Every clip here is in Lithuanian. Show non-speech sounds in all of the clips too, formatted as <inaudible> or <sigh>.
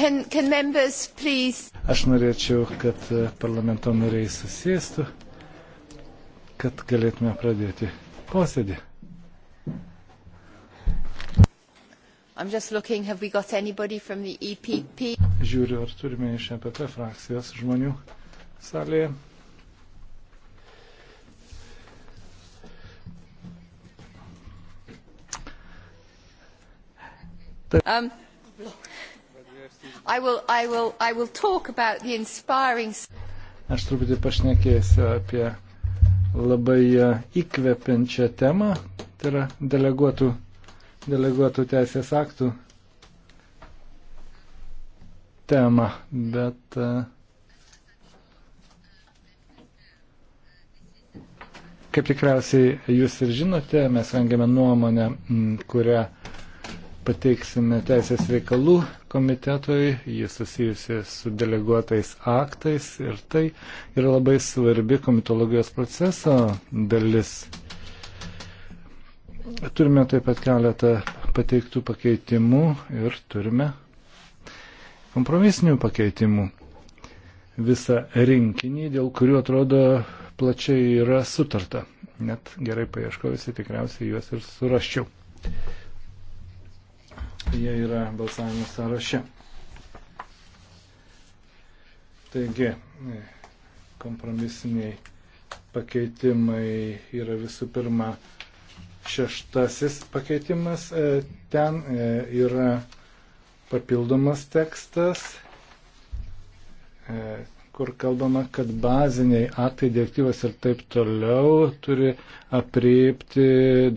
Can, can members, please? Aš norėčiau, kad e, parlamento nariai susėstų, kad galėtume pradėti posėdį. Looking, e Žiūriu, ar turime iš EPP frakcijos žmonių salėje. Um, I will, I will, I will talk about the inspiring... Aš truputį pašnekėsiu apie labai e, įkvepiančią temą, tai yra deleguotų, deleguotų teisės aktų temą, bet e, kaip tikriausiai jūs ir žinote, mes rengiame nuomonę, kurią pateiksime Teisės reikalų komitetui, jis susijusi su deleguotais aktais ir tai yra labai svarbi komitologijos proceso dalis. Turime taip pat keletą pateiktų pakeitimų ir turime kompromisinių pakeitimų visą rinkinį, dėl kurių atrodo plačiai yra sutarta. Net gerai paieškojusi tikriausiai juos ir suraščiau jie yra balsavimo sąraše. Taigi, kompromisiniai pakeitimai yra visų pirma šeštasis pakeitimas. E, ten e, yra papildomas tekstas, e, kur kalbama, kad baziniai aktai, direktyvas ir taip toliau turi apriepti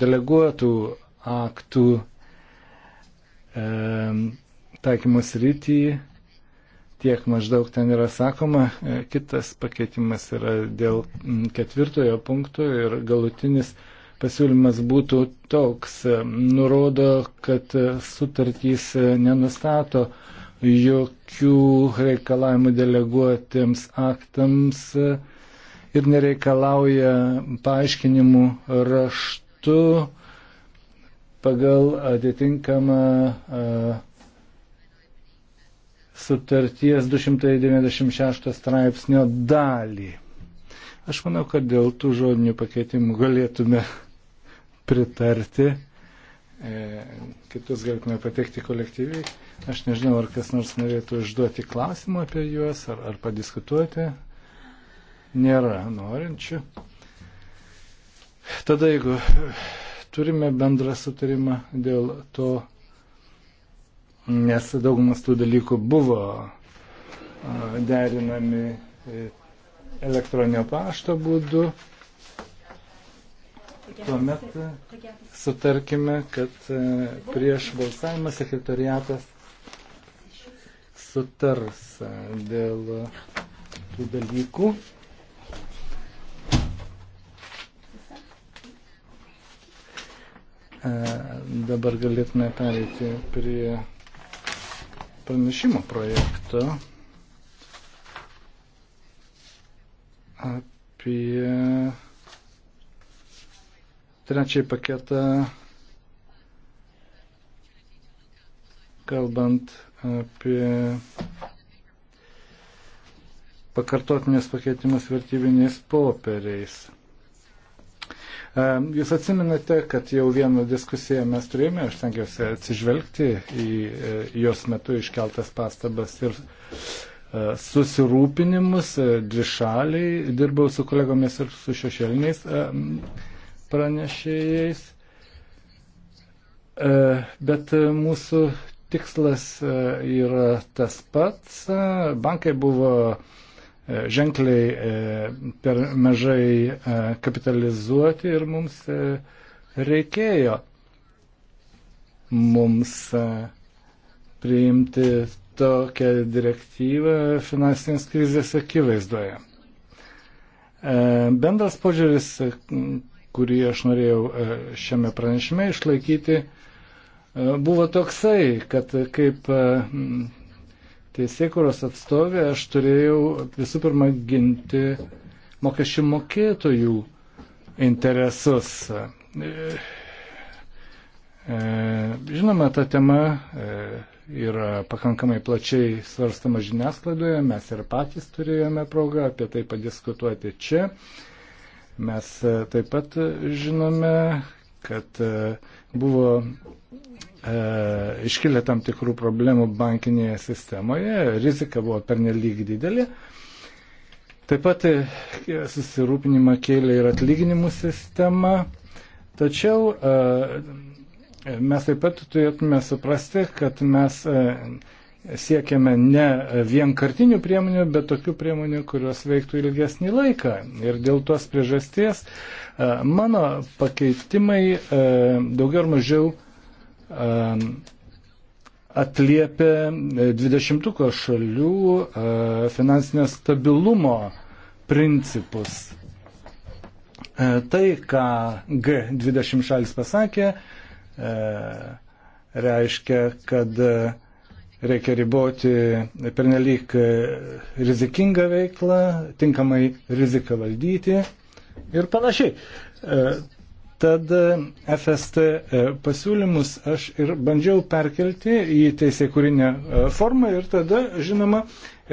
deleguotų aktų taikymus rytį, tiek maždaug ten yra sakoma. E, kitas pakeitimas yra dėl ketvirtojo punkto ir galutinis pasiūlymas būtų toks, e, nurodo, kad e, sutartys nenustato jokių reikalavimų deleguotiems aktams ir nereikalauja paaiškinimų raštu, pagal atitinkamą sutarties 296 straipsnio dalį. Aš manau, kad dėl tų žodinių pakeitimų galėtume pritarti. E, kitus galėtume pateikti kolektyviai. Aš nežinau, ar kas nors norėtų užduoti klausimų apie juos, ar, ar padiskutuoti. Nėra norinčių. Tada, jeigu turime bendrą sutarimą dėl to, nes daugumas tų dalykų buvo derinami e, elektroninio pašto būdu. Tuomet sutarkime, kad e, prieš balsavimą sekretariatas sutars dėl tų dalykų. E, dabar galėtume pereiti prie pranešimo projekto apie trečiąjį paketą, kalbant apie pakartotinės pakeitimas vertybiniais popieriais. Jūs atsiminate, kad jau vieną diskusiją mes turėjome, aš tenkiuosi atsižvelgti į e, jos metu iškeltas pastabas ir e, susirūpinimus e, dvišaliai, dirbau su kolegomis ir su šešėliniais pranešėjais. Bet mūsų tikslas yra tas pats. Bankai buvo ženkliai e, per mažai e, kapitalizuoti ir mums e, reikėjo mums priimti tokią direktyvą finansinės krizės akivaizdoje. Bendras požiūris, kurį aš norėjau šiame pranešime išlaikyti, buvo toksai, kad kaip teisėkuros atstovė, aš turėjau visų pirma ginti mokesčių mokėtojų interesus. E, e, žinoma, ta tema e, yra pakankamai plačiai svarstama žiniasklaidoje, mes ir patys turėjome progą apie tai padiskutuoti čia. Mes taip pat žinome, kad buvo E, iškilė tam tikrų problemų bankinėje sistemoje, rizika buvo pernelyg didelė. Taip pat e, susirūpinimą kėlė ir atlyginimų sistema. Tačiau e, mes taip pat turėtume suprasti, kad mes siekiame ne vienkartinių priemonių, bet tokių priemonių, kurios veiktų ilgesnį laiką. Ir dėl tos priežasties mano pakeitimai daugiau ar mažiau Um, atliepia 20 šalių uh, finansinio stabilumo principus. Uh, tai, ką G20 šalis pasakė, uh, reiškia, kad reikia riboti pernelyg rizikingą veiklą, tinkamai riziką valdyti ir panašiai. Tad e, FST e, pasiūlymus aš ir bandžiau perkelti į teisė kūrinę e, formą ir tada, žinoma,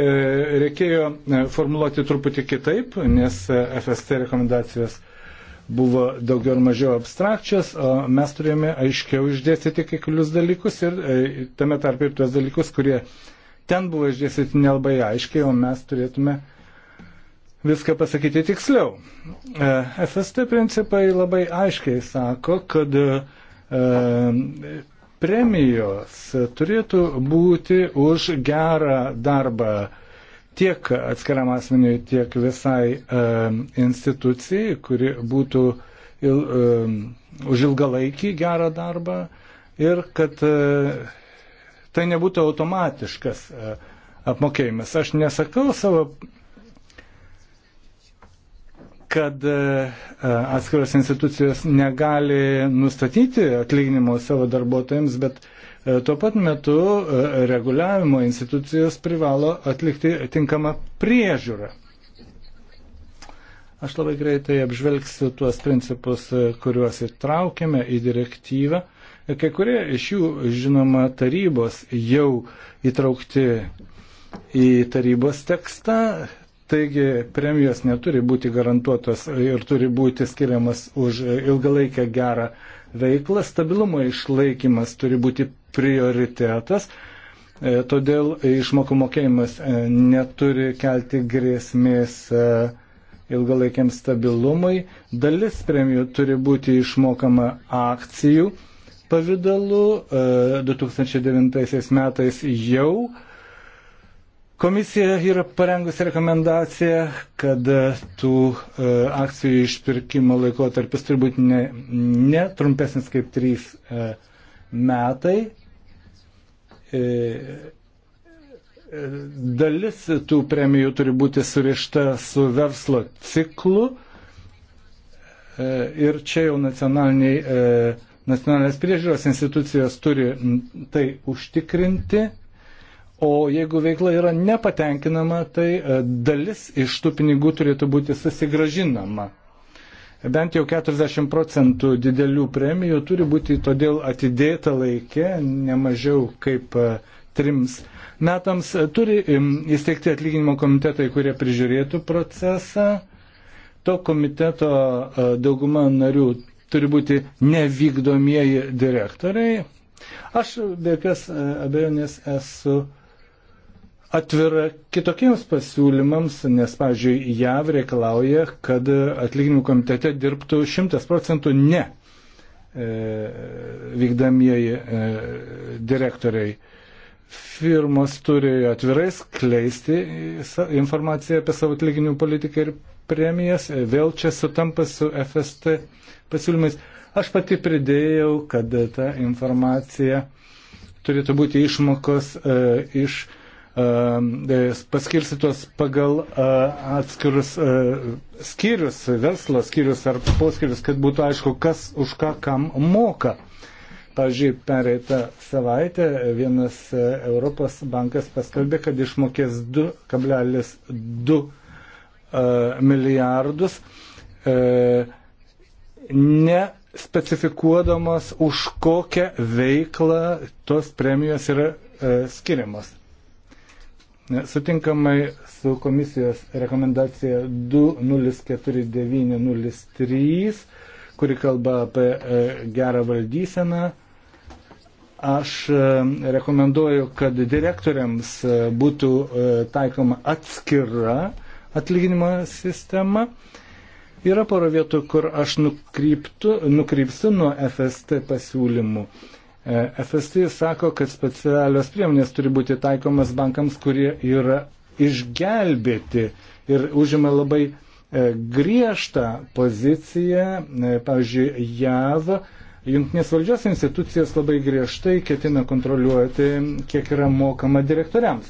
reikėjo formuluoti truputį kitaip, nes FST rekomendacijos buvo daugiau ar mažiau abstrakčios, o mes turėjome aiškiau išdėstyti kai kurius dalykus ir tame tarp ir tuos dalykus, kurie ten buvo išdėstyti nelabai aiškiai, o mes turėtume uh, viską pasakyti tiksliau. E, FST principai labai aiškiai sako, kad e, premijos turėtų būti už gerą darbą tiek atskiriam asmeniui, tiek visai e, institucijai, kuri būtų il, už ilgalaikį gerą darbą ir kad tai nebūtų automatiškas apmokėjimas. Aš nesakau savo kad e, e, atskiros institucijos negali nustatyti atlyginimo savo darbuotojams, bet e, tuo pat metu reguliavimo institucijos privalo atlikti tinkamą priežiūrą. Aš labai greitai apžvelgsiu tuos principus, kuriuos įtraukėme į direktyvą. Kai kurie iš jų, žinoma, tarybos jau įtraukti į tarybos tekstą, Taigi premijos neturi būti garantuotos ir turi būti skiriamas už ilgalaikę gerą veiklą. Stabilumo išlaikymas turi būti prioritetas, e, todėl išmokų mokėjimas e, neturi kelti grėsmės e, ilgalaikiam stabilumui. Dalis premijų turi būti išmokama akcijų pavydalu. 2009 metais jau Komisija yra parengusi rekomendaciją, kad tų e, akcijų išpirkimo laikotarpis turi būti ne, ne trumpesnis kaip 3 e, metai. E, dalis tų premijų turi būti surišta su verslo ciklu ir čia jau nacionaliniai, nacionalinės priežiūros institucijos turi tai užtikrinti. O jeigu veikla yra nepatenkinama, tai e, dalis iš tų pinigų turėtų būti susigražinama. Bent jau 40 procentų didelių premijų turi būti todėl atidėta laikė, nemažiau kaip e, trims metams. E, turi įsteigti atlyginimo komitetai, kurie prižiūrėtų procesą. To komiteto dauguma narių turi būti nevykdomieji direktoriai. Aš be jokios abejonės esu atvira kitokiems pasiūlymams, nes, pavyzdžiui, JAV reikalauja, kad atlyginimų komitete dirbtų 100 procentų ne e, vykdamieji e, direktoriai. Firmos turi atvirai skleisti informaciją apie savo atlyginimų politiką ir premijas. Vėl čia sutampa su FST pasiūlymais. Aš pati pridėjau, kad ta informacija turėtų būti išmokos e, iš Ehm, e, paskirstytos pagal e, atskirus e, skyrius, verslo skyrius ar poskirius, kad būtų aišku, kas už ką kam moka. Pavyzdžiui, pereitą savaitę vienas Europos bankas paskelbė, kad išmokės 2,2 milijardus, nespecifikuodamas už kokią veiklą tos premijos yra skiriamos. Sutinkamai su komisijos rekomendacija 204903, kuri kalba apie e, gerą valdyseną, aš e, rekomenduoju, kad direktoriams e, būtų taikoma atskira atlyginimo sistema. Yra pora vietų, kur aš nukryptu, nukrypsiu nuo FST pasiūlymų. E, FST sako, kad specialios priemonės turi būti taikomas bankams, kurie yra išgelbėti ir užima labai e, griežtą poziciją. E, pavyzdžiui, JAV jungtinės valdžios institucijas labai griežtai ketina kontroliuoti, kiek yra mokama direktoriams.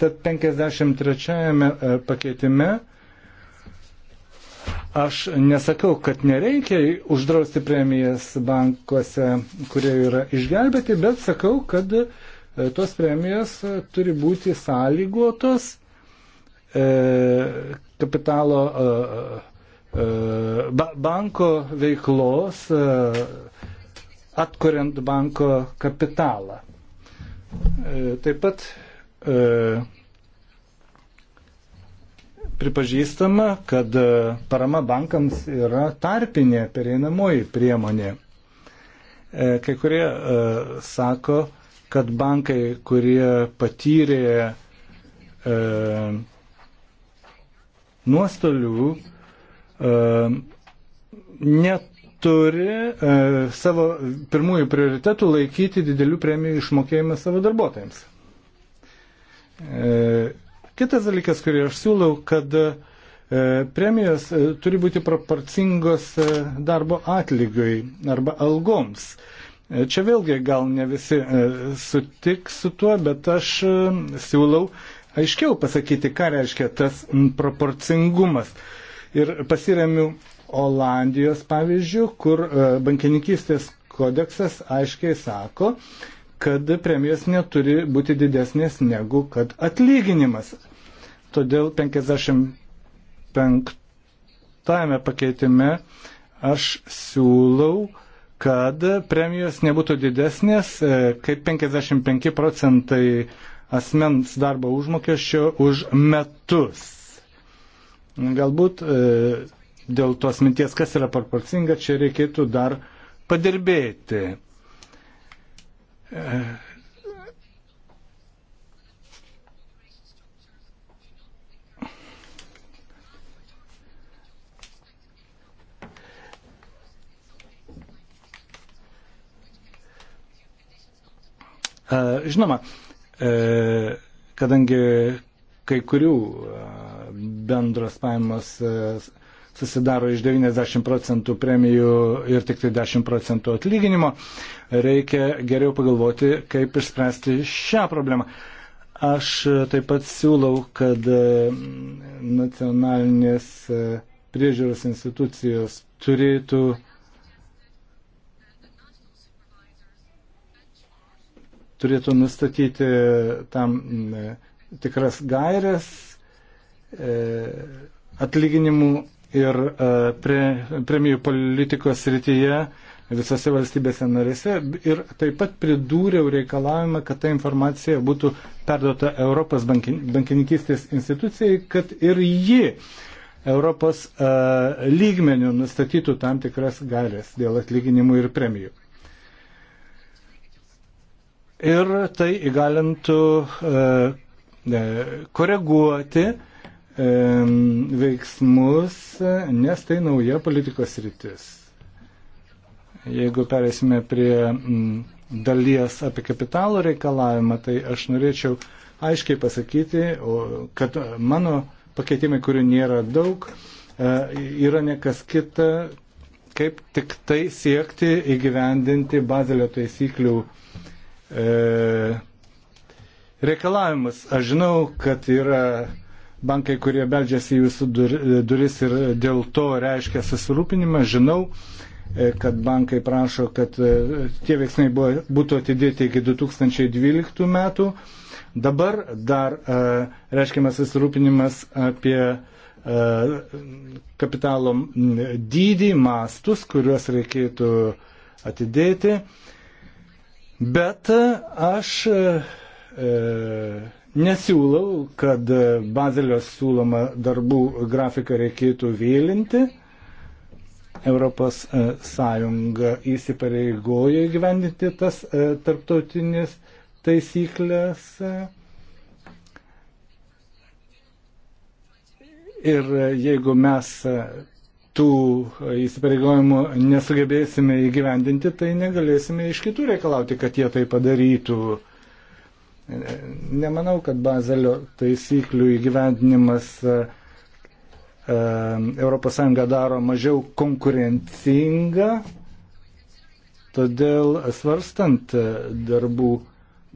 Tad 53 pakeitime Aš nesakau, kad nereikia uždrausti premijas bankuose, kurie yra išgelbėti, bet sakau, kad e, tos premijos e, turi būti sąlygotos e, kapitalo banko veiklos, atkuriant banko kapitalą. Taip pat pripažįstama, kad e, parama bankams yra tarpinė pereinamoji priemonė. E, kai kurie e, sako, kad bankai, kurie patyrė nuostolių, neturi savo pirmųjų prioritetų laikyti didelių premijų išmokėjimą savo darbuotojams Kitas dalykas, kurį aš siūlau, kad e, premijos e, turi būti proporcingos e, darbo atlygiui arba algoms. Čia vėlgi gal ne visi sutiks su tuo, bet aš siūlau aiškiau pasakyti, ką reiškia tas proporcingumas. Ir pasiremiu Olandijos pavyzdžių, kur bankininkystės kodeksas aiškiai sako, kad premijos neturi būti didesnės negu kad atlyginimas. Todėl 55 pakeitime aš siūlau, kad premijos nebūtų didesnės e, kaip 55 procentai asmens darbo užmokesčio už metus. Galbūt e, dėl tos minties, kas yra proporcinga, čia reikėtų dar padirbėti. E, e, žinoma, e, kadangi kai kurių bendros pajamos susidaro iš 90 procentų premijų ir tik tai 10 procentų atlyginimo, reikia geriau pagalvoti, kaip išspręsti šią problemą. Aš taip pat siūlau, kad e, nacionalinės e, priežiūros institucijos turėtų turėtų nustatyti tam e, tikras gairias atlyginimų ir e, pre, premijų politikos rytyje visose valstybėse narėse ir taip pat pridūriau reikalavimą, kad ta informacija būtų perduota Europos bankin, bankininkystės institucijai, kad ir ji Europos uh, lygmenių nustatytų tam tikras galės dėl atlyginimų ir premijų. Ir tai įgalintų uh, koreguoti uh, veiksmus, nes tai nauja politikos rytis. Jeigu perėsime prie mm, dalies apie kapitalo reikalavimą, tai aš norėčiau aiškiai pasakyti, kad mano pakeitimai, kurių nėra daug, e, yra nekas kita, kaip tik tai siekti įgyvendinti bazelio taisyklių e, reikalavimus. Aš žinau, kad yra bankai, kurie beldžiasi į jūsų duris ir dėl to reiškia susirūpinimą. Žinau, e, kad bankai prašo, kad e, tie veiksmai buvo, būtų atidėti iki 2012 metų. Dabar dar e, reiškiamas susirūpinimas apie kapitalo dydį, mastus, kuriuos reikėtų atidėti. Bet aš e, Nesiūlau, kad e, Bazelio siūloma darbų grafiką reikėtų vėlinti. Europos e, Sąjunga įsipareigojo įgyvendinti tas e, tarptautinės taisyklės. Ir jeigu mes tų įsipareigojimų nesugebėsime įgyvendinti, tai negalėsime iš kitų reikalauti, kad jie tai padarytų. Nemanau, kad Bazelio taisyklių įgyvendinimas ES e, daro mažiau konkurencingą, todėl svarstant e, darbų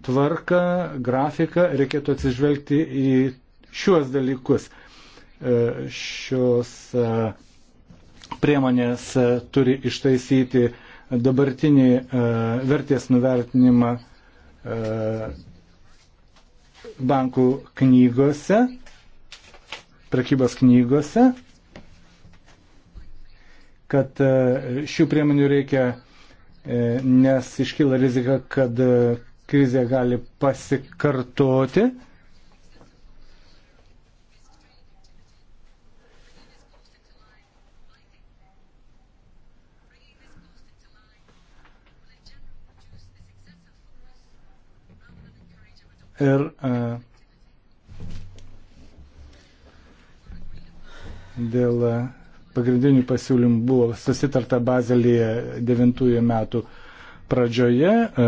tvarką, grafiką reikėtų atsižvelgti į šiuos dalykus. E, šios priemonės turi ištaisyti dabartinį vertės nuvertinimą bankų knygose, prekybos knygose, kad e, šių priemonių reikia, e, nes iškyla rizika, kad e, krizė gali pasikartoti. Ir e, dėl e, pagrindinių pasiūlymų buvo susitarta Bazelyje 9 metų pradžioje. E,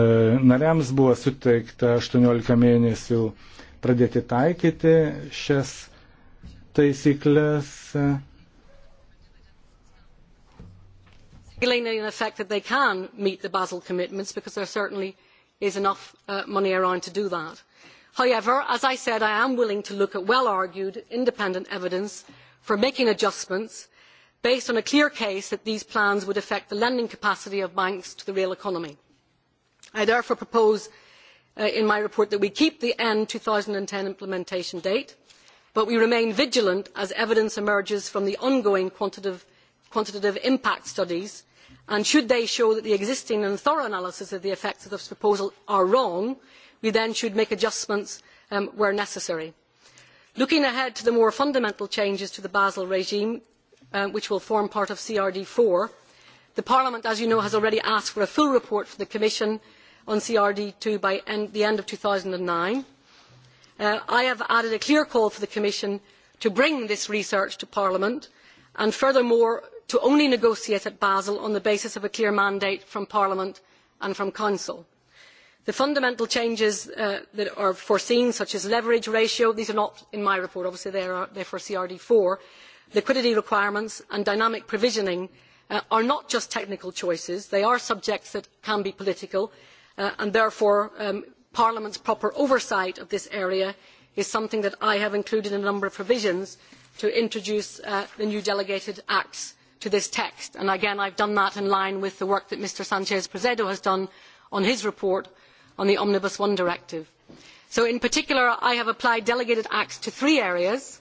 nariams buvo suteikta 18 mėnesių pradėti taikyti šias taisyklės. Galena in effect that they can meet the Basel commitments because there certainly is enough uh, money around to do that. Uh, however as i said i am willing to look at well argued independent evidence for making adjustments based on a clear case that these plans would affect the lending capacity of banks to the real economy. i therefore propose uh, in my report that we keep the end two thousand and ten implementation date but we remain vigilant as evidence emerges from the ongoing quantitative, quantitative impact studies and should they show that the existing and thorough analysis of the effects of this proposal are wrong then we then should make adjustments um, where necessary. Looking ahead to the more fundamental changes to the Basel regime, um, which will form part of CRD4, the Parliament, as you know, has already asked for a full report from the Commission on CRD2 by end, the end of 2009. Uh, I have added a clear call for the Commission to bring this research to Parliament and furthermore to only negotiate at Basel on the basis of a clear mandate from Parliament and from Council the fundamental changes uh, that are foreseen such as leverage ratio these are not in my report obviously they are they're for crd4 liquidity requirements and dynamic provisioning uh, are not just technical choices they are subjects that can be political uh, and therefore um, parliament's proper oversight of this area is something that i have included in a number of provisions to introduce uh, the new delegated acts to this text and again i've done that in line with the work that mr sanchez presedo has done on his report on the Omnibus One directive. So in particular, I have applied delegated acts to three areas.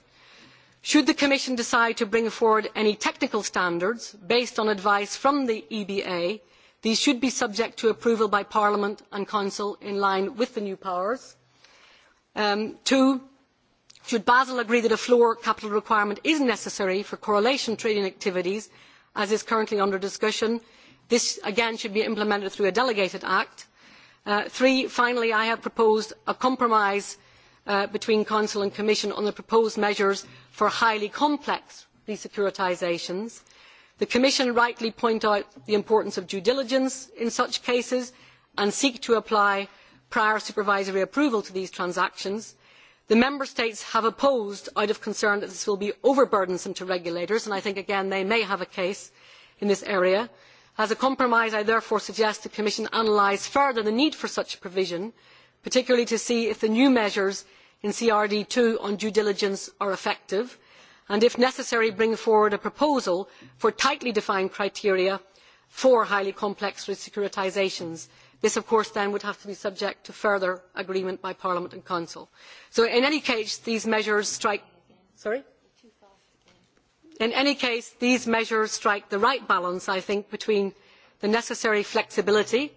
Should the Commission decide to bring forward any technical standards based on advice from the EBA, these should be subject to approval by Parliament and Council in line with the new powers. Um, two, should Basel agree that a floor capital requirement is necessary for correlation trading activities, as is currently under discussion, this again should be implemented through a delegated act. Uh, three, finally, I have proposed a compromise uh, between Council and Commission on the proposed measures for highly complex resecuritisations. The Commission rightly point out the importance of due diligence in such cases and seek to apply prior supervisory approval to these transactions. The Member States have opposed out of concern that this will be overburdensome to regulators, and I think again they may have a case in this area. Uh, as a compromise i therefore suggest the commission analyse further the need for such a provision particularly to see if the new measures in crd ii on due diligence are effective and if necessary bring forward a proposal for tightly defined criteria for highly complex securitisations. this of course then would have to be subject to further agreement by parliament and council. so in any case these measures strike sorry? in any case these measures strike the right balance i think between the necessary flexibility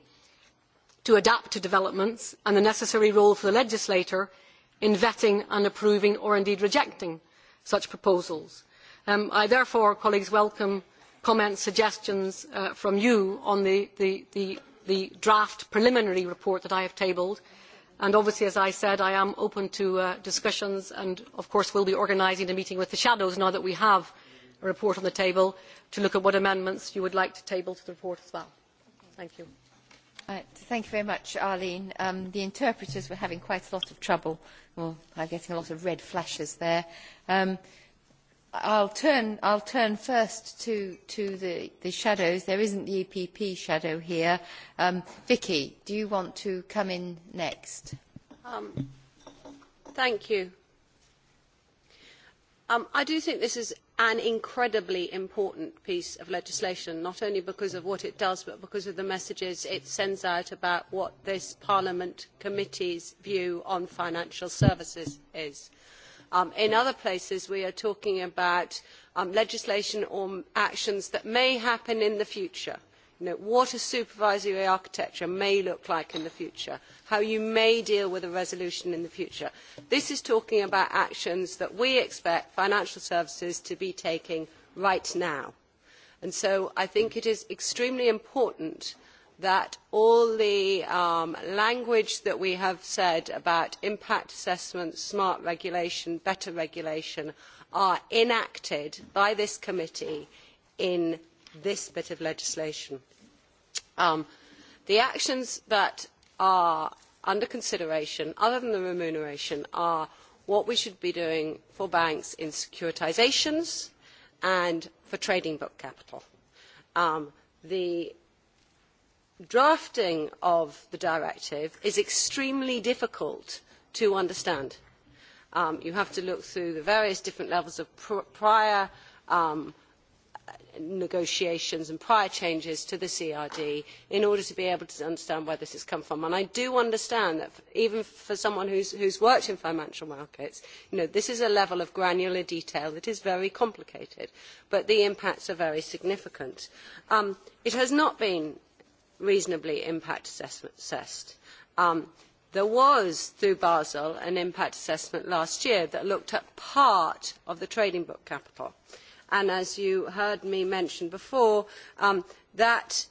to adapt to developments and the necessary role for the legislator in vetting and approving or indeed rejecting such proposals. Um, i therefore colleagues, welcome comments and suggestions uh, from you on the, the, the, the draft preliminary report that i have tabled and obviously as i said i am open to uh, discussions and of course will be organising a meeting with the shadows now that we have a report on the table to look at what amendments you would like to table to the report as well. Thank you. Right. Uh, thank you very much, Arlene. Um, the interpreters were having quite a lot of trouble. Well, I'm getting a lot of red flashes there. Um, I'll turn, I'll turn first to, to the, the shadows. There isn't the EPP shadow here. Um, Vicky, do you want to come in next? Um, thank you. Um, I do think this is an incredibly important piece of legislation, not only because of what it does, but because of the messages it sends out about what this Parliament Committee's view on financial services is. Um, in other places, we are talking about um, legislation or actions that may happen in the future you know, what a supervisory architecture may look like in the future, how you may deal with a resolution in the future. This is talking about actions that we expect financial services to be taking right now. And so I think it is extremely important that all the um, language that we have said about impact assessments, smart regulation, better regulation, are enacted by this committee in this bit of legislation. Um, the actions that are under consideration, other than the remuneration, are what we should be doing for banks in securitizations and for trading book capital. Um, the drafting of the directive is extremely difficult to understand. Um, you have to look through the various different levels of pr prior um, negotiations and prior changes to the CRD in order to be able to understand where this has come from. And I do understand that even for someone who's, who's worked in financial markets, you know, this is a level of granular detail that is very complicated, but the impacts are very significant. Um, it has not been reasonably impact assessed. Um, there was, through Basel, an impact assessment last year that looked at part of the trading book capital. Uh, and as you heard me mention before, um, that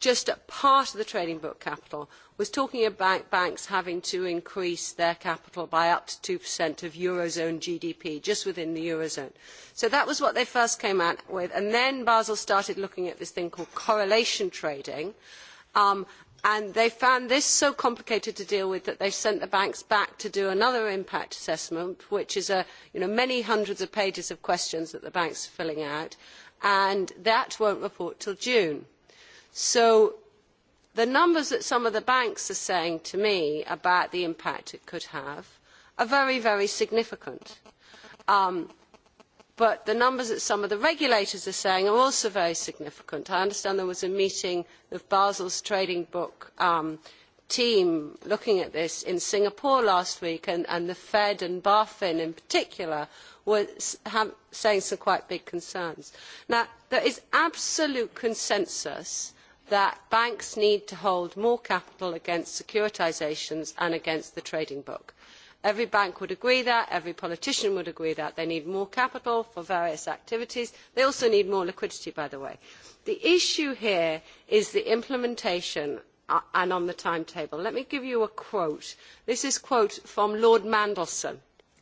just part of the trading book capital was talking about banks having to increase their capital by up to 2% of eurozone GDP just within the eurozone. So that was what they first came out with, and then Basel started looking at this thing called correlation trading. Um, and they found this so complicated to deal with that they sent the banks back to do another impact assessment, which is a, you know, many hundreds of pages of questions that the banks are filling out, and that won't report till June. So the numbers that some of the banks are saying to me about the impact it could have are very, very significant. Um, but the numbers that some of the regulators are saying are also very significant. I understand there was a meeting of Basel's trading book um, team looking at this in Singapore last week, and, and the Fed and BaFin in particular were have, saying some quite big concerns. Now, there is absolute consensus that banks need to hold more capital against securitisations and against the trading book every bank would agree that every politician would agree that they need more capital for various activities they also need more liquidity by the way. the issue here is the implementation uh, and on the timetable. let me give you a quote this is a quote from lord mandelson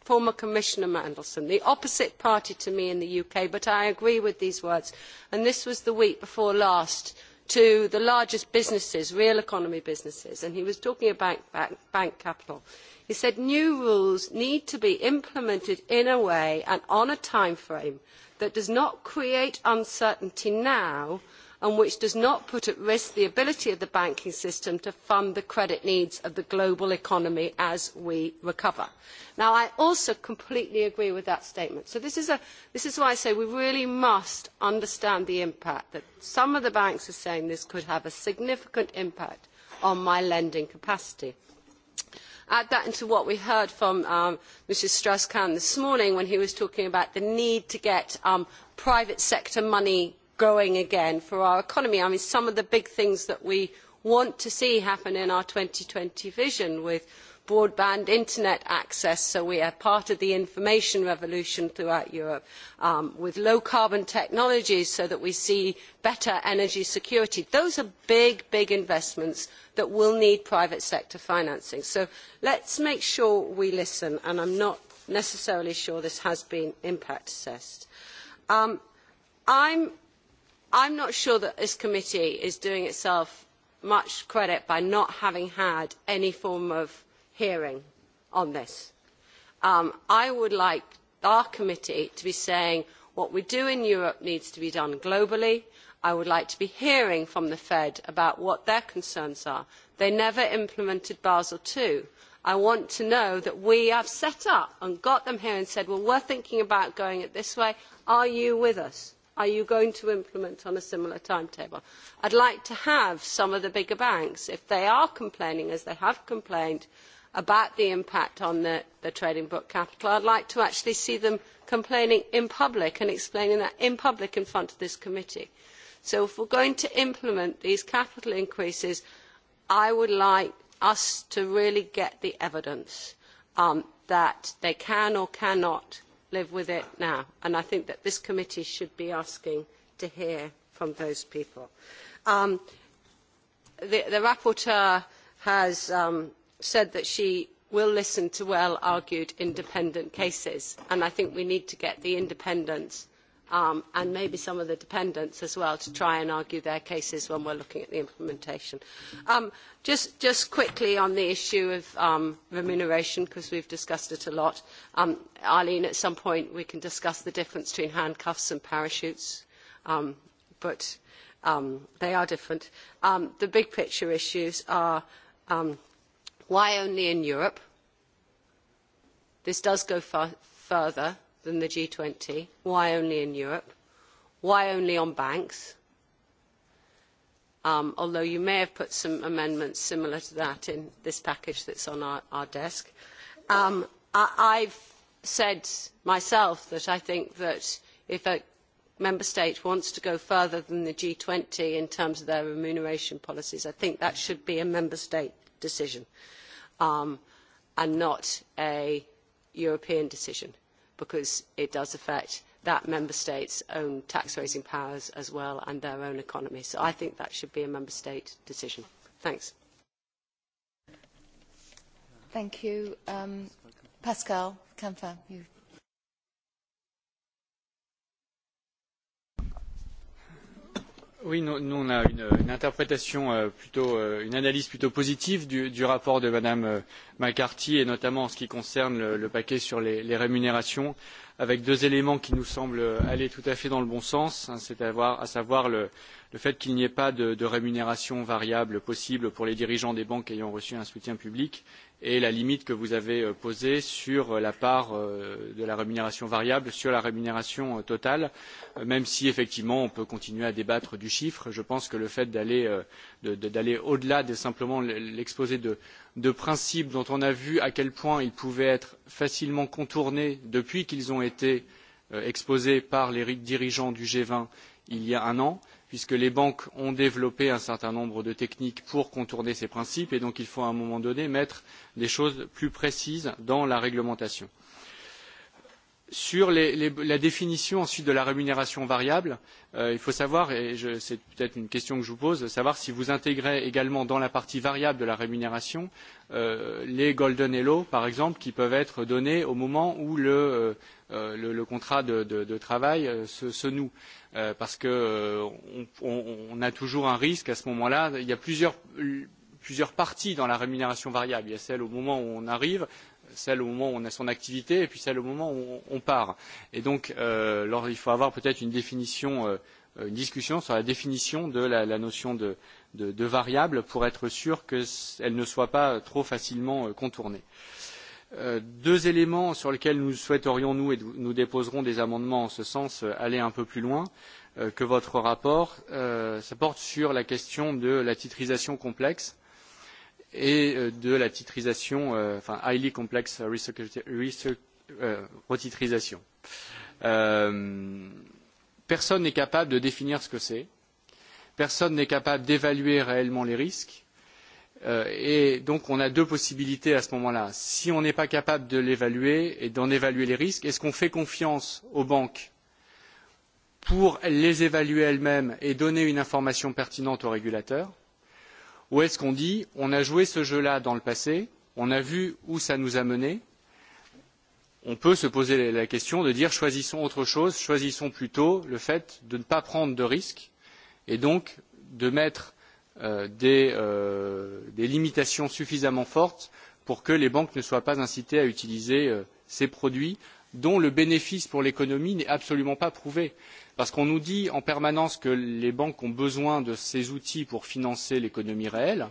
former commissioner mandelson the opposite party to me in the uk but i agree with these words and this was the week before last to the largest businesses real economy businesses and he was talking about bank, bank, bank capital. He said new rules need to be implemented in a way and on a time frame that does not create uncertainty now and which does not put at risk the ability of the banking system to fund the credit needs of the global economy as we recover. Now, I also completely agree with that statement. So this is, a, this is why I say we really must understand the impact that some of the banks are saying this could have a significant impact on my lending capacity. Add that into what we heard from um, Mrs Strauss-Kahn this morning when he was talking about the need to get um, private sector money going again for our economy. I mean, some of the big things that we want to see happen in our 2020 vision with broadband internet access so we are part of the information revolution throughout Europe um, with low carbon technologies so that we see better energy security. Those are big, big investments that will need private sector financing. So let's make sure we listen, and I'm not necessarily sure this has been impact assessed. Um, I'm, I'm not sure that this committee is doing itself much credit by not having had any form of hearing on this. Um, I would like our committee to be saying what we do in Europe needs to be done globally. I would like to be hearing from the Fed about what their concerns are. They never implemented Basel II. I want to know that we have set up and got them here and said, well, we're thinking about going it this way. Are you with us? Are you going to implement on a similar timetable? I'd like to have some of the bigger banks, if they are complaining, as they have complained, about the impact on the, the trading book capital. I'd like to actually see them complaining in public and explaining that in public in front of this committee. So if we're going to implement these capital increases, I would like us to really get the evidence um, that they can or cannot live with it now. And I think that this committee should be asking to hear from those people. Um, the, the rapporteur has um, said that she will listen to well argued independent cases and i think we need to get the independents um, and maybe some of the dependents as well to try and argue their cases when we're looking at the implementation. Um, just, just quickly on the issue of um, remuneration, because we've discussed it a lot. Um, Arlene, at some point we can discuss the difference between handcuffs and parachutes, um, but um, they are different. Um, the big picture issues are um, Why only in Europe? This does go far, further than the G20. Why only in Europe? Why only on banks? Um, although you may have put some amendments similar to that in this package that's on our, our desk. Um, I, I've said myself that I think that if a member state wants to go further than the G20 in terms of their remuneration policies, I think that should be a member state decision. Uh, um, and not a European decision because it does affect that member state's own tax raising powers as well and their own economy. So I think that should be a member state decision. Thanks. Thank you. Um, Pascal Canfa, you Oui, nous, nous on a une, une interprétation euh, plutôt, euh, une analyse plutôt positive du, du rapport de Madame euh, McCarthy et notamment en ce qui concerne le, le paquet sur les, les rémunérations, avec deux éléments qui nous semblent euh, aller tout à fait dans le bon sens, hein, c'est-à-dire à savoir le, le fait qu'il n'y ait pas de, de rémunération variable possible pour les dirigeants des banques ayant reçu un soutien public et la limite que vous avez euh, posée sur euh, la part euh, de la rémunération variable sur la rémunération totale même si effectivement on peut continuer à débattre du chiffre je pense que le fait d'aller au delà de simplement l'exposé de, de principes dont on a vu à quel point ils pouvaient être facilement contournés depuis qu'ils ont été exposés par les dirigeants du g vingt il y a un an puisque les banques ont développé un certain nombre de techniques pour contourner ces principes et donc il faut à un moment donné mettre des choses plus précises dans la réglementation. Sur les, les, la définition ensuite de la rémunération variable, euh, il faut savoir, et c'est peut-être une question que je vous pose, savoir si vous intégrez également dans la partie variable de la rémunération euh, les golden hello, par exemple, qui peuvent être donnés au moment où le, euh, euh, le, le contrat de, de, de travail euh, se, se noue euh, parce que euh, on, on, on a toujours un risque à ce moment-là. Il y a plusieurs, plusieurs parties dans la rémunération variable. Il y a celle au moment où on arrive, celle au moment où on a son activité et puis celle au moment où on part. Et donc, euh, alors, il faut avoir peut-être une définition, euh, une discussion sur la définition de la, la notion de, de, de variable pour être sûr qu'elle ne soit pas trop facilement euh, contournée. Euh, Euh, deux éléments sur lesquels nous souhaiterions nous et nous déposerons des amendements en ce sens euh, aller un peu plus loin euh, que votre rapport ça porte sur la question de la titrisation complexe et de la titrisation enfin highly complex retitrisation. personne n'est capable de définir ce que c'est personne n'est capable d'évaluer réellement les risques Euh, et donc on a deux possibilités à ce moment-là. Si on n'est pas capable de l'évaluer et d'en évaluer les risques, est-ce qu'on fait confiance aux banques pour les évaluer elles-mêmes et donner une information pertinente aux régulateurs Ou est-ce qu'on dit on a joué ce jeu-là dans le passé, on a vu où ça nous a menés, on peut se poser la question de dire choisissons autre chose, choisissons plutôt le fait de ne pas prendre de risques et donc de mettre euh, des, euh, des limitations suffisamment fortes pour que les banques ne soient pas incitées à utiliser euh, ces produits dont le bénéfice pour l'économie n'est absolument pas prouvé parce qu'on nous dit en permanence que les banques ont besoin de ces outils pour financer l'économie réelle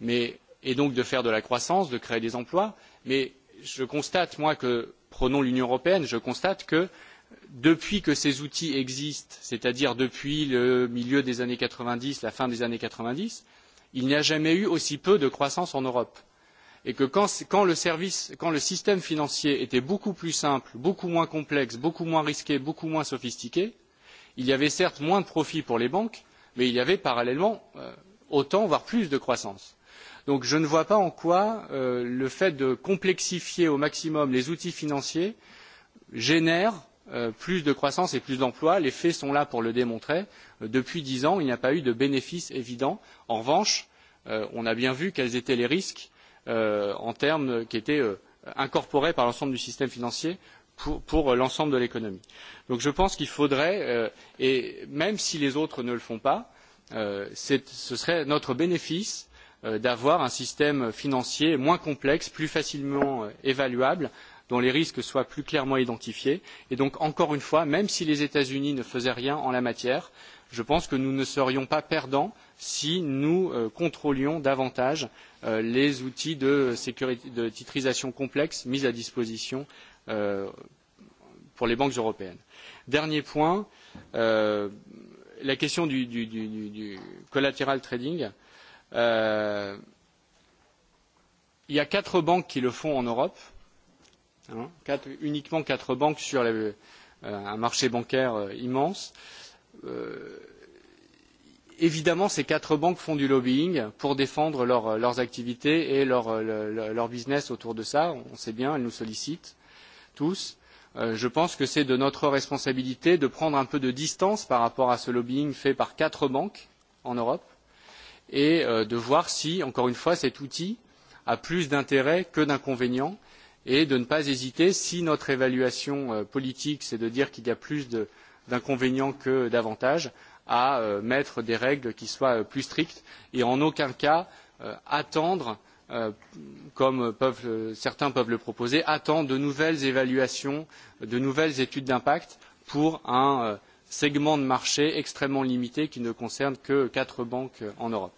mais, et donc de faire de la croissance, de créer des emplois, mais je constate, moi, que prenons l'Union européenne, je constate que depuis que ces outils existent c'est à dire depuis le milieu des années quatre vingt dix la fin des années quatre vingt dix il n'y a jamais eu aussi peu de croissance en europe et que quand, quand, le service, quand le système financier était beaucoup plus simple beaucoup moins complexe beaucoup moins risqué beaucoup moins sophistiqué il y avait certes moins de profits pour les banques mais il y avait parallèlement euh, autant voire plus de croissance. donc je ne vois pas en quoi euh, le fait de complexifier au maximum les outils financiers génère Euh, plus de croissance et plus d'emplois les faits sont là pour le démontrer euh, depuis dix ans il n'y a pas eu de bénéfice évident en revanche euh, on a bien vu quels étaient les risques en termes qui étaient incorporés par l'ensemble du système financier pour, pour l'ensemble de l'économie. Donc je pense qu'il faudrait et même si les autres ne le font pas ce serait notre bénéfice d'avoir un système financier moins complexe plus facilement évaluable dont les risques soient plus clairement identifiés. Et donc, encore une fois, même si les États-Unis ne faisaient rien en la matière, je pense que nous ne serions pas perdants si nous euh, contrôlions davantage euh, les outils de, sécurité, de titrisation complexe mis à disposition euh, pour les banques européennes. Dernier point, euh, la question du, du, du, du collateral trading. Euh, il y a quatre banques qui le font en Europe. Euh, hein, quatre, uniquement quatre banques sur la, euh, un marché bancaire euh, immense. Euh, évidemment, ces quatre banques font du lobbying pour défendre leur, euh, leurs activités et leur, euh, leur, leur business autour de ça. On sait bien, elles nous sollicitent tous. Euh, je pense que c'est de notre responsabilité de prendre un peu de distance par rapport à ce lobbying fait par quatre banques en Europe et euh, de voir si, encore une fois, cet outil a plus d'intérêt que d'inconvénients et de ne pas hésiter si notre évaluation euh, politique c'est de dire qu'il y a plus d'inconvénients que d'avantages à euh, mettre des règles qui soient euh, plus strictes et en aucun cas attendre comme peuvent, certains peuvent le proposer attendre de nouvelles évaluations de nouvelles études d'impact pour un segment de marché extrêmement limité qui ne concerne que quatre banques en europe.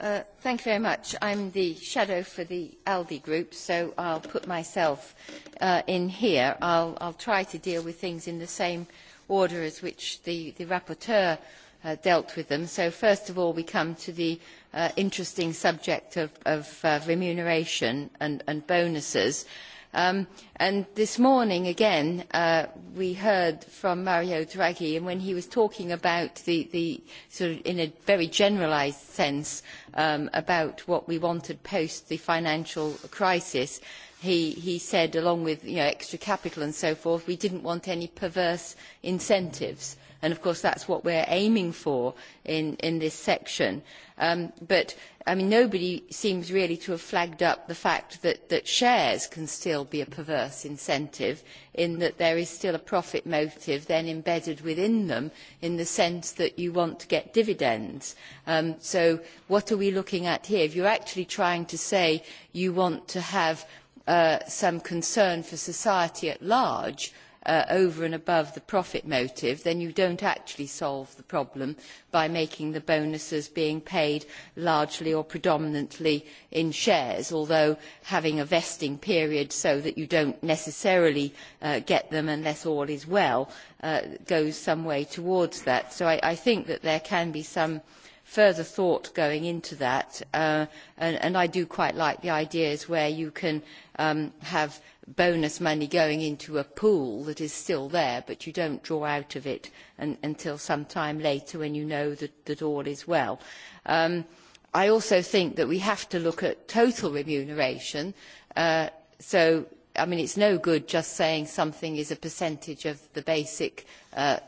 Uh, thank you very much. I'm the shadow for the ALDI group, so I'll put myself uh, in here. I'll, I'll try to deal with things in the same order as which the, the rapporteur uh, dealt with them. So first of all, we come to the uh, interesting subject of, of uh, remuneration and, and bonuses. Uh, Um, and this morning again uh, we heard from Mario Draghi and when he was talking about the, the sort of in a very generalised sense um, about what we wanted post the financial crisis he, he said along with you know, extra capital and so forth we didn't want any perverse incentives and of course that's what we're aiming for in, in this section. Um, but I mean, nobody seems really to have flagged up the fact that, that shares can still be a perverse incentive in that there is still a profit motive then embedded within them in the sense that you want to get dividends. Um, so what are we looking at here? If you're actually trying to say you want to have uh, some concern for society at large, uh, uh, over and above the profit motive, then you don't actually solve the problem by making the bonuses being paid largely or predominantly in shares, although having a vesting period so that you don't necessarily uh, get them unless all is well uh, goes some way towards that. So I, I think that there can be some further thought going into that, uh, and, and I do quite like the ideas where you can uh, um, have bonus money going into a pool that is still there, but you don't draw out of it un, until some time later when you know that, that all is well. Um, I also think that we have to look at total remuneration. Uh, so, I mean, it's no good just saying something is a percentage of the basic uh,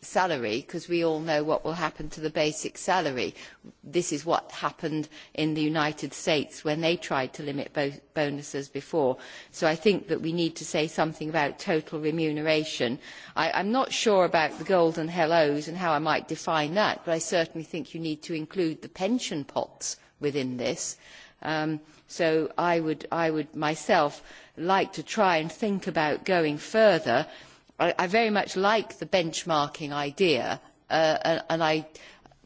salary because we all know what will happen to the basic salary. This is what happened in the United States when they tried to limit bo bonuses before. So I think that we need to say something about total remuneration. I, I'm not sure about the golden hellos and how I might define that, but I certainly think you need to include the pension pots within this. Um, so I would, I would myself like to try and think about going further uh, I, I very much like the benchmarking idea, uh, and, and I,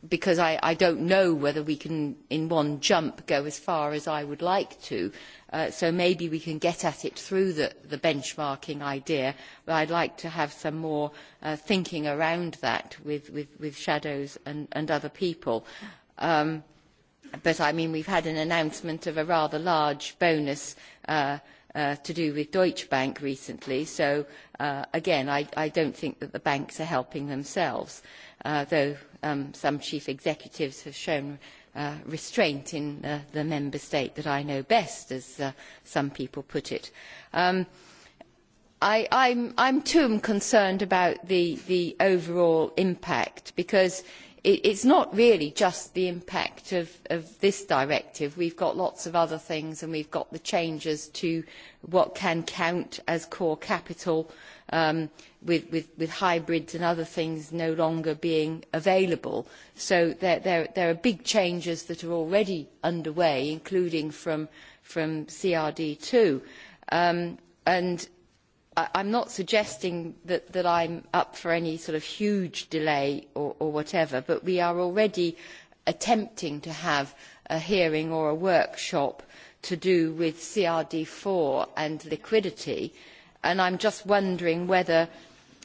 because I, I don't know whether we can, in one jump, go as far as I would like to. Uh, so maybe we can get at it through the, the benchmarking idea, but I'd like to have some more uh, thinking around that with, with, with shadows and, and other people. Um, but I mean, we've had an announcement of a rather large bonus uh, uh, to do with Deutsche Bank recently, so Uh, again, I, I don't think that the banks are helping themselves, uh, though um, some chief executives have shown uh, restraint in uh, the member state that I know best, as uh, some people put it. Um, I, I'm, I'm too concerned about the, the overall impact because uh, it, it's not really just the impact of, of this directive. We've got lots of other things and we've got the changes to what can count as core capital um, with, with, with hybrids and other things no longer being available. So there, there, there are big changes that are already underway, including from, from CRD2. Um, and I, I'm not suggesting that, that I'm up for any sort of huge delay or, or whatever, but we are already attempting to have a hearing or a workshop to do with CRD4 and liquidity, and I'm just wondering whether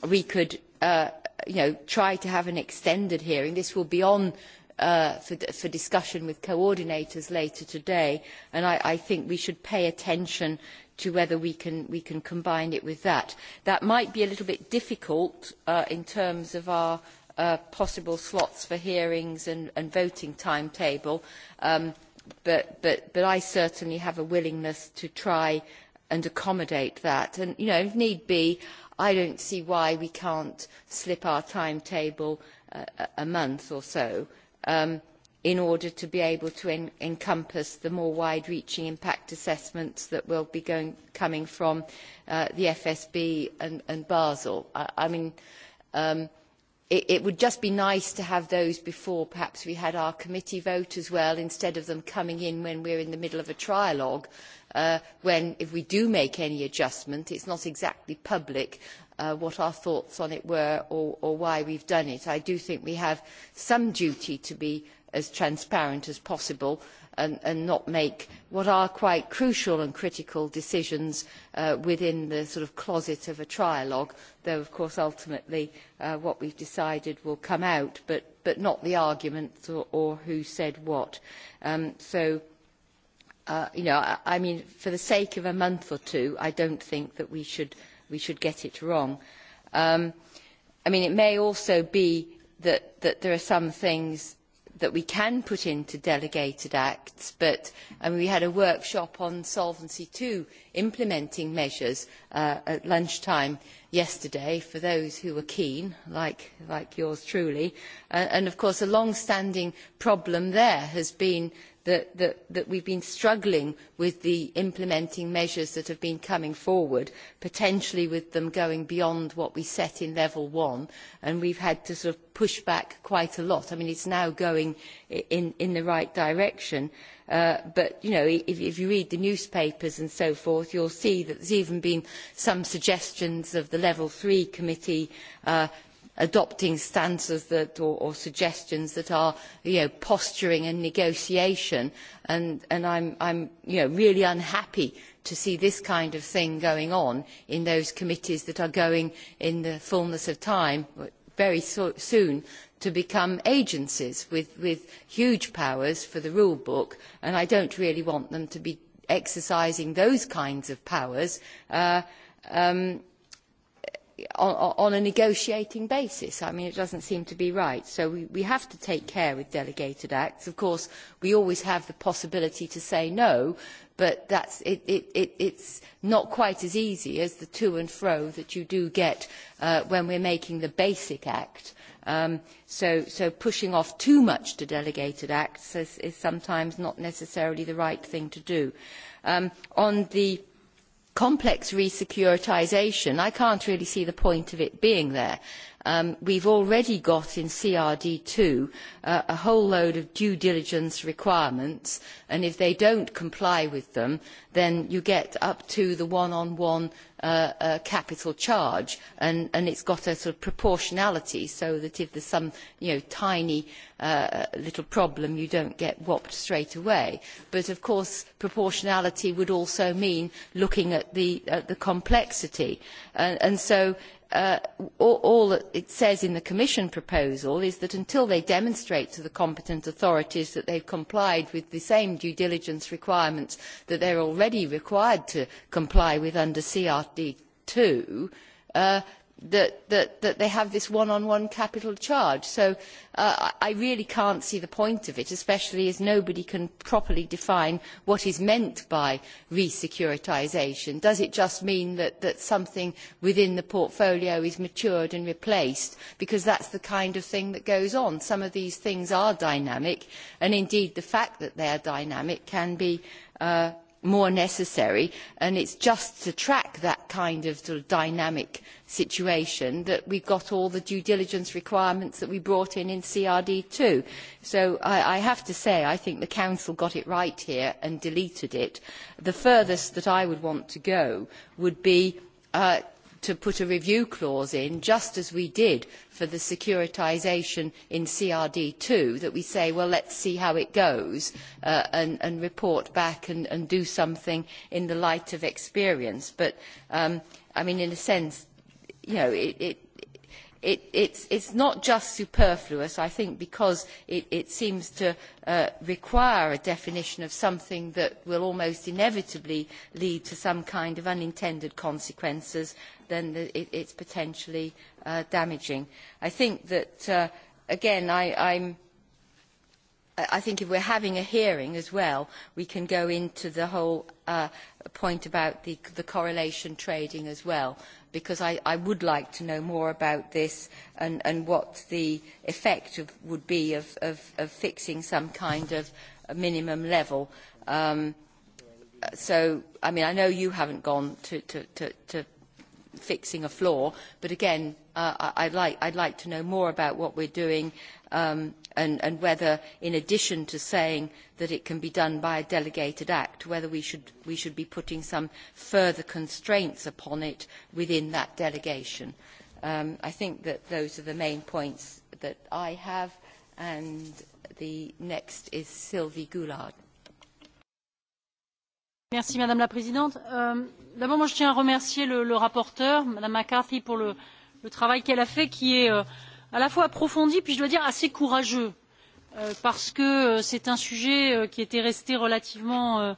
we could uh, you know, try to have an extended hearing. This will be on uh, for, for discussion with coordinators later today, and I, I think we should pay attention to whether we can, we can combine it with that. That might be a little bit difficult uh, in terms of our uh, possible slots for hearings and, and voting timetable, um, but, but, but I certainly have a willingness to try and accommodate that. And, you know, if need be, I don't see why we can't slip our timetable uh, a month or so. Um, in order to be able to en encompass the more wide-reaching impact assessments that will be going, coming from uh, the FSB and, and Basel. I, I mean, um, it, it would just be nice to have those before perhaps we had our committee vote as well, instead of them coming in when we're in the middle of a trialogue, uh, when if we do make any adjustment, it's not exactly public uh, what our thoughts on it were or, or why we've done it. I do think we have some duty to be as transparent as possible and, and not make what are quite crucial and critical decisions uh, within the sort of closet of a trialogue, though of course ultimately uh, what we've decided will come out, but, but not the arguments or, or who said what. Um, so, uh, you know, I, I mean, for the sake of a month or two, I don't think that we should, we should get it wrong. Um, I mean, it may also be that, that there are some things that we can put into delegated acts, but and we had a workshop on Solvency II implementing measures uh, at lunchtime yesterday for those who were keen, like, like yours truly. Uh, and of course, a long-standing problem there has been that, that, that we've been struggling with the implementing measures that have been coming forward, potentially with them going beyond what we set in level one, and we've had to sort of push back quite a lot. I mean, it's now going in, in the right direction. Uh, Uh, but you know, if, if you read the newspapers and so forth, you'll see that there's even been some suggestions of the Level 3 Committee uh, adopting stances that, or, or suggestions that are you know, posturing and negotiation. And, and I'm, I'm you know, really unhappy to see this kind of thing going on in those committees that are going in the fullness of time very so soon to become agencies with, with huge powers for the rule book, and I don't really want them to be exercising those kinds of powers uh, um, on, on a negotiating basis. I mean, it doesn't seem to be right. So we, we have to take care with delegated acts. Of course, we always have the possibility to say no, but that's, it, it, it, it's not quite as easy as the to and fro that you do get uh, when we're making the basic act Um, so, so pushing off too much to delegated acts is, is sometimes not necessarily the right thing to do. Um, on the complex re-securitization, I can't really see the point of it being there um, we've already got in CRD2 uh, a whole load of due diligence requirements, and if they don't comply with them, then you get up to the one-on-one -on -one, uh, uh, capital charge, and, and it's got a sort of proportionality so that if there's some you know, tiny uh, little problem, you don't get whopped straight away. But of course, proportionality would also mean looking at the, at the complexity. And, and so uh, all, all it says in the Commission proposal is that until they demonstrate to the competent authorities that they've complied with the same due diligence requirements that they're already required to comply with under CRD2, uh, that, that, that they have this one-on-one -on -one capital charge. So uh, I really can't see the point of it, especially as nobody can properly define what is meant by re-securitisation. Does it just mean that, that something within the portfolio is matured and replaced? Because that's the kind of thing that goes on. Some of these things are dynamic, and indeed the fact that they are dynamic can be uh, more necessary and it's just to track that kind of, sort of dynamic situation that we've got all the due diligence requirements that we brought in in CRD2. So I, I have to say I think the Council got it right here and deleted it. The furthest that I would want to go would be uh, to put a review clause in, just as we did for the securitisation in CRD2, that we say, well, let's see how it goes uh, and, and report back and, and do something in the light of experience. But, um, I mean, in a sense, you know, it, it it, it's, it's not just superfluous, I think, because it, it seems to uh, require a definition of something that will almost inevitably lead to some kind of unintended consequences, then the, it, it's potentially uh, damaging. I think that, uh, again, I, I'm I think if we're having a hearing as well, we can go into the whole uh, point about the, the correlation trading as well, because I, I would like to know more about this and, and what the effect of, would be of, of, of fixing some kind of a minimum level. Um, so, I mean, I know you haven't gone to, to, to, to fixing a floor, but again, uh, I, I'd, like, I'd like to know more about what we're doing um, and, and whether, in addition to saying that it can be done by a delegated act, whether we should, we should be putting some further constraints upon it within that delegation. Um, I think that those are the main points that I have, and the next is Sylvie Goulard. Merci, Madame la Présidente. Euh, D'abord, moi, je tiens à remercier le, le rapporteur, Madame McCarthy, pour le, le travail qu'elle a fait, qui est euh, à la fois approfondi puis je dois dire assez courageux euh, parce que euh, c'est un sujet euh, qui était resté relativement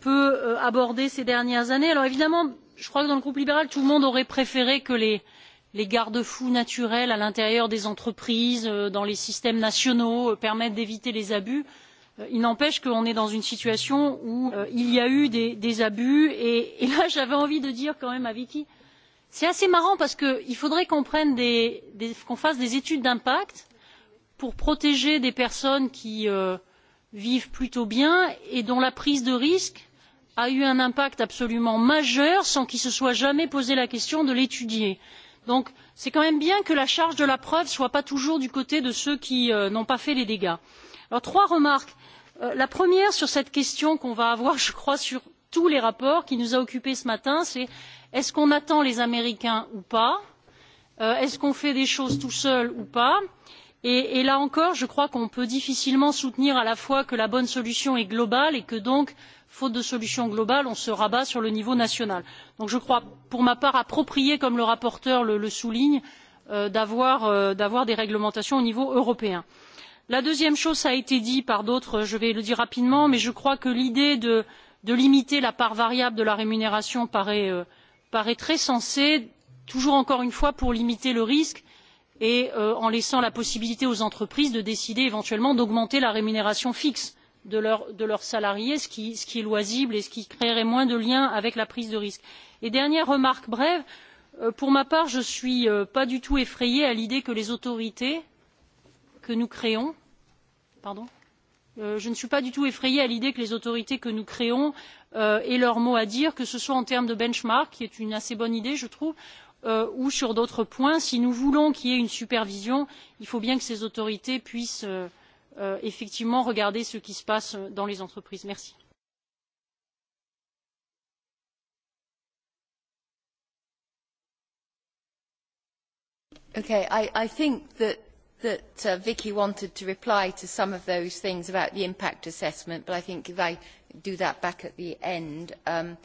peu abordé ces dernières années. alors évidemment je crois que dans le groupe libéral tout le monde aurait préféré que les, les garde fous naturels à l'intérieur des entreprises dans les systèmes nationaux permettent d'éviter les abus. il n'empêche qu'on est dans une situation où il y a eu des, des abus et, et là j'avais envie de dire quand même à vicky euh, c'est assez marrant parce qu'il faudrait qu'on qu fasse des études d'impact pour protéger des personnes qui euh, vivent plutôt bien et dont la prise de risque a eu un impact absolument majeur sans qu'il se soit jamais posé la question de l'étudier. donc c'est quand même bien que la charge de la preuve ne soit pas toujours du côté de ceux qui euh, n'ont pas fait les dégâts. Alors, trois remarques. Euh, la première sur cette question qu'on va avoir <laughs> je crois sur tous les rapports qui nous a occupés ce matin c'est est ce qu'on attend les américains ou pas euh, est ce qu'on fait des choses tout seul ou pas et, et là encore je crois qu'on peut difficilement soutenir à la fois que la bonne solution est globale et que donc faute de solution globale on se rabat sur le niveau national. donc je crois pour ma part approprié comme le rapporteur le, le souligne euh, d'avoir euh, des réglementations au niveau européen. la deuxième chose cela a été dit par d'autres je vais le dire rapidement mais je crois que l'idée de euh, de limiter la part variable de la rémunération paraît, euh, paraît très sensé toujours encore une fois pour limiter le risque et euh, en laissant la possibilité aux entreprises de décider éventuellement d'augmenter la rémunération fixe de, leur, de leurs salariés ce qui, ce qui est loisible et ce qui créerait moins de lien avec la prise de risque. et dernière remarque brève euh, pour ma part je ne suis euh, pas du tout effrayée à l'idée que les autorités que nous créons pardon Euh, je ne suis pas du tout effrayée à l'idée que les autorités que nous créons euh, aient leur mot à dire que ce soit en termes de benchmark qui est une assez bonne idée je trouve euh, ou sur d'autres points. si nous voulons qu'il y ait une supervision il faut bien que ces autorités puissent effectivement regarder ce qui se passe dans les entreprises. merci. Okay, I, I think that that uh, Vicky wanted to reply to some of those things about the impact assessment, but I think if I do that back at the end, um,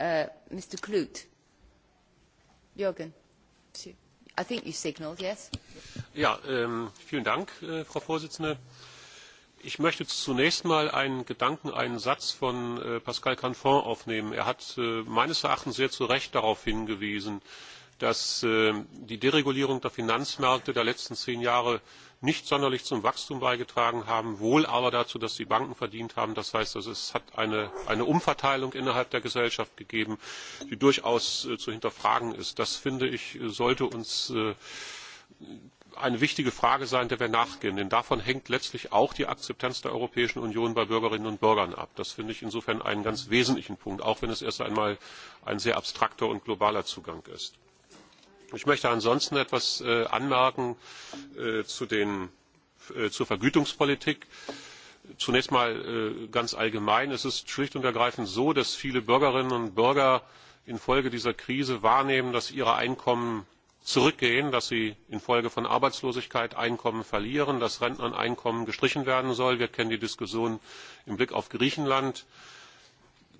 uh, Mr. Kloot. Jürgen, I think you signaled, yes? Ja, ähm, vielen Dank, äh, Frau Vorsitzende. Ich möchte zunächst mal einen Gedanken, einen Satz von äh, Pascal Canfin aufnehmen. Er hat äh, meines Erachtens sehr zu Recht darauf hingewiesen, äh, dass ähm, die deregulierung der finanzmärkte der letzten zehn jahre nicht sonderlich zum wachstum beigetragen haben wohl aber dazu dass die banken verdient haben. das heißt also es hat eine umverteilung innerhalb der gesellschaft gegeben die durchaus äh, zu hinterfragen ist. das finde ich sollte uns äh, eine wichtige frage sein der wir nachgehen denn davon hängt letztlich auch die akzeptanz der europäischen union bei bürgerinnen und bürgern ab. das finde ich insofern einen ganz wesentlichen punkt auch wenn es erst einmal ein sehr abstrakter und globaler zugang ist. Ich möchte ansonsten etwas äh, anmerken äh, zu den, äh, zur Vergütungspolitik. Zunächst mal äh, ganz allgemein. Es ist schlicht und ergreifend so, dass viele Bürgerinnen und Bürger infolge dieser Krise wahrnehmen, dass ihre Einkommen zurückgehen, dass sie infolge von Arbeitslosigkeit Einkommen verlieren, dass Rentnerneinkommen gestrichen werden soll. Wir kennen die Diskussion im Blick auf Griechenland.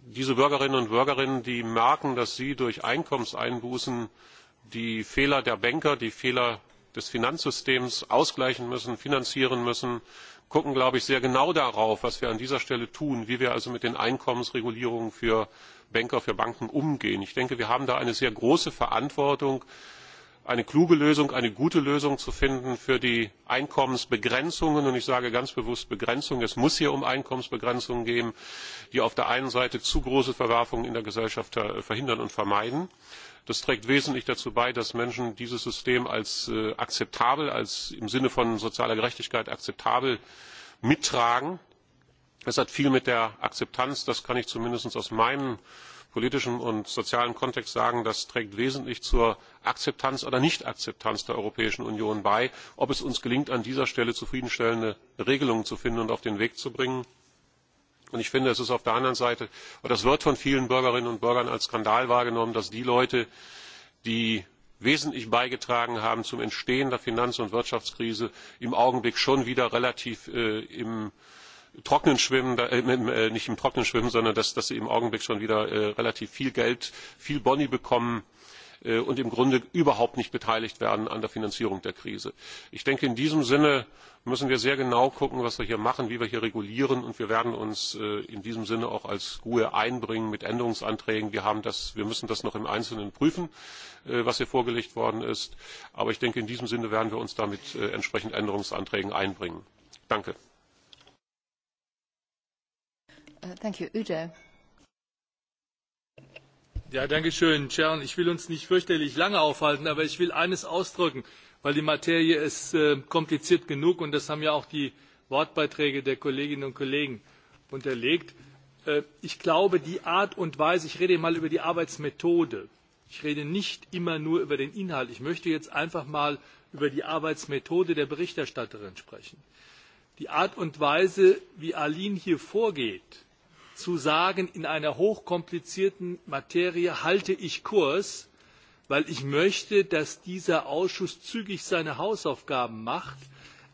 Diese Bürgerinnen und Bürger, die merken, dass sie durch Einkommenseinbußen äh, die fehler der banker die fehler des finanzsystems ausgleichen müssen finanzieren müssen gucken sehr genau darauf was wir an dieser stelle tun wie wir also mit den einkommensregulierungen für banker für banken umgehen. ich denke wir haben da eine sehr große verantwortung eine kluge lösung eine gute lösung zu finden für die einkommensbegrenzungen und ich sage ganz bewusst begrenzungen es muss hier um einkommensbegrenzungen gehen die auf der einen seite zu große verwerfungen in der gesellschaft äh, verhindern und vermeiden. Das trägt wesentlich dazu bei, dass Menschen dieses System als äh, akzeptabel, als im Sinne von sozialer Gerechtigkeit akzeptabel mittragen. Es hat viel mit der Akzeptanz, das kann ich zumindest aus meinem politischen und sozialen Kontext sagen, das trägt wesentlich zur Akzeptanz oder Nichtakzeptanz der Europäischen Union bei, ob es uns gelingt, an dieser Stelle zufriedenstellende Regelungen zu finden und auf den Weg zu bringen Und ich finde, es ist auf der anderen Seite, oder es wird von vielen Bürgerinnen und Bürgern als Skandal wahrgenommen, dass die Leute, die wesentlich beigetragen haben zum Entstehen der Finanz- und Wirtschaftskrise, im Augenblick schon wieder relativ äh, im trockenen Schwimmen, äh, im, äh, nicht im trockenen Schwimmen, sondern dass, dass sie im Augenblick schon wieder äh, relativ viel Geld, viel Boni bekommen Äh, und im Grunde überhaupt nicht beteiligt werden an der Finanzierung der Krise. Ich denke, in diesem Sinne müssen wir sehr genau gucken, was wir hier machen, wie wir hier regulieren und wir werden uns äh, in diesem Sinne auch als GUE einbringen mit Änderungsanträgen. Wir, haben das, wir müssen das noch im Einzelnen prüfen, äh, was hier vorgelegt worden ist. Aber ich denke, in diesem Sinne werden wir uns damit entsprechend Änderungsanträgen einbringen. Danke. Uh, thank you. Udo. Ja, danke schön, Cern. Ich will uns nicht fürchterlich lange aufhalten, aber ich will eines ausdrücken, weil die Materie ist äh, kompliziert genug und das haben ja auch die Wortbeiträge der Kolleginnen und Kollegen unterlegt. Äh, ich glaube, die Art und Weise, ich rede mal über die Arbeitsmethode, ich rede nicht immer nur über den Inhalt. Ich möchte jetzt einfach mal über die Arbeitsmethode der Berichterstatterin sprechen. Die Art und Weise, wie Aline hier vorgeht, zu sagen, in einer hochkomplizierten Materie halte ich Kurs, weil ich möchte, dass dieser Ausschuss zügig seine Hausaufgaben macht.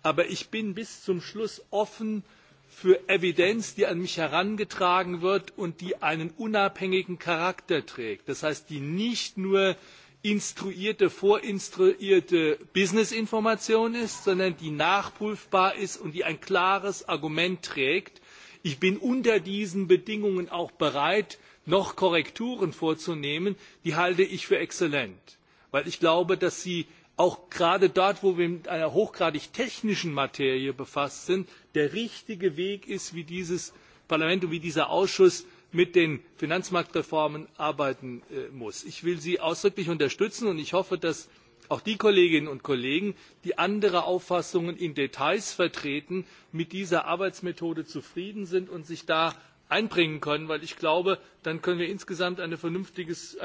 Aber ich bin bis zum Schluss offen für Evidenz, die an mich herangetragen wird und die einen unabhängigen Charakter trägt. Das heißt, die nicht nur instruierte, vorinstruierte Businessinformation ist, sondern die nachprüfbar ist und die ein klares Argument trägt Ich bin unter diesen Bedingungen auch bereit, noch Korrekturen vorzunehmen. Die halte ich für exzellent, weil ich glaube, dass sie auch gerade dort, wo wir mit einer hochgradig technischen Materie befasst sind, der richtige Weg ist, wie dieses Parlament und wie dieser Ausschuss mit den Finanzmarktreformen arbeiten äh, muss. Ich will Sie ausdrücklich unterstützen und ich hoffe, dass auch die kolleginnen und kollegen die andere auffassungen in details vertreten mit dieser arbeitsmethode zufrieden sind und sich da einbringen können denn ich glaube dann können wir insgesamt ein vernünftiges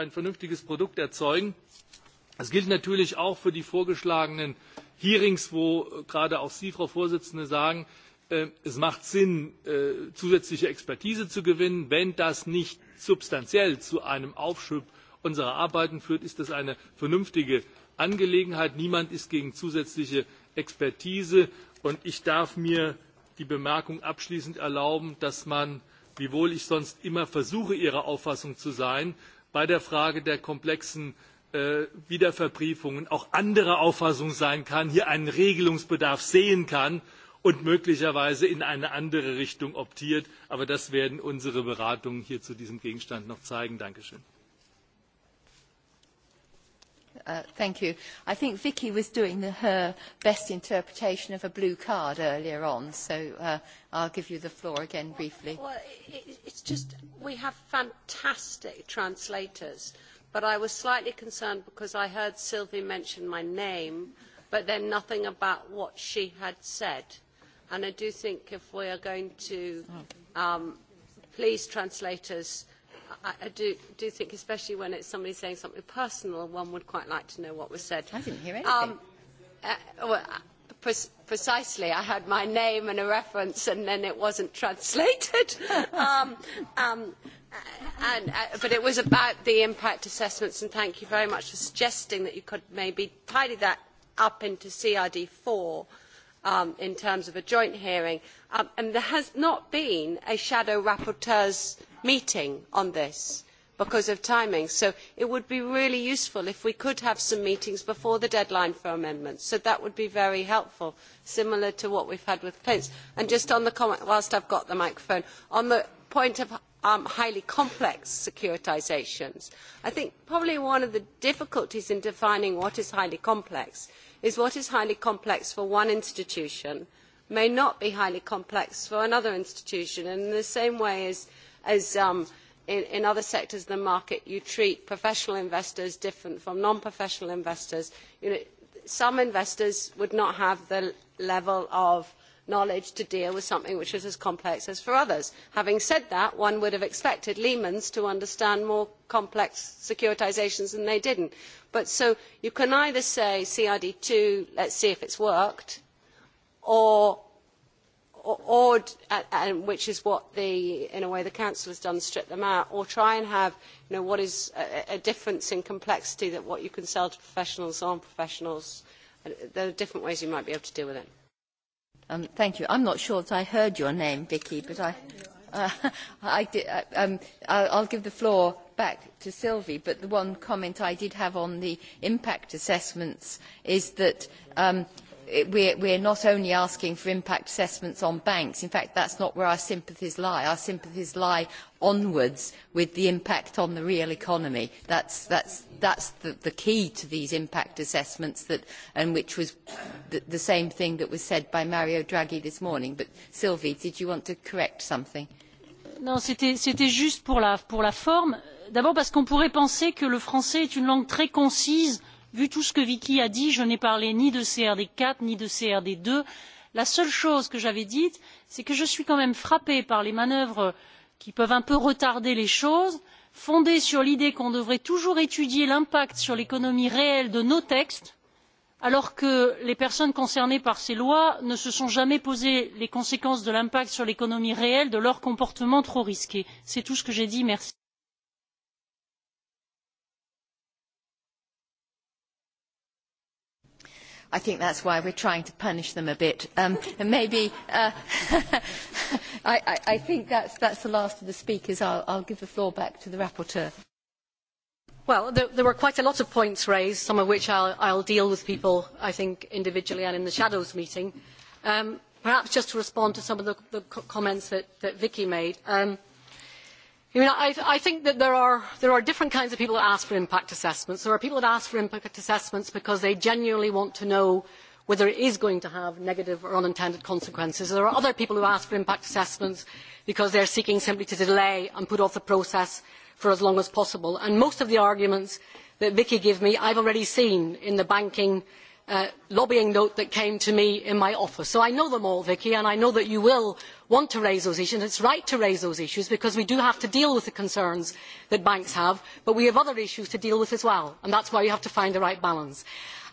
produkt erzeugen. das gilt natürlich auch für die vorgeschlagenen hearings wo äh, gerade auch sie frau vorsitzende sagen äh, es macht sinn äh, zusätzliche expertise zu gewinnen. wenn das nicht substanziell zu einem aufschub unserer arbeiten führt ist das eine vernünftige Angelegenheit. Niemand ist gegen zusätzliche Expertise. Und ich darf mir die Bemerkung abschließend erlauben, dass man, wiewohl ich sonst immer versuche, Ihrer Auffassung zu sein, bei der Frage der komplexen äh, Wiederverbriefungen auch anderer Auffassung sein kann, hier einen Regelungsbedarf sehen kann und möglicherweise in eine andere Richtung optiert. Aber das werden unsere Beratungen hier zu diesem Gegenstand noch zeigen. Dankeschön. Uh, thank you. I think Vicky was doing the, her best interpretation of a blue card earlier on, so uh, I'll give you the floor again briefly. Well, it, it's just we have fantastic translators, but I was slightly concerned because I heard Sylvie mention my name, but then nothing about what she had said. And I do think if we are going to, oh. um, please translators, I, I do, do think, especially when it's somebody saying something personal, one would quite like to know what was said. I didn't hear um, anything. Um, uh, well, uh, pre- precisely, I heard my name and a reference, and then it wasn't <laughs> translated. um, um, uh, and, uh, but it was about the impact assessments, and thank you very much for suggesting that you could maybe tidy that up into CRD4 um, in terms of a joint hearing. Um, and there has not been a shadow rapporteur's uh, meeting on this because of timing so it would be really useful if we could have some meetings before the deadline for amendments so that would be very helpful similar to what we've had with planes and just on the comment whilst i've got the microphone on the point of um, highly complex securitizations i think probably one of the difficulties in defining what is highly complex is what is highly complex for one institution may not be highly complex for another institution and in the same way as as um, in, in other sectors of the market, you treat professional investors different from non-professional investors. You know, some investors would not have the level of knowledge to deal with something which is as complex as for others. Having said that, one would have expected Lehman's to understand more complex securitizations than they didn't. But so you can either say CRD2, let's see if it's worked, or or, and which is what the, in a way the council has done, strip them out, or try and have, you know, what is a, a difference in complexity that what you can sell to professionals, non-professionals. There are different ways you might be able to deal with it. Um, thank you. I'm not sure that I heard your name, Vicky, but I, uh, <laughs> I did, uh, um, I'll, I'll give the floor back to Sylvie, but the one comment I did have on the impact assessments is that um, we're, we're not only asking for impact assessments on banks, in fact that's not where our sympathies lie. Our sympathies lie onwards with the impact on the real economy. That's, that's, that's the, the key to these impact assessments that, and which was the, the same thing that was said by Mario Draghi this morning. But Sylvie, did you want to correct something? Non, c'était juste pour la, pour la forme. D'abord parce qu'on pourrait penser que le français est une langue très concise euh, vu tout ce que vicky a dit je n'ai parlé ni de crd quatre ni de crd deux la seule chose que j'avais dite c'est que je suis quand même frappée par les manœuvres qui peuvent un peu retarder les choses fondées sur l'idée qu'on devrait toujours étudier l'impact sur l'économie réelle de nos textes alors que les personnes concernées par ces lois ne se sont jamais posé les conséquences de l'impact sur l'économie réelle de leur comportement trop risqué. c'est tout ce que j'ai dit merci. I think that's why we're trying to punish them a bit. Um, and maybe uh, <laughs> I, I, I think that's, that's the last of the speakers. I'll, I'll give the floor back to the rapporteur. Well, there, there were quite a lot of points raised, some of which I'll, I'll deal with people, I think, individually and in the Shadows meeting. Um, perhaps just to respond to some of the, the comments that, that Vicky made. Um, I mean, I, I think that there are, there are different kinds of people that ask for impact assessments. There are people that ask for impact assessments because they genuinely want to know whether it is going to have negative or unintended consequences. There are other people who ask for impact assessments because they are seeking simply to delay and put off the process for as long as possible. And most of the arguments that Vicky gave me, I've already seen in the banking uh, lobbying note that came to me in my office. So I know them all, Vicky, and I know that you will want to raise those issues. And it's right to raise those issues because we do have to deal with the concerns that banks have, but we have other issues to deal with as well. And that's why you have to find the right balance.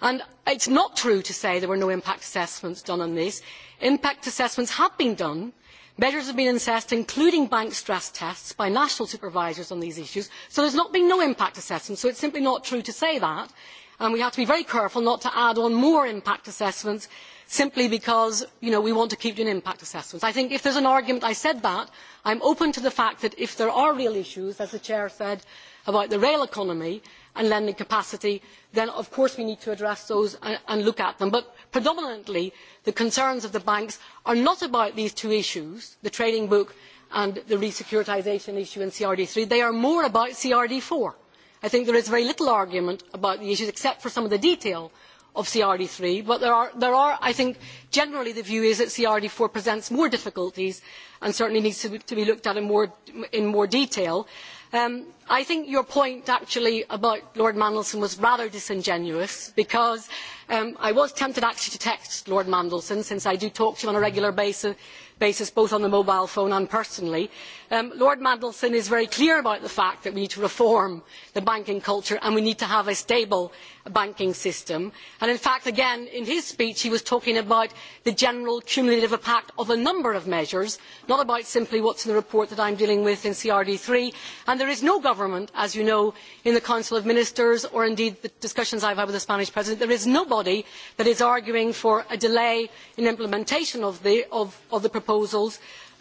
And it's not true to say there were no impact assessments done on this. Impact assessments have been done. Measures have been assessed, including bank stress tests, by national supervisors on these issues. So there's not been no impact assessment, so it's simply not true to say that and we have to be very careful not to add on more impact assessments simply because you know, we want to keep doing impact assessments. I think if there's an argument, I said that, I'm open to the fact that if there are real issues, as the Chair said, about the rail economy and lending capacity, then of course we need to address those and, and look at them. But predominantly, the concerns of the banks are not about these two issues, the trading book and the re-securitisation issue in CRD3. They are more about CRD4 I think there is very little argument about the issues except for some of the detail of CRD3, but there are, there are I think, generally the view is that CRD4 presents more difficulties and certainly needs to, to be looked at in more, in more detail. Um, I think your point actually about Lord Mandelson was rather disingenuous because um, I was tempted actually to text Lord Mandelson since I do talk to him on a regular basis, basis both on the mobile phone and personally. Um, Lord Mandelson is very clear about the fact that we need to reform the banking culture and we need to have a stable banking system. And in fact, again, in his speech, he was talking about the general cumulative impact of a number of measures, not about simply what's in the report that I'm dealing with in CRD3. And there is no government government as you know in the council of ministers or indeed the discussions i have had with the spanish presidency there is nobody that is arguing for a delay in implementation of the, of, of the proposals.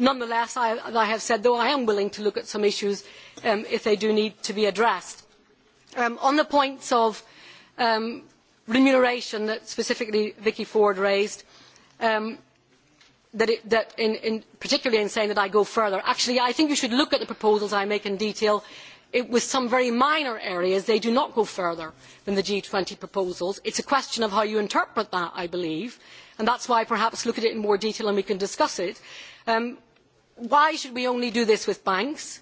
nonetheless I, as i have said though i am willing to look at some issues um, if they do need to be addressed. Um, on the points of um, remuneration that specifically vicky ford raised um, that, it, that in, in, particularly in saying that I go further. Actually, I think you should look at the proposals I make in detail it, with some very minor areas, they do not go further than the G20 proposals. It's a question of how you interpret that, I believe, and that's why perhaps look at it in more detail and we can discuss it. Um, why should we only do this with banks?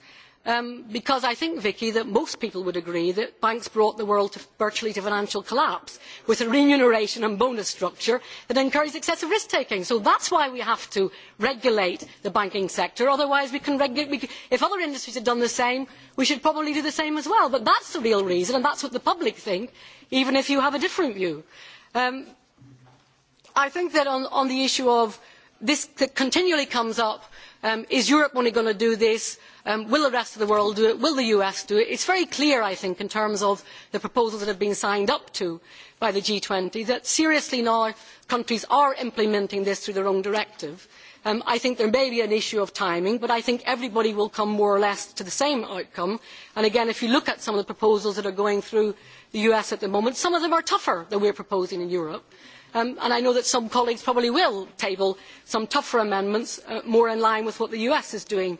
um, because I think, Vicky, that most people would agree that banks brought the world to, virtually to financial collapse with a remuneration and bonus structure that encouraged excessive risk taking. So that's why we have to regulate the banking sector. Otherwise, we can regu- we, if other industries had done the same, we should probably do the same as well. But that's the real reason, and that's what the public think, even if you have a different view. Um, I think that on, on the issue of this that continually comes up Um, is Europe only going to do this? Um, will the rest of the world do it? Will the US do it? It's very clear, I think, in terms of the proposals that have been signed up to by the G20, that seriously now countries are implementing this through their own directive. Um, I think there may be an issue of timing, but I think everybody will come more or less to the same outcome. And again, if you look at some of the proposals that are going through the US at the moment, some of them are tougher than we're proposing in Europe. Um, and I know that some colleagues probably will table some tougher amendments, uh, more in line with what the US is doing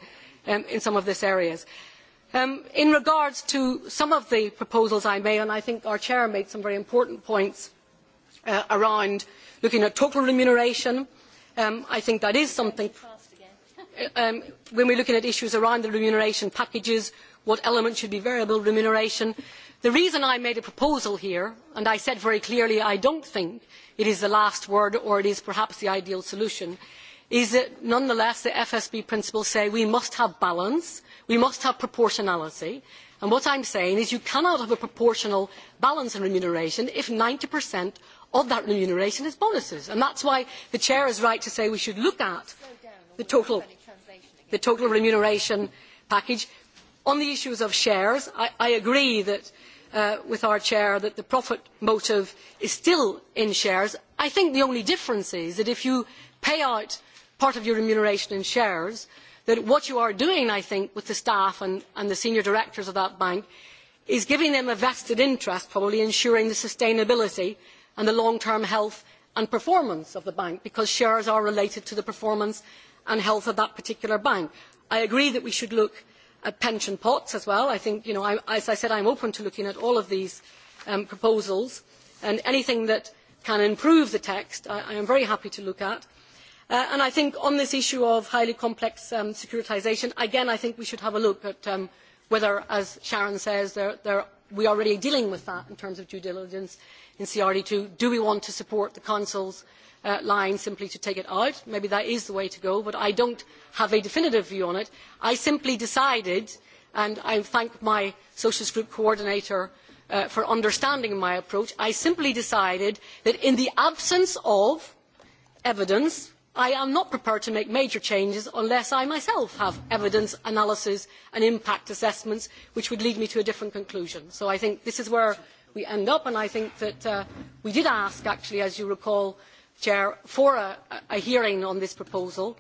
um, in some of these areas. Um, in regards to some of the proposals I made, and I think our chair made some very important points uh, around looking at total remuneration, um, I think that is something. Uh, um, when we're looking at issues around the remuneration packages, what elements should be variable remuneration, the reason i made a proposal here and i said very clearly i do not think it is the last word or it is perhaps the ideal solution is that nonetheless the fsb principles say we must have balance we must have proportionality and what i am saying is you cannot have a proportional balance in remuneration if ninety of that remuneration is bonuses and that is why the chair is right to say we should look at the total, the total remuneration package. on the issues of shares i, I agree that uh, with our chair that the profit motive is still in shares. I think the only difference is that if you pay out part of your remuneration in shares, that what you are doing, I think, with the staff and, and the senior directors of that bank is giving them a vested interest, probably ensuring the sustainability and the long-term health and performance of the bank, because shares are related to the performance and health of that particular bank. I agree that we should look at pension pots as well. I think, you know, I, as I said, I'm open to looking at all of these um, proposals and anything that can improve the text I, I am very happy to look at. Uh, and I think on this issue of highly complex um, securitization, again, I think we should have a look at um, whether, as Sharon says, there, there, we are already dealing with that in terms of due diligence in CRD2. Do we want to support the Council's uh, uh, line simply to take it out. Maybe that is the way to go, but I don't have a definitive view on it. I simply decided, and I thank my socialist group coordinator uh, for understanding my approach, I simply decided that in the absence of evidence, I am not prepared to make major changes unless I myself have evidence, analysis and impact assessments which would lead me to a different conclusion. So I think this is where we end up and I think that uh, we did ask actually, as you recall, Chair, for a, a hearing on this proposal.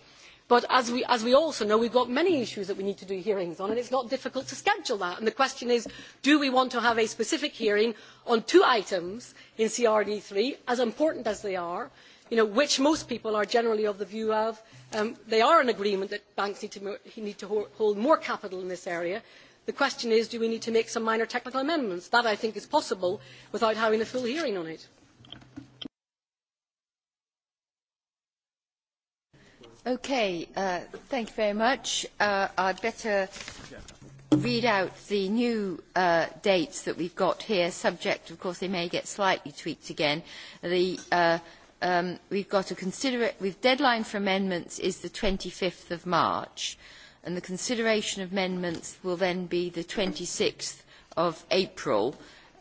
But as we, as we also know, we've got many issues that we need to do hearings on, and it's not difficult to schedule that. And the question is, do we want to have a specific hearing on two items in CRD3, as important as they are, you know, which most people are generally of the view of? Um, they are in agreement that banks need to, need to hold more capital in this area. The question is, do we need to make some minor technical amendments? That, I think, is possible without having a full hearing on it. Okay, uh, thank you very much. Uh, I'd better read out the new uh, dates that we've got here, subject, of course, they may get slightly tweaked again. The, uh, um, we've got a considerate, we've deadline for amendments is the 25th of March, and the consideration of amendments will then be the 26th of April,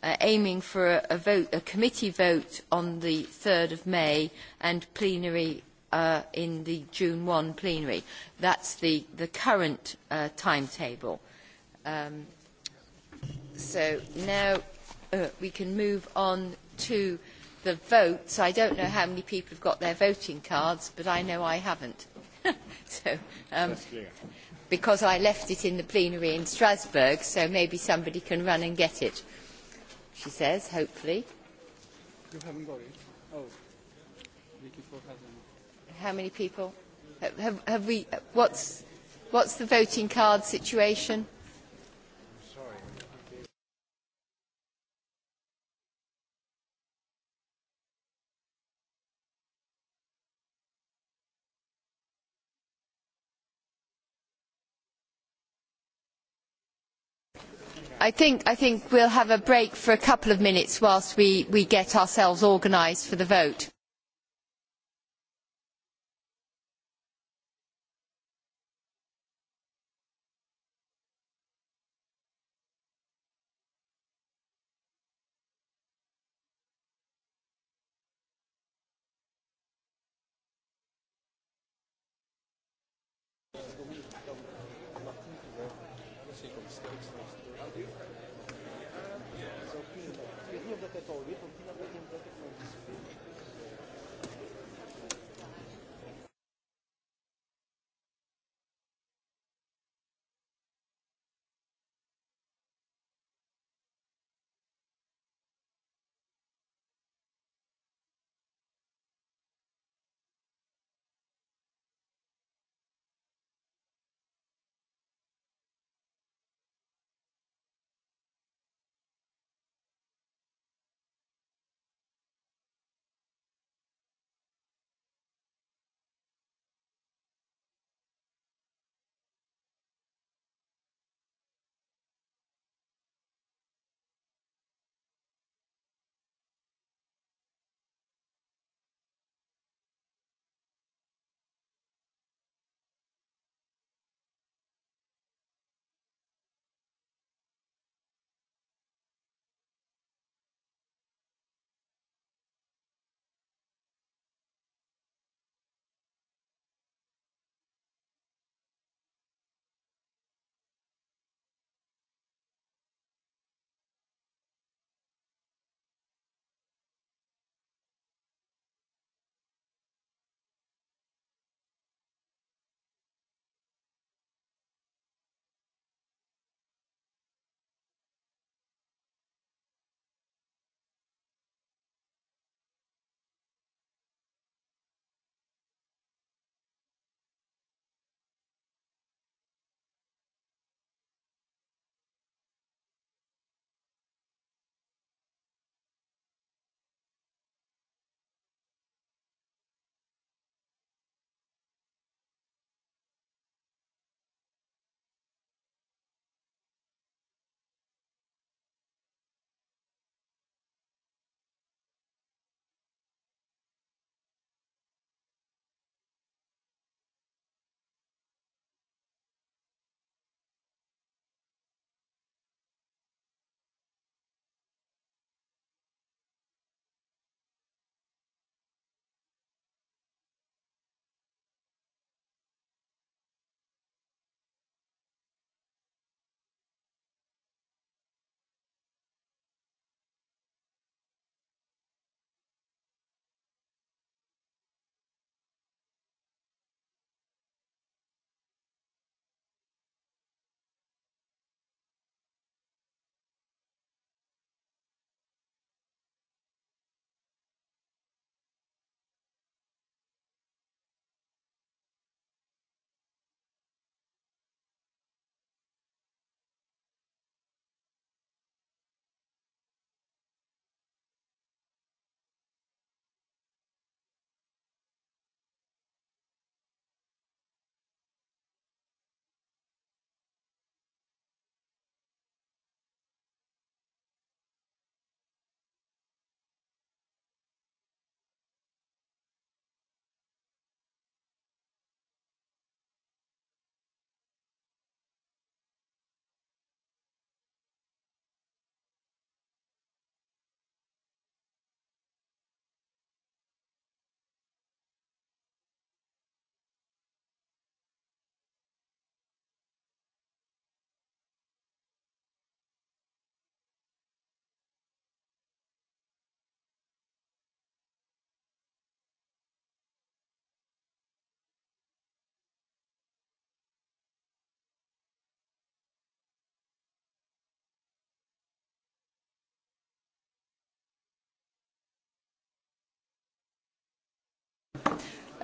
uh, aiming for a, a, vote, a committee vote on the 3rd of May and plenary uh, in the June 1 plenary. That's the, the current uh, timetable. Um, so now uh, we can move on to the votes. I don't know how many people have got their voting cards, but I know I haven't. <laughs> so, um, because I left it in the plenary in Strasbourg, so maybe somebody can run and get it, she says, hopefully. You haven't got it? Oh. Vicky Ford hasn't how many people? Have, have we, what's, what's the voting card situation? I think, I think we'll have a break for a couple of minutes whilst we, we get ourselves organised for the vote.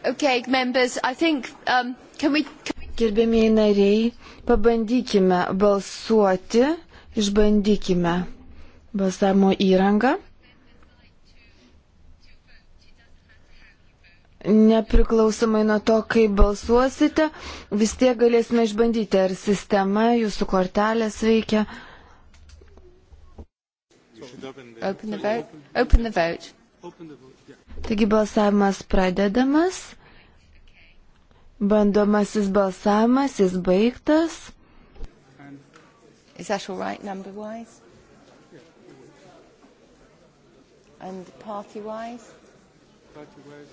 Okay, members, I think, um, can we... Gerbėmiai nariai, pabandykime balsuoti, išbandykime balsavimo įrangą. Nepriklausomai nuo to, kaip balsuosite, vis tiek galėsime išbandyti, ar sistema, jūsų kortelės veikia. Open the vote. Open the vote. Open the vote. Taigi balsavimas pradedamas. Bandomasis balsavimas, jis baigtas. Is that all right number wise? And party wise? Party wise.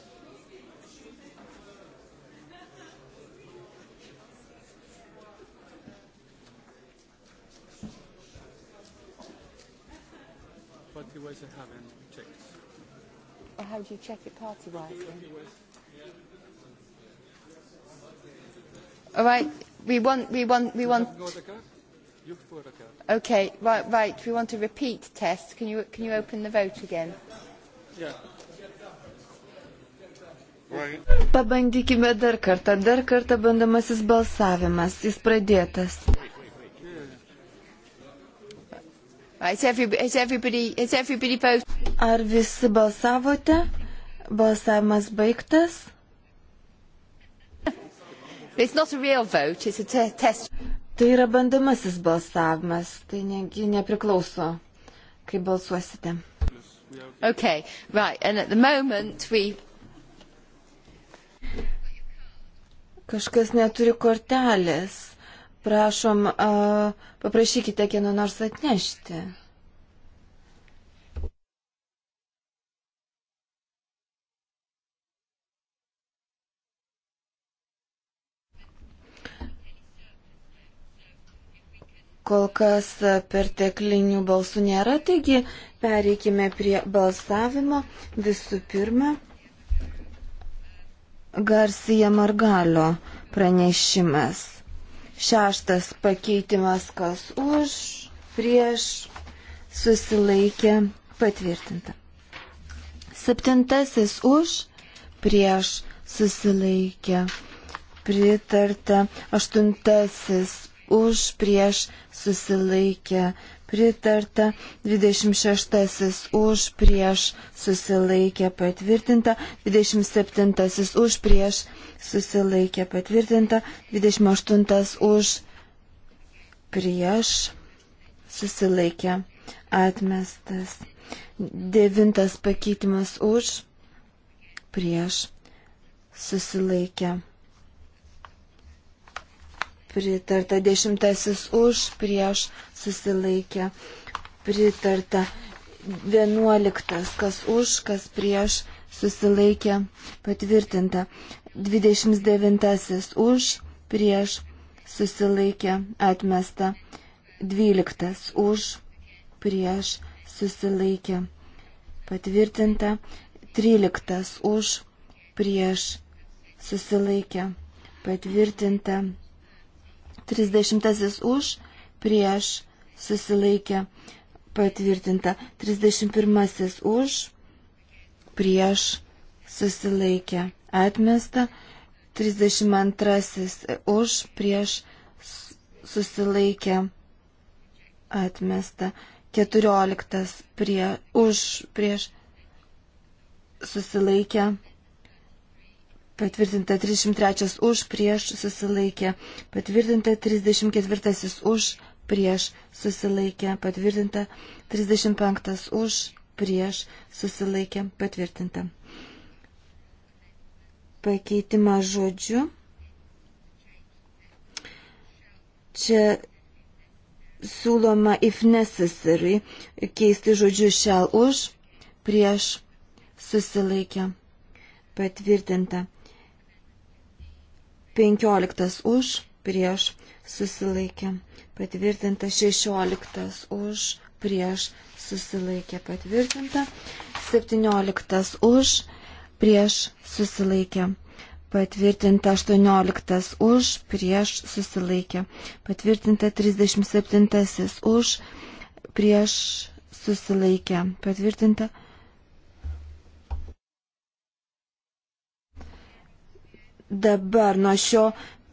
Party wise I haven't. Or how do you check it party-wise? Yeah? All right, we want, we want, we want. Okay, right, right. We want a repeat test. Can you can you open the vote again? Yeah. Right. Pabandykime dar kartą, dar kartą bandamasis balsavimas, jis pradėtas. Right, is everybody, is everybody, is everybody both... Ar visi balsavote? Balsavimas baigtas. Vote, tai yra bandomasis balsavimas, tai negi nepriklauso, kai balsuosite. Okay, right. we... Kažkas neturi kortelės. Prašom, uh, paprašykite kieno nors atnešti. kol kas perteklinių balsų nėra, taigi pereikime prie balsavimo. Visų pirma, Garcija Margalio pranešimas. Šeštas pakeitimas, kas už, prieš, susilaikė, patvirtinta. Septintasis už, prieš, susilaikė, pritarta. Aštuntasis už prieš susilaikę pritarta, 26 už prieš susilaikę patvirtinta, 27 už prieš susilaikę patvirtinta, 28 už prieš susilaikę atmestas, 9 pakeitimas už prieš susilaikę pritarta. Dešimtasis už, prieš susilaikė pritarta. Vienuoliktas, kas už, kas prieš susilaikė patvirtinta. Dvidešimt devintasis už, prieš susilaikė atmesta. Dvyliktas už, prieš susilaikė patvirtinta. Tryliktas už, prieš susilaikė patvirtinta. 30 už, prieš, susilaikė, patvirtinta. 31 už, prieš, susilaikė, atmesta. 32 už, prieš, susilaikė, atmesta. 14 prie, už, prieš, susilaikė, atmesta Patvirtinta 33 už, prieš susilaikė. Patvirtinta 34 už, prieš susilaikė. Patvirtinta 35 už, prieš susilaikė. Patvirtinta. Pakeitimą žodžiu. Čia siūloma if necessary keisti žodžiu shall už, prieš susilaikė. Patvirtinta. 15 už, prieš susilaikė patvirtinta, 16 už, prieš susilaikė patvirtinta, 17 už, prieš susilaikė patvirtinta, 18 už, prieš susilaikė patvirtinta, 37 už, prieš susilaikė patvirtinta. Dabar nuo šio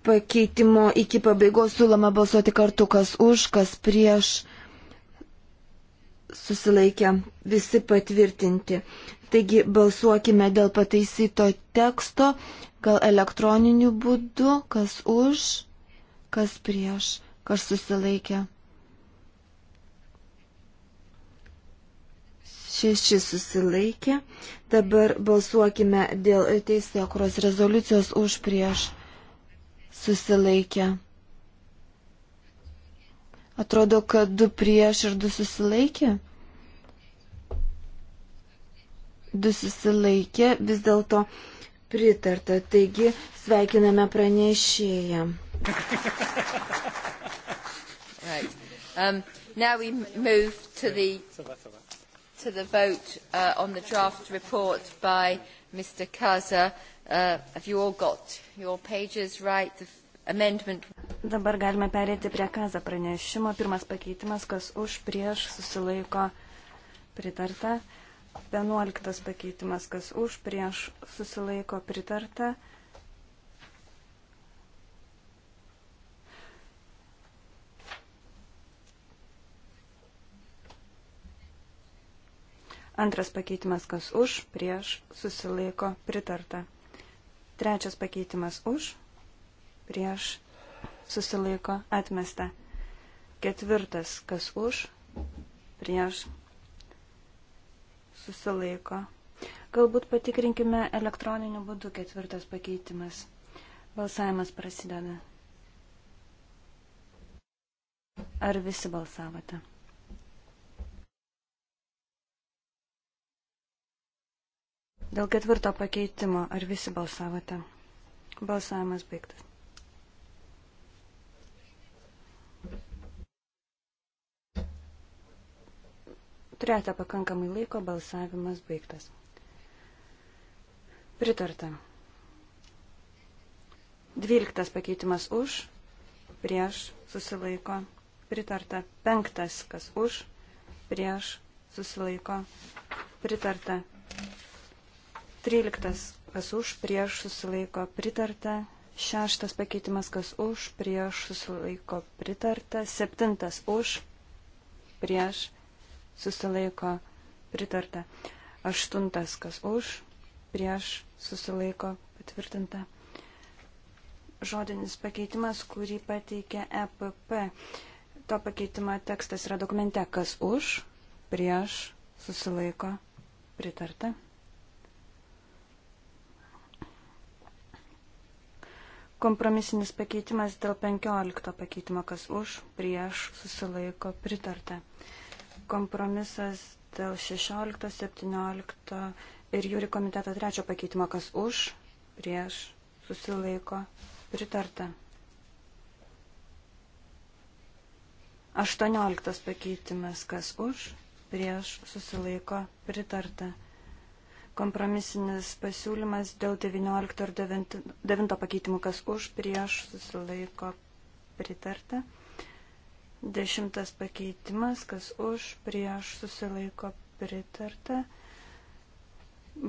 pakeitimo iki pabaigos siūloma balsuoti kartu, kas už, kas prieš susilaikę visi patvirtinti. Taigi balsuokime dėl pataisyto teksto, gal elektroniniu būdu, kas už, kas prieš, kas susilaikė. šeši susilaikė. Dabar balsuokime dėl teisėkuros rezoliucijos už prieš susilaikę. Atrodo, kad du prieš ir du susilaikė. Du susilaikė, vis dėlto pritarta. Taigi sveikiname pranešėją. <laughs> right. um, the to the vote uh, on the draft report by Mr. Kaza. Uh, have you all got your pages right? The amendment. Dabar galime perėti prie Kaza pranešimo. Pirmas pakeitimas, kas už, prieš, susilaiko, pritarta. Vienuoliktas pakeitimas, kas už, prieš, susilaiko, pritarta. Uh, Antras pakeitimas kas už, prieš, susilaiko, pritarta. Trečias pakeitimas už, prieš, susilaiko, atmesta. Ketvirtas kas už, prieš, susilaiko. Galbūt patikrinkime elektroniniu būdu ketvirtas pakeitimas. Balsavimas prasideda. Ar visi balsavote? Dėl ketvirto pakeitimo, ar visi balsavote? Balsavimas baigtas. Turėjote pakankamai laiko, balsavimas baigtas. Pritarta. Dvyliktas pakeitimas už, prieš, susilaiko. Pritarta. Penktas, kas už, prieš, susilaiko. Pritarta. 13. Kas už, prieš susilaiko pritarta. Šeštas pakeitimas, kas už, prieš susilaiko pritarta. Septintas už, prieš susilaiko pritarta. Aštuntas, kas už, prieš susilaiko patvirtinta. Žodinis pakeitimas, kurį pateikė EPP. To pakeitimo tekstas yra dokumente, kas už, prieš susilaiko pritarta. Kompromisinis pakeitimas dėl 15 pakeitimo, kas už, prieš, susilaiko, pritarta. Kompromisas dėl 16, 17 ir jūri komiteto trečio pakeitimo, kas už, prieš, susilaiko, pritarta. 18 pakeitimas, kas už, prieš, susilaiko, pritarta. Kompromisinis pasiūlymas dėl 19 ir 9, 9 pakeitimų, kas už, prieš, susilaiko pritarta. Dešimtas pakeitimas, kas už, prieš, susilaiko pritarta.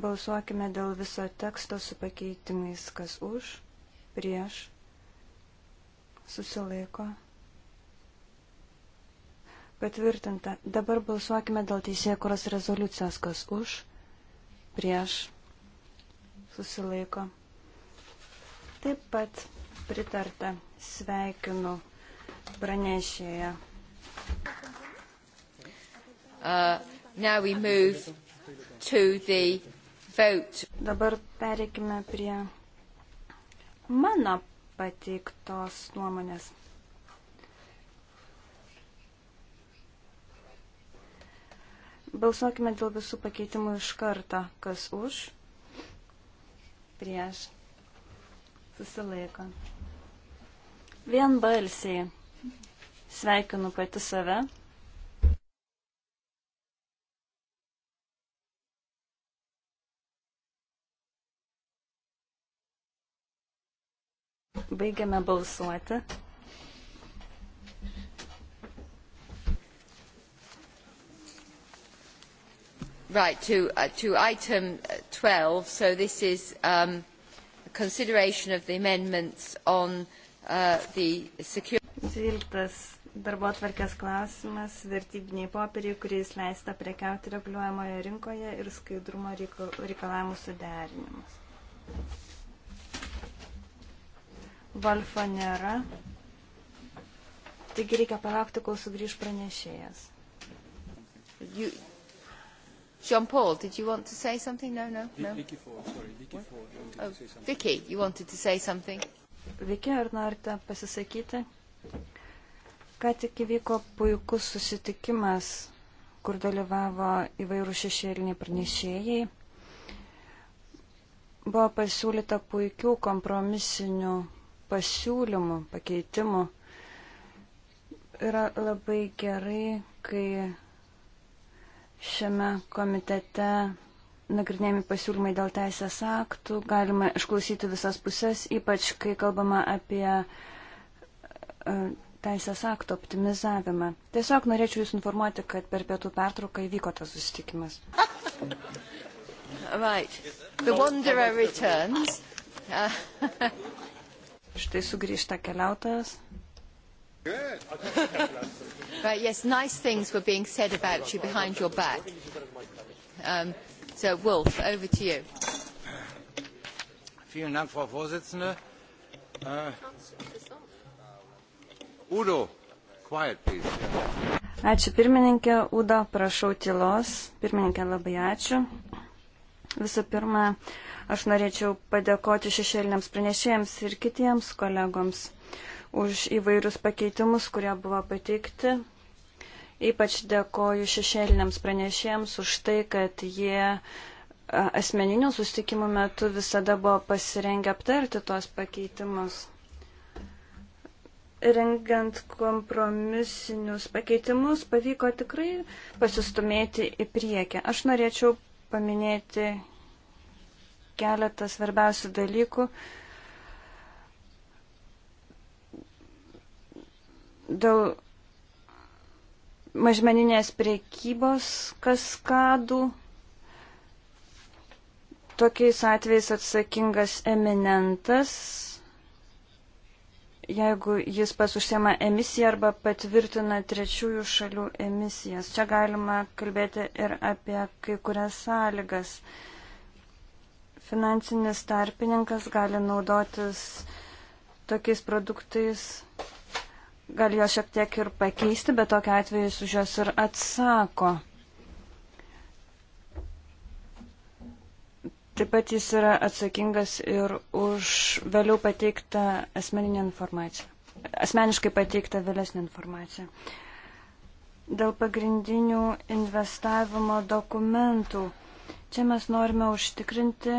Balsuokime dėl viso teksto su pakeitimais, kas už, prieš, susilaiko pritarta. Patvirtinta. Dabar balsuokime dėl teisėkuros rezoliucijos, kas už, prieš susilaiko. Taip pat pritarta sveikinu pranešėją. Uh, Dabar pereikime prie mano pateiktos nuomonės. Balsuokime dėl visų pakeitimų iš karto. Kas už? Prieš. Susilaiko. Vien balsiai. Sveikinu pati save. Baigiame balsuoti. Right, to, uh, to item 12, uh, so this is um, consideration of the amendments on uh, the security. 12 darbo atvarkės klausimas - vertybiniai popieriai, kuriais leista prekiauti reguliuojamoje rinkoje ir skaidrumo reikalavimų suderinimas. Volfo nėra, taigi reikia palaukti, kol sugrįž pranešėjas. You, Jean Paul, did you want to say something? No, no, no. Vicky Ford, sorry, Vicky Ford. You oh, to say Vicky, you wanted to say something. Vicky, ar norite pasisakyti? Ką tik įvyko puikus susitikimas, kur dalyvavo įvairių šešėliniai pranešėjai. Buvo pasiūlyta puikių kompromisinių pasiūlymų, pakeitimų. Yra labai gerai, kai Šiame komitete nagrinėjami pasiūlymai dėl teisės aktų, galima išklausyti visas pusės, ypač kai kalbama apie e, teisės aktų optimizavimą. Tiesiog norėčiau Jūs informuoti, kad per pietų pertrauką įvyko tas susitikimas. <laughs> right. The wanderer returns. <laughs> Štai sugrįžta keliautojas. Good. right, yes, nice things were being said about you behind your back. Um, so, Wolf, over to you. Vielen Dank, Frau Vorsitzende. Uh, Udo, quiet, please. Ačiū pirmininkė, Udo, prašau tylos. Pirmininkė, labai ačiū. Visų pirma, aš norėčiau padėkoti šešėliniams pranešėjams ir kitiems kolegoms už įvairius pakeitimus, kurie buvo pateikti. Ypač dėkoju šešėliniams pranešėjams už tai, kad jie asmeninių susitikimų metu visada buvo pasirengę aptarti tuos pakeitimus. Rengiant kompromisinius pakeitimus pavyko tikrai pasistumėti į priekį. Aš norėčiau paminėti keletą svarbiausių dalykų, dėl mažmeninės priekybos kaskadų. Tokiais atvejais atsakingas eminentas, jeigu jis pas užsiema emisiją arba patvirtina trečiųjų šalių emisijas. Čia galima kalbėti ir apie kai kurias sąlygas. Finansinis tarpininkas gali naudotis tokiais produktais gal juos šiek tiek ir pakeisti, bet tokia atveju už juos ir atsako. Taip pat jis yra atsakingas ir už vėliau pateiktą asmeninę informaciją, asmeniškai pateiktą vėlesnę informaciją. Dėl pagrindinių investavimo dokumentų. Čia mes norime užtikrinti,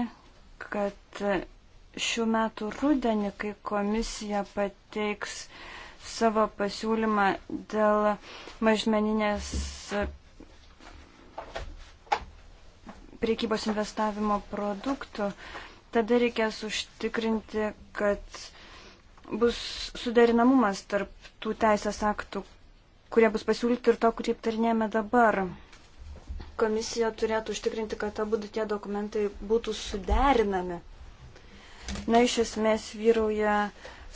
kad šių metų rudenį, kai komisija pateiks uh, savo pasiūlymą dėl mažmeninės priekybos investavimo produktų, tada reikės užtikrinti, kad bus suderinamumas tarp tų teisės aktų, kurie bus pasiūlyti ir to, kurį aptarinėjame dabar. Komisija turėtų užtikrinti, kad abu tie dokumentai būtų suderinami. Na, iš esmės vyrauja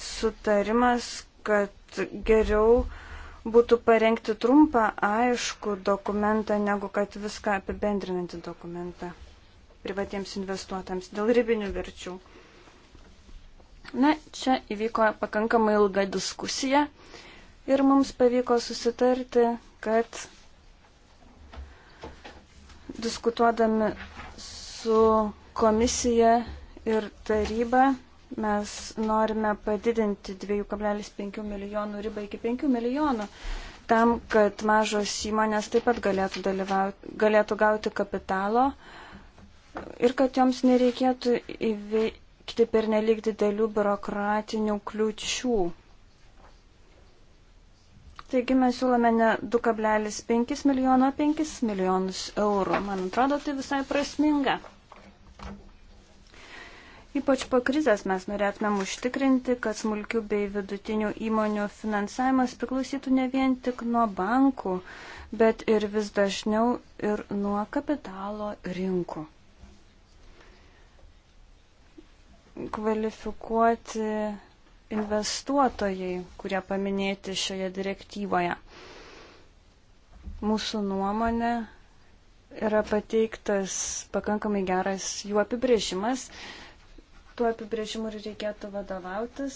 sutarimas, kad geriau būtų parengti trumpą, aišku dokumentą, negu kad viską apibendrinantį dokumentą privatiems investuotams dėl ribinių verčių. Na, čia įvyko pakankamai ilga diskusija ir mums pavyko susitarti, kad diskutuodami su komisija ir taryba Mes norime padidinti 2,5 milijonų ribą iki 5 milijonų tam, kad mažos įmonės taip pat galėtų, dalyvauti, galėtų gauti kapitalo ir kad joms nereikėtų įveikti per nelik didelių biurokratinių kliučių. Taigi mes siūlome ne 2,5 milijono, 5 milijonus eurų. Man atrodo, tai visai prasminga. Ypač po krizės mes norėtumėm užtikrinti, kad smulkių bei vidutinių įmonių finansavimas priklausytų ne vien tik nuo bankų, bet ir vis dažniau ir nuo kapitalo rinkų. Kvalifikuoti investuotojai, kurie paminėti šioje direktyvoje. Mūsų nuomonė yra pateiktas pakankamai geras jų apibrėžimas tuo apibrėžimu ir reikėtų vadovautis.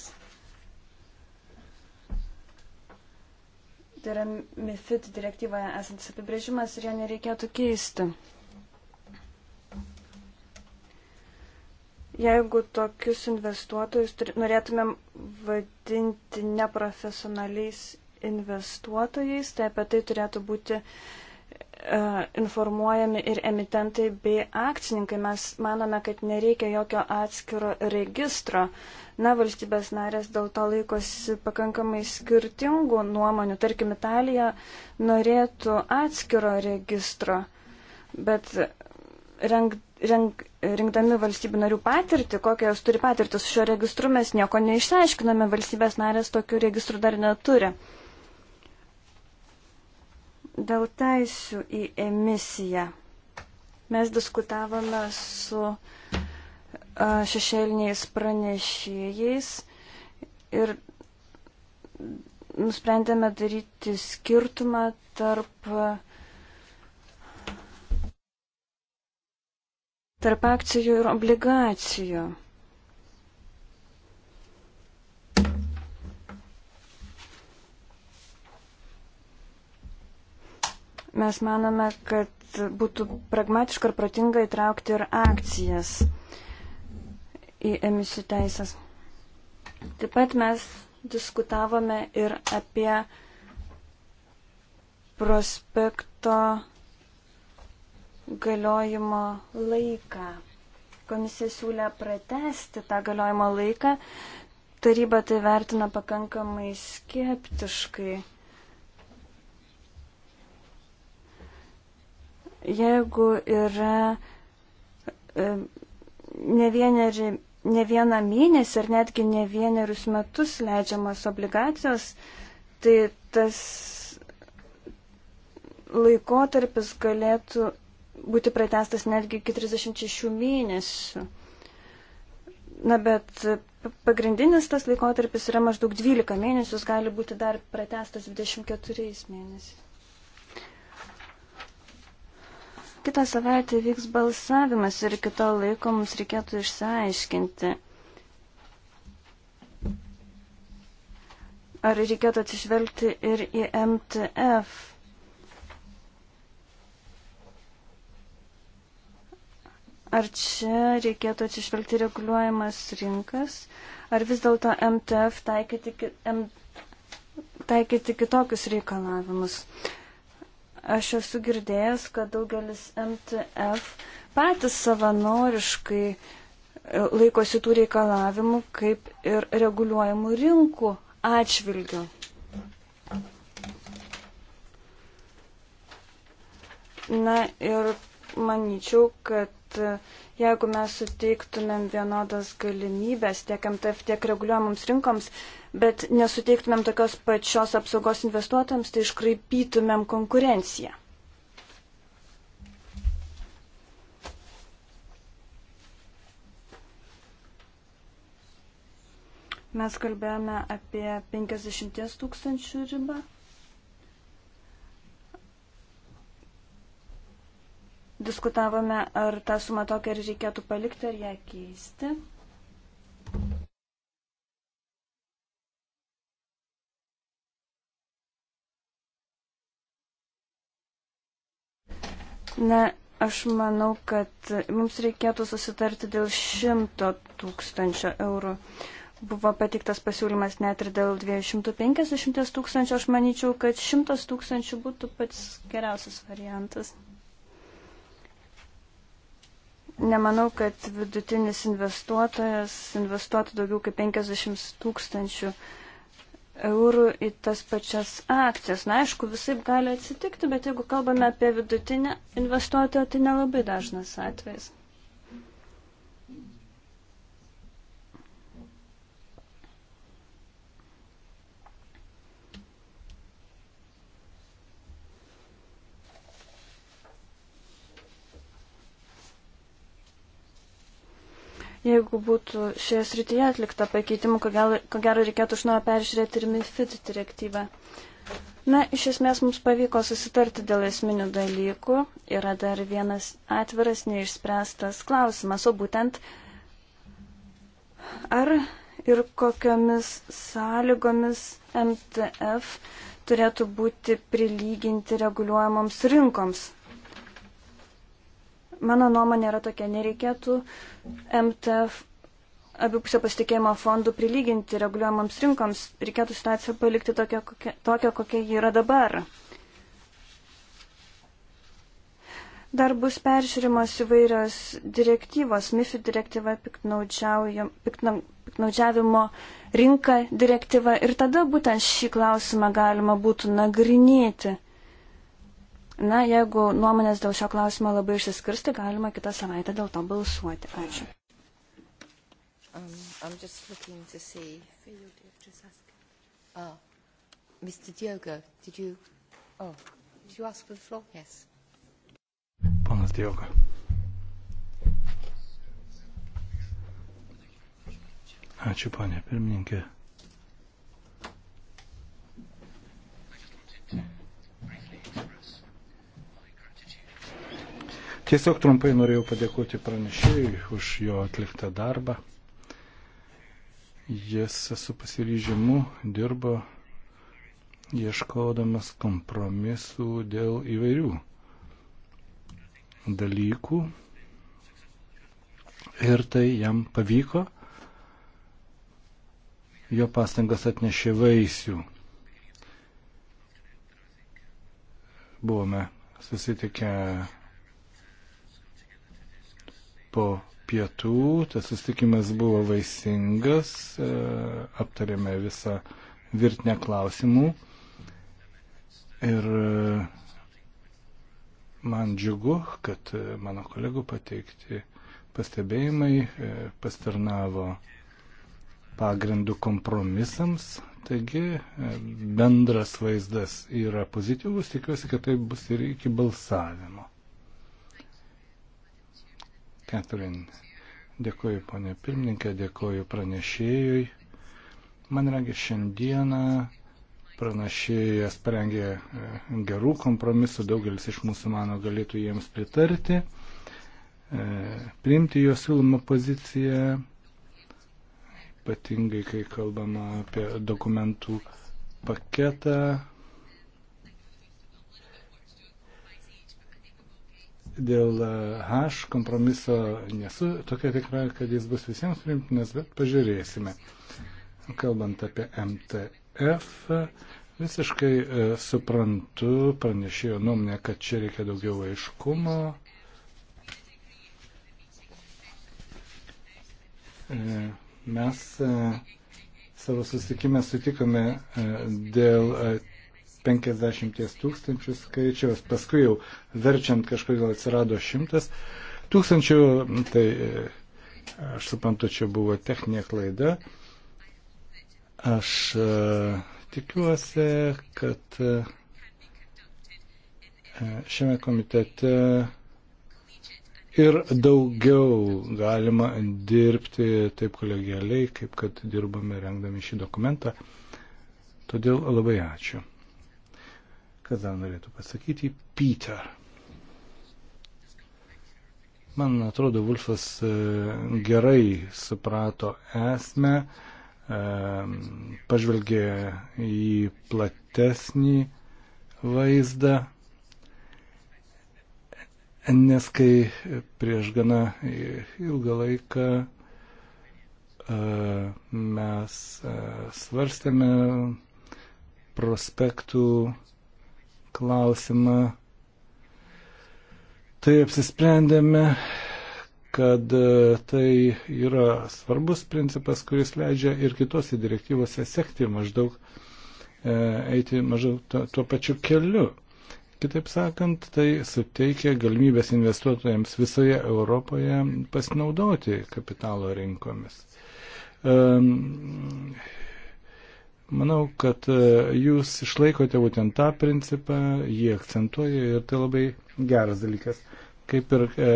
Tai yra MIFID direktyvoje esantis apibrėžimas ir jo nereikėtų keisti. Jeigu tokius investuotojus norėtumėm vadinti neprofesionaliais investuotojais, tai apie tai turėtų būti uh, E, informuojami ir emitentai bei akcininkai. Mes manome, kad nereikia jokio atskiro registro. Na, valstybės narės dėl to laikosi pakankamai skirtingų nuomonių. Tarkim, Italija norėtų atskiro registro, bet renk, renk, rinkdami valstybių narių patirtį, kokią jos turi patirtį su šiuo registru, mes nieko neišsiaiškiname. Valstybės narės tokių registrų dar neturi. Dėl teisių į emisiją mes diskutavome su šešėliniais pranešėjais ir nusprendėme daryti skirtumą tarp, tarp akcijų ir obligacijų. Mes manome, kad būtų pragmatiška ir protinga įtraukti ir akcijas į emisijų teisės. Taip pat mes diskutavome ir apie prospekto galiojimo laiką. Komisija siūlė pratesti tą galiojimo laiką, taryba tai vertina pakankamai skeptiškai. Jeigu yra ne, vieneri, ne vieną mėnesį ir netgi ne vienerius metus leidžiamas obligacijos, tai tas laikotarpis galėtų būti pratestas netgi iki 36 mėnesių. Na, bet pagrindinis tas laikotarpis yra maždaug 12 mėnesius, gali būti dar pratestas 24 mėnesiais. Kita savaitė vyks balsavimas ir iki to laiko mums reikėtų išsiaiškinti, ar reikėtų atsižvelgti ir į MTF. Ar čia reikėtų atsižvelgti reguliuojamas rinkas, ar vis dėlto MTF taikyti, taikyti kitokius reikalavimus. Aš esu girdėjęs, kad daugelis MTF patys savanoriškai e, laikosi tų reikalavimų, kaip ir reguliuojamų rinkų atšvilgių. Na ir manyčiau, kad e, jeigu mes suteiktumėm vienodas galimybės tiek MTF, tiek reguliuojamoms rinkoms, bet nesuteiktumėm tokios pačios apsaugos investuotojams, tai iškraipytumėm konkurenciją. Mes kalbėjome apie 50 tūkstančių ribą. Diskutavome, ar tą sumą tokią reikėtų palikti ar ją keisti. Na, aš manau, kad mums reikėtų susitarti dėl šimto tūkstančio eurų. Buvo patiktas pasiūlymas net ir dėl 250 tūkstančių, aš manyčiau, kad šimtas tūkstančių būtų pats geriausias variantas. Nemanau, kad vidutinis investuotojas investuotų daugiau kaip 50 tūkstančių eurų eurų į tas pačias akcijas. Na, aišku, visai gali atsitikti, bet jeigu kalbame apie vidutinę investuotoją, tai nelabai dažnas atvejs. Jeigu būtų šioje srityje atlikta pakeitimų, ko gero, ko gero reikėtų iš naujo peržiūrėti ir MIFID direktyvą. Na, iš esmės mums pavyko susitarti dėl esminių dalykų. Yra dar vienas atviras, neišspręstas klausimas, o būtent ar ir kokiamis sąlygomis MTF turėtų būti prilyginti reguliuojamoms rinkoms. Mano nuomonė yra tokia, nereikėtų MTF abipusio pasitikėjimo fondų prilyginti reguliuojamams rinkoms, reikėtų situaciją palikti tokią, kokia, tokią, kokia ji yra dabar. Dar bus peržiūrimos įvairios direktyvos, MIFI direktyva, piknaudžiavimo rinka direktyva ir tada būtent šį klausimą galima būtų nagrinėti. Na, jeigu nuomonės dėl šio klausimo labai išsiskirsti, galima kitą savaitę dėl to balsuoti. Ačiū. Um, see... oh. Diogo, you... oh. yes. Ponas Diogo. Ačiū, ponė pirmininkė. Mm. Tiesiog trumpai norėjau padėkoti pranešėjui už jo atliktą darbą. Jis su pasiryžimu dirbo ieškodamas kompromisų dėl įvairių dalykų. Ir tai jam pavyko. Jo pastangas atnešė vaisių. Buvome susitikę po pietų, tas susitikimas buvo vaisingas, e, aptarėme visą virtinę klausimų ir e, man džiugu, kad e, mano kolegų pateikti pastebėjimai pastarnavo pagrindų kompromisams, taigi bendras vaizdas yra pozityvus, tikiuosi, kad tai bus ir iki balsavimo. Catherine. Dėkuoju, ponė pirmininkė, dėkuoju pranešėjui. Man reikia šiandieną pranešėjas parengė e, gerų kompromisų, daugelis iš mūsų mano galėtų jiems pritarti, e, priimti jo siūlomą poziciją, ypatingai kai kalbama apie dokumentų paketą, Dėl e, H kompromiso nesu tokia tikra, kad jis bus visiems priimtinas, bet pažiūrėsime. Kalbant apie MTF, visiškai e, suprantu pranešėjo nuomonę, kad čia reikia daugiau aiškumo. E, mes e, savo susitikime sutikome e, dėl. E, 50 tūkstančių skaičiaus, paskui jau verčiant kažkodėl atsirado 100 tūkstančių, tai e, aš suprantu, čia buvo techninė klaida. Aš e, tikiuosi, kad e, šiame komitete ir daugiau galima dirbti taip kolegialiai, kaip kad dirbame rengdami šį dokumentą. Todėl labai ačiū. Kas dar norėtų pasakyti? Peter. Man atrodo, Vulfas e, gerai suprato esmę, e, pažvelgė į platesnį vaizdą, nes kai prieš gana ilgą laiką e, mes svarstėme prospektų klausimą. Tai apsisprendėme, kad e, tai yra svarbus principas, kuris leidžia ir kitose direktyvose sekti maždaug, e, eiti maždaug tuo, tuo pačiu keliu. Kitaip sakant, tai suteikia galimybės investuotojams visoje Europoje pasinaudoti kapitalo rinkomis. Ehm, Manau, kad e, jūs išlaikote būtent tą principą, jį akcentuoja ir tai labai geras dalykas. Kaip ir e,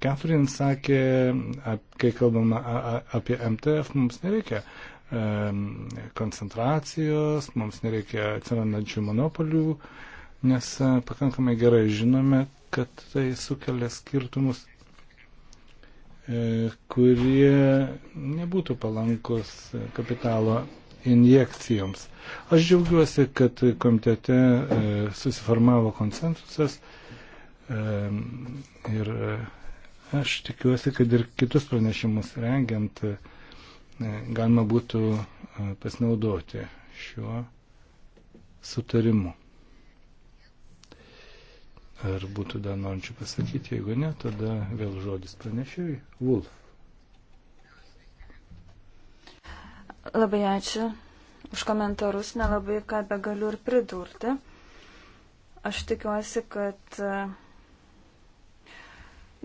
Catherine sakė, ap, kai kalbama a, a, apie MTF, mums nereikia e, koncentracijos, mums nereikia atsirandančių monopolių, nes e, pakankamai gerai žinome, kad tai sukelia skirtumus e, kurie nebūtų palankus kapitalo injekcijoms. Aš džiaugiuosi, kad komitete e, susiformavo konsensusas e, ir e, aš tikiuosi, kad ir kitus pranešimus rengiant galima būtų pasinaudoti šiuo sutarimu. Ar būtų dar norinčių pasakyti, jeigu ne, tada vėl žodis pranešėjai. Wolf. Labai ačiū už komentarus, nelabai ką be galiu ir pridurti. Aš tikiuosi, kad e,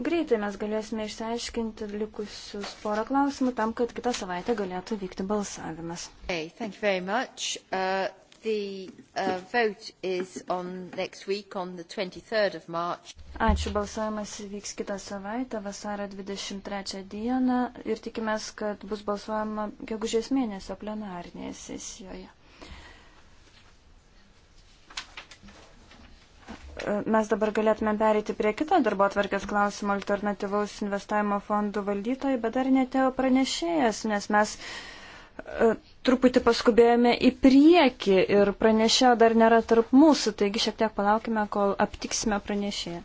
greitai mes galėsime išsiaiškinti likusius porą klausimų tam, kad kitą savaitę galėtų vykti balsavimas. Hey, uh... The uh, vote is on next week, on the 23rd of March. Ačiū, balsavimas vyks kitą savaitę, vasario 23 dieną ir tikimės, kad bus balsuojama gegužės mėnesio plenarinėje sesijoje. Mes dabar galėtume perėti prie kito darbo atvarkės klausimo alternatyvaus investavimo fondų valdytojai, bet dar netėjo pranešėjas, nes mes uh, E, truputį paskubėjome į priekį ir pranešėjo dar nėra tarp mūsų, taigi šiek tiek palaukime, kol aptiksime pranešėją.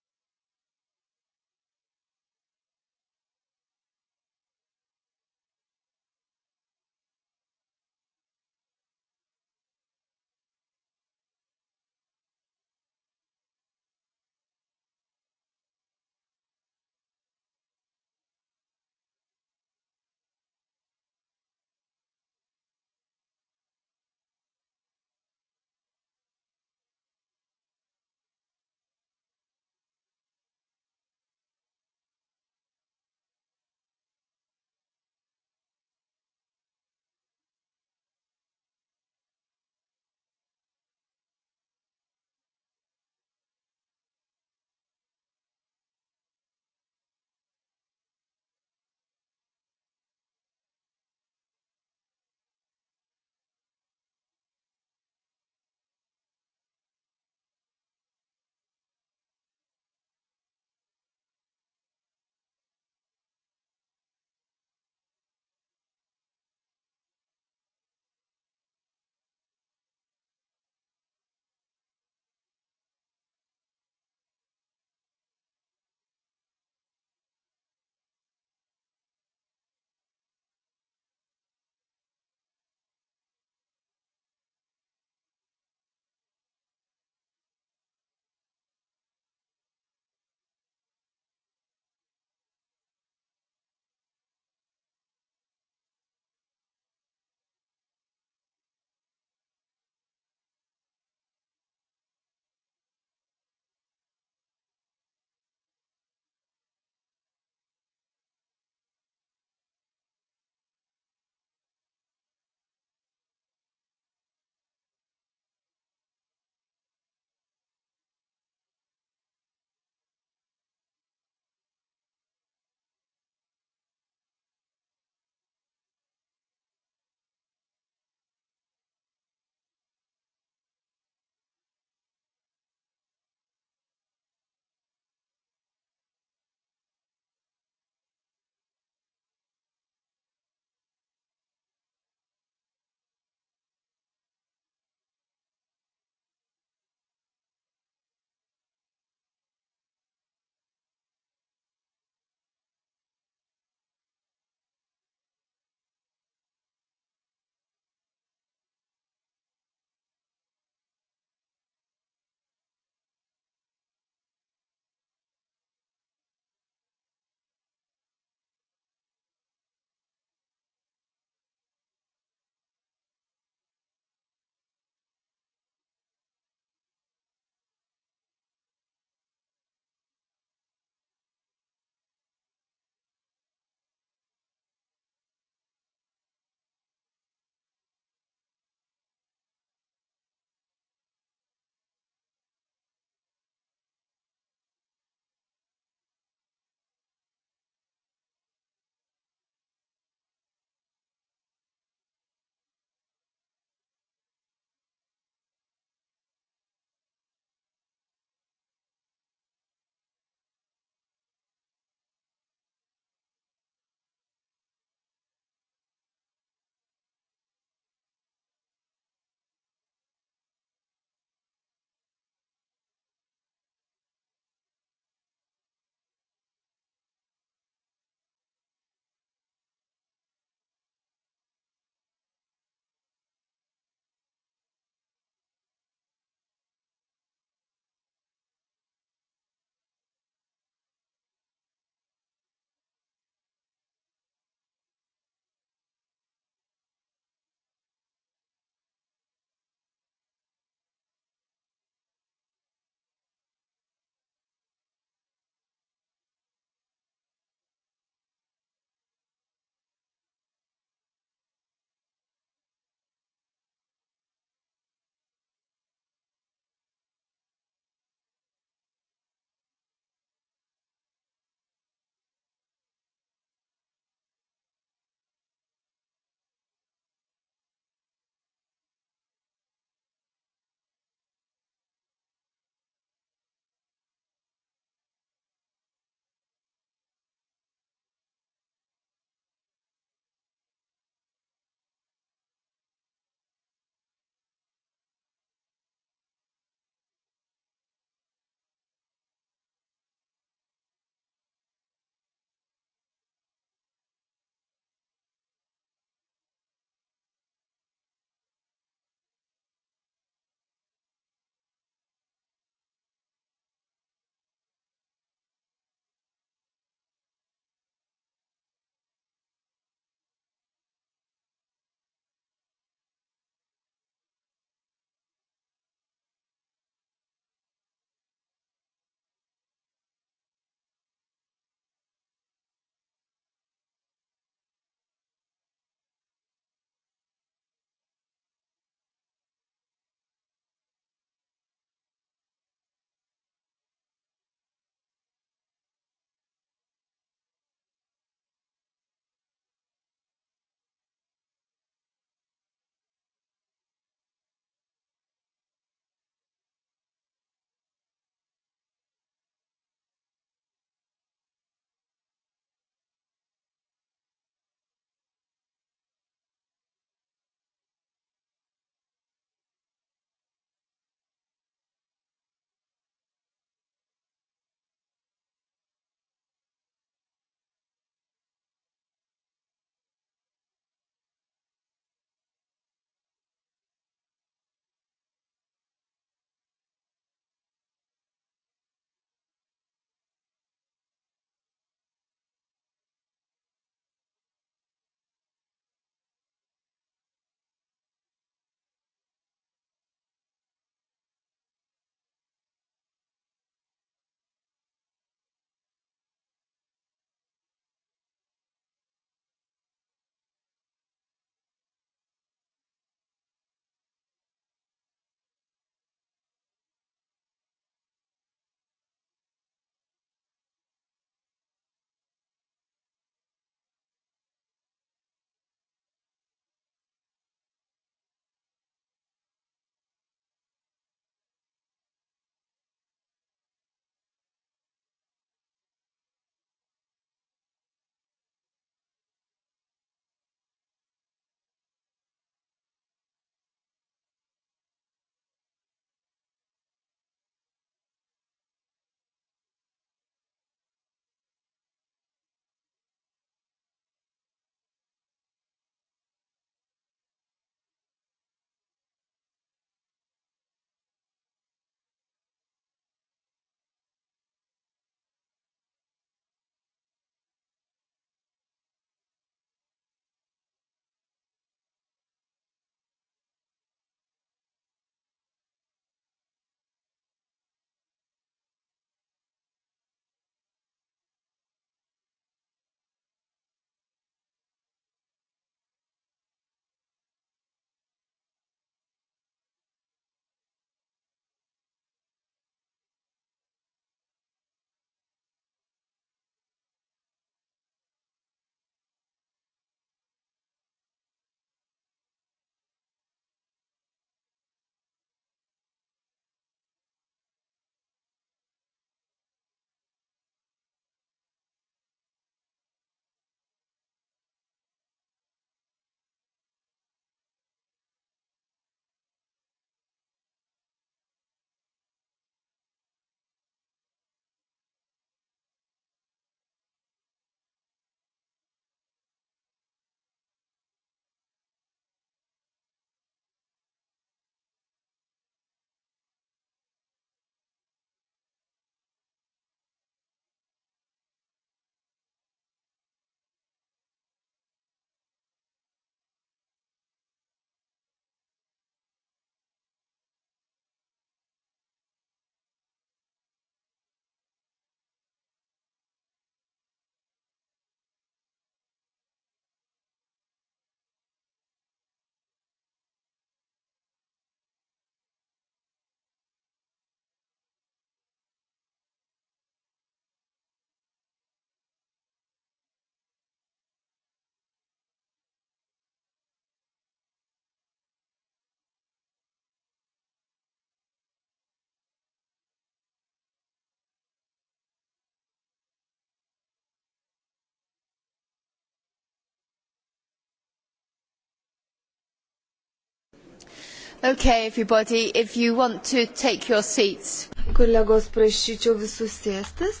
Okay, everybody, if you want to take your seats. Kolegos, prašyčiau visus sėstis.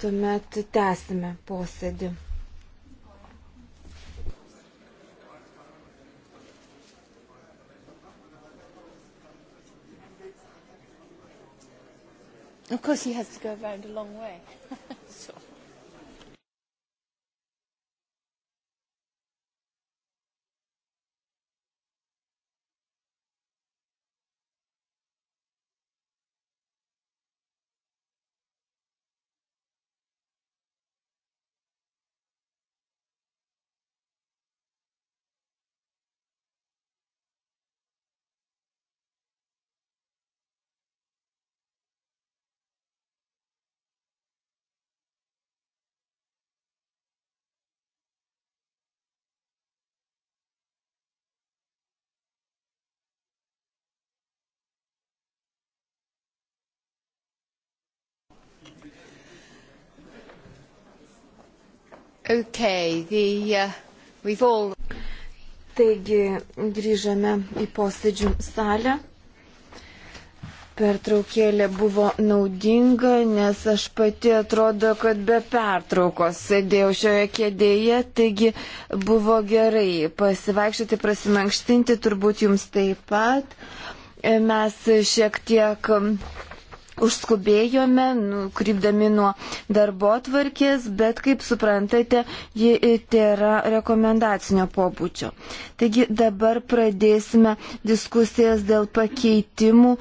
Tuomet tęsime posėdį. Of course, he has to go around a long way. <laughs> Okay, the, uh, we've all... Taigi grįžame į posėdžių salę. Pertraukėlė buvo naudinga, nes aš pati atrodo, kad be pertraukos sėdėjau šioje kėdėje, taigi buvo gerai pasivaikščioti, prasimankštinti, turbūt jums taip pat. Mes šiek tiek užskubėjome, nu, krypdami nuo darbo tvarkės, bet kaip suprantate, ji tėra rekomendacinio pobūdžio. Taigi dabar pradėsime diskusijas dėl pakeitimų,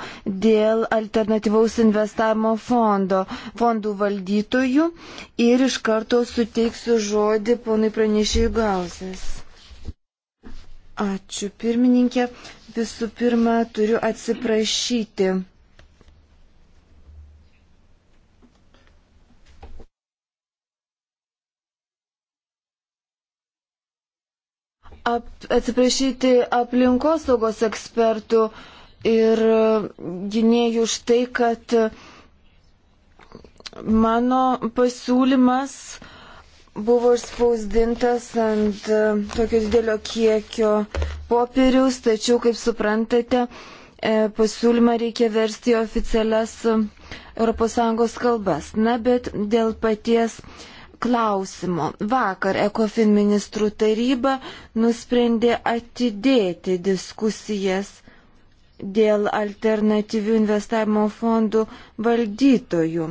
dėl alternatyvaus investavimo fondo, fondų valdytojų ir iš karto suteiksiu žodį ponui pranešėjui Gausės. Ačiū pirmininkė. Visų pirma, turiu atsiprašyti ap, atsiprašyti aplinkosaugos ekspertų ir gynėjų už tai, kad mano pasiūlymas buvo spausdintas ant tokio didelio kiekio popieriaus, tačiau, kaip suprantate, e, pasiūlymą reikia versti oficialias ES kalbas. Na, bet dėl paties uh, klausimo. Vakar Ekofin ministrų taryba nusprendė atidėti diskusijas dėl alternatyvių investavimo fondų valdytojų.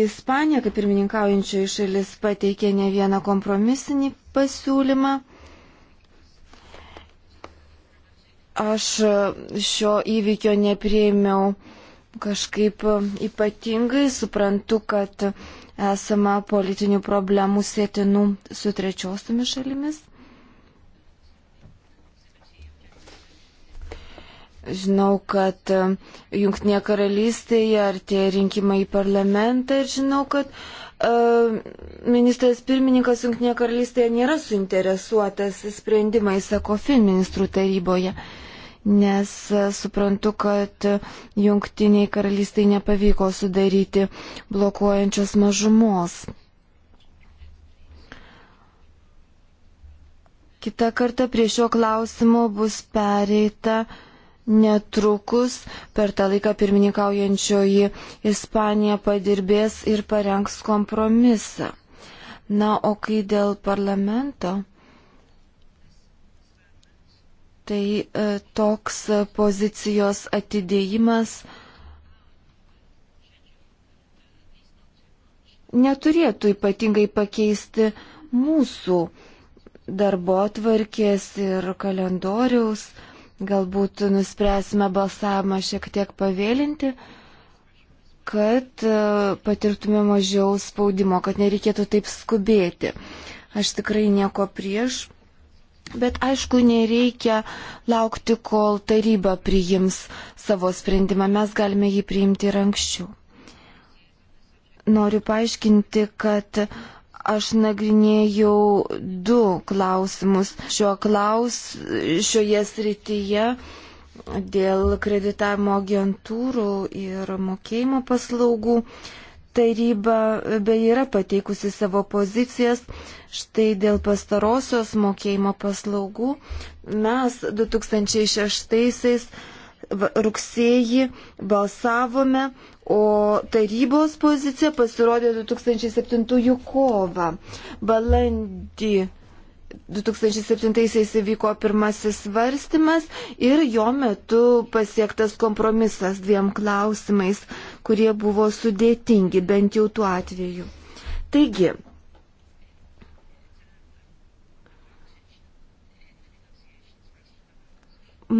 Ispanija, kaip pirmininkaujančioji šalis, pateikė ne vieną kompromisinį pasiūlymą. Aš šio įvykio nepriemiau kažkaip e, ypatingai suprantu, kad esama politinių problemų sėtinų su trečiosiomis šalimis. Žinau, kad e, Junktinėje karalystėje artėja rinkimai į parlamentą ir žinau, kad uh, ministras pirmininkas Junktinėje karalystėje nėra suinteresuotas sprendimais ECOFIN ministrų taryboje. Uh, nes e, suprantu, kad jungtiniai karalystai nepavyko sudaryti blokuojančios mažumos. Kita karta prie šio klausimo bus pereita netrukus. Per tą laiką pirmininkaujančioji Ispanija padirbės ir parengs kompromisą. Na, o kai dėl parlamento Tai e, toks pozicijos atidėjimas neturėtų ypatingai pakeisti mūsų darbo atvarkės ir kalendoriaus. Galbūt nuspręsime balsavimą šiek tiek pavėlinti, kad e, patirtume mažiau spaudimo, kad nereikėtų taip skubėti. Aš tikrai nieko prieš Bet aišku, nereikia laukti, kol taryba priims savo sprendimą. Mes galime jį priimti ir anksčiau. Noriu paaiškinti, kad aš nagrinėjau du klausimus šio klaus, šioje srityje dėl kreditavimo agentūrų ir mokėjimo paslaugų. Uh, taryba beje yra pateikusi savo pozicijas štai dėl pastarosios mokėjimo paslaugų. Mes 2006 rugsėjį balsavome, o tarybos pozicija pasirodė 2007 kovą. Balandį 2007-aisiais įvyko pirmasis svarstymas ir jo metu pasiektas kompromisas dviem klausimais, kurie buvo sudėtingi, bent jau tuo atveju. Taigi,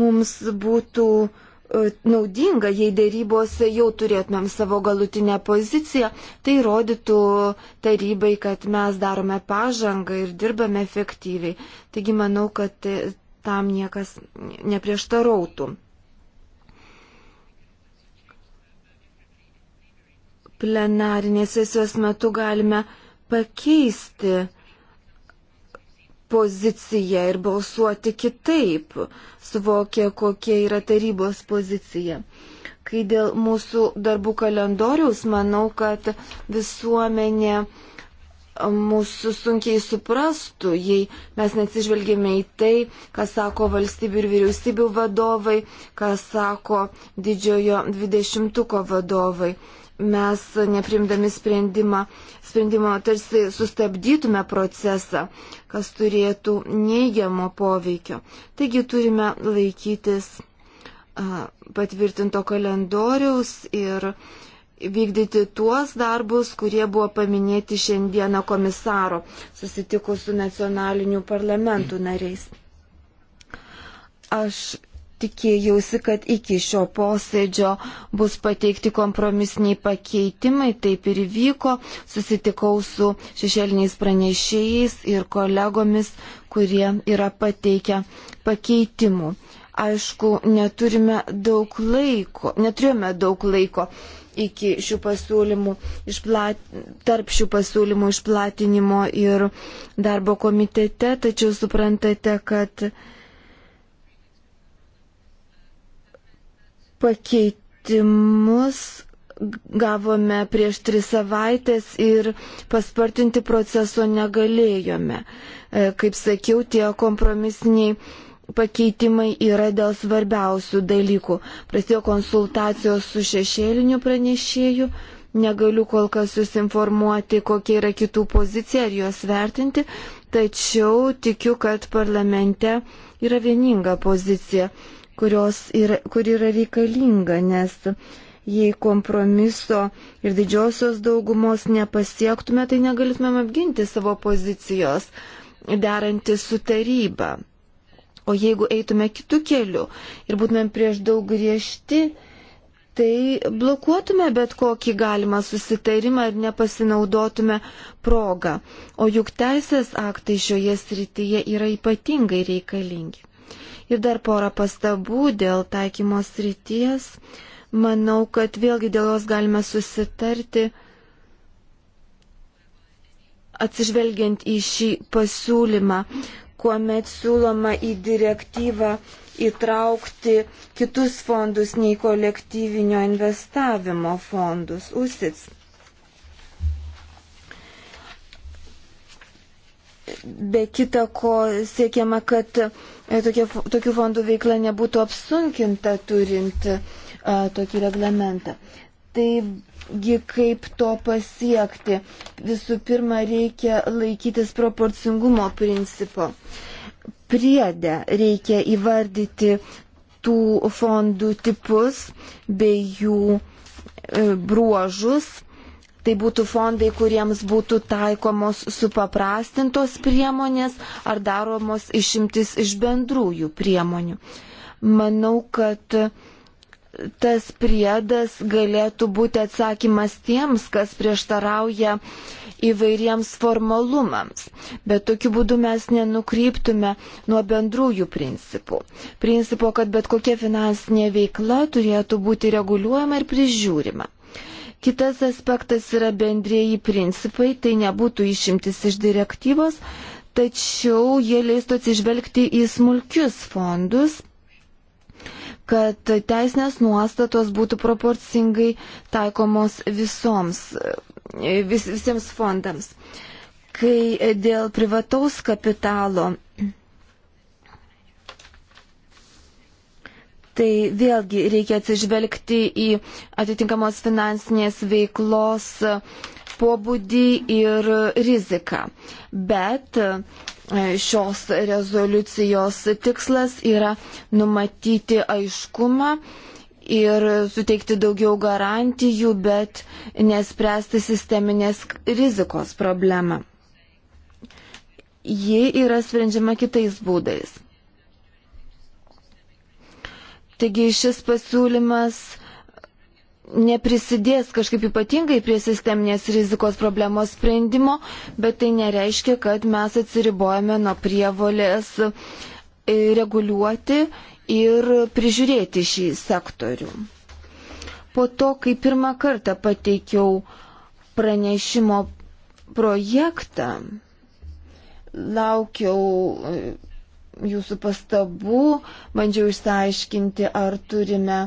mums būtų uh, E, naudinga, jei dėrybose jau turėtumėm savo galutinę poziciją, tai rodytų tarybai, kad mes darome pažangą ir dirbame efektyviai. Taigi manau, kad e, tam niekas neprieštarautų. Plenarinės sesijos metu galime pakeisti poziciją ir balsuoti kitaip suvokia, kokia yra tarybos pozicija. Kai dėl mūsų darbų kalendoriaus, manau, kad visuomenė mūsų sunkiai suprastų, jei mes neatsižvelgėme į tai, ką sako valstybių ir vyriausybių vadovai, ką sako didžiojo dvidešimtuko vadovai mes neprimdami sprendimą, sprendimo tarsi sustabdytume procesą, kas turėtų neigiamo poveikio. Taigi turime laikytis patvirtinto kalendoriaus ir vykdyti tuos darbus, kurie buvo paminėti šiandieną komisaro, susitikus su nacionaliniu parlamentu nariais. Aš tikėjausi, kad iki šio posėdžio bus pateikti kompromisiniai pakeitimai, taip ir įvyko. Susitikau su šešėliniais pranešėjais ir kolegomis, kurie yra pateikę pakeitimų. Aišku, neturime daug laiko, neturėjome daug laiko iki šių pasiūlymų, išplat, tarp šių pasiūlymų išplatinimo ir darbo komitete, tačiau suprantate, kad Pakeitimus gavome prieš tris savaitės ir paspartinti proceso negalėjome. E, kaip sakiau, tie kompromisiniai pakeitimai yra dėl svarbiausių dalykų. Prasidėjo konsultacijos su šešėliniu pranešėju. Negaliu kol kas jūs informuoti, kokia yra kitų pozicija ir juos vertinti, tačiau tikiu, kad parlamente yra vieninga pozicija yra, kur yra reikalinga, nes jei kompromiso ir didžiosios daugumos nepasiektume, tai negalėtumėm apginti savo pozicijos derantį su taryba. O jeigu eitume kitų kelių ir būtumėm prieš daug griežti, tai blokuotume bet kokį galimą susitarimą ir nepasinaudotume progą. O juk teisės aktai šioje srityje yra ypatingai reikalingi. Ir dar porą pastabų dėl taikymos ryties. Manau, kad vėlgi dėl jos galime susitarti atsižvelgiant į šį pasiūlymą, kuomet siūloma į direktyvą įtraukti kitus fondus nei kolektyvinio investavimo fondus, USITS. Be kita ko siekiama, kad e, tokie, tokių fondų veikla nebūtų apsunkinta turint a, e, tokį reglamentą. Taigi, kaip to pasiekti? Visų pirma, reikia laikytis proporcingumo principo. Priedę reikia įvardyti tų fondų tipus bei jų e, bruožus Tai būtų fondai, kuriems būtų taikomos supaprastintos priemonės ar daromos išimtis iš bendrųjų priemonių. Manau, kad tas priedas galėtų būti atsakymas tiems, kas prieštarauja įvairiems formalumams, bet tokiu būdu mes nenukryptume nuo bendrųjų principų. Principo, kad bet kokia finansinė veikla turėtų būti reguliuojama ir prižiūrima. Kitas aspektas yra bendrėjai principai, tai nebūtų išimtis iš direktyvos, tačiau jie leistų atsižvelgti į smulkius fondus kad teisinės nuostatos būtų proporcingai taikomos visoms, vis, visiems fondams. Kai dėl privataus kapitalo Tai vėlgi reikia atsižvelgti į atitinkamos finansinės veiklos pobūdį ir riziką. Bet e, šios rezoliucijos tikslas yra numatyti aiškumą ir suteikti daugiau garantijų, bet nespręsti sisteminės rizikos problemą. Ji yra sprendžiama kitais būdais. Taigi šis pasiūlymas neprisidės kažkaip ypatingai prie sisteminės rizikos problemos sprendimo, bet tai nereiškia, kad mes atsiribojame nuo prievolės e, reguliuoti ir prižiūrėti šį sektorių. Po to, kai pirmą kartą pateikiau pranešimo projektą, laukiau e, jūsų pastabų, bandžiau išsiaiškinti, ar turime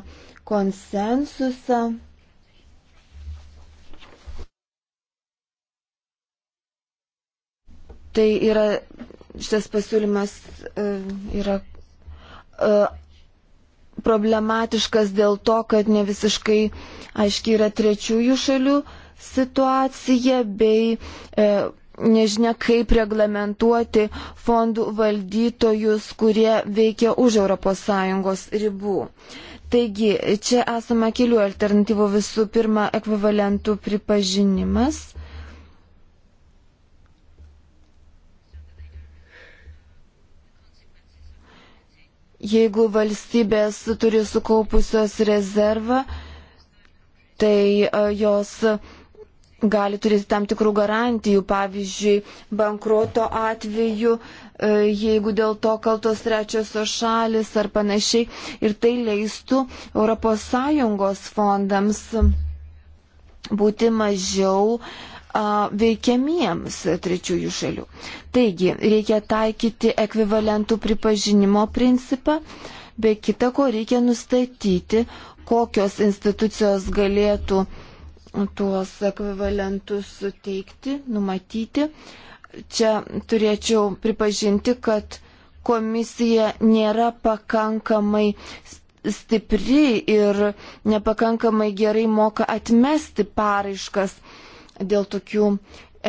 konsensusą. Tai yra, šitas pasiūlymas e, yra e, problematiškas dėl to, kad ne visiškai aiškiai yra trečiųjų šalių situacija bei e, nežinia kaip reglamentuoti fondų valdytojus, kurie veikia už ES ribų. Taigi, čia esame kelių alternatyvų visų pirma ekvivalentų pripažinimas. Jeigu valstybės turi sukaupusios rezervą, tai e, jos uh, gali turėti tam tikrų garantijų, pavyzdžiui, bankruoto atveju, e, jeigu dėl to kaltos trečiosios šalis ar panašiai, ir tai leistų ES fondams būti mažiau a, veikiamiems trečiųjų šalių. Taigi, reikia taikyti ekvivalentų pripažinimo principą, be kita ko reikia nustatyti, kokios institucijos galėtų uh, tuos ekvivalentus suteikti, numatyti. Čia turėčiau pripažinti, kad komisija nėra pakankamai stipri ir nepakankamai gerai moka atmesti paraiškas dėl tokių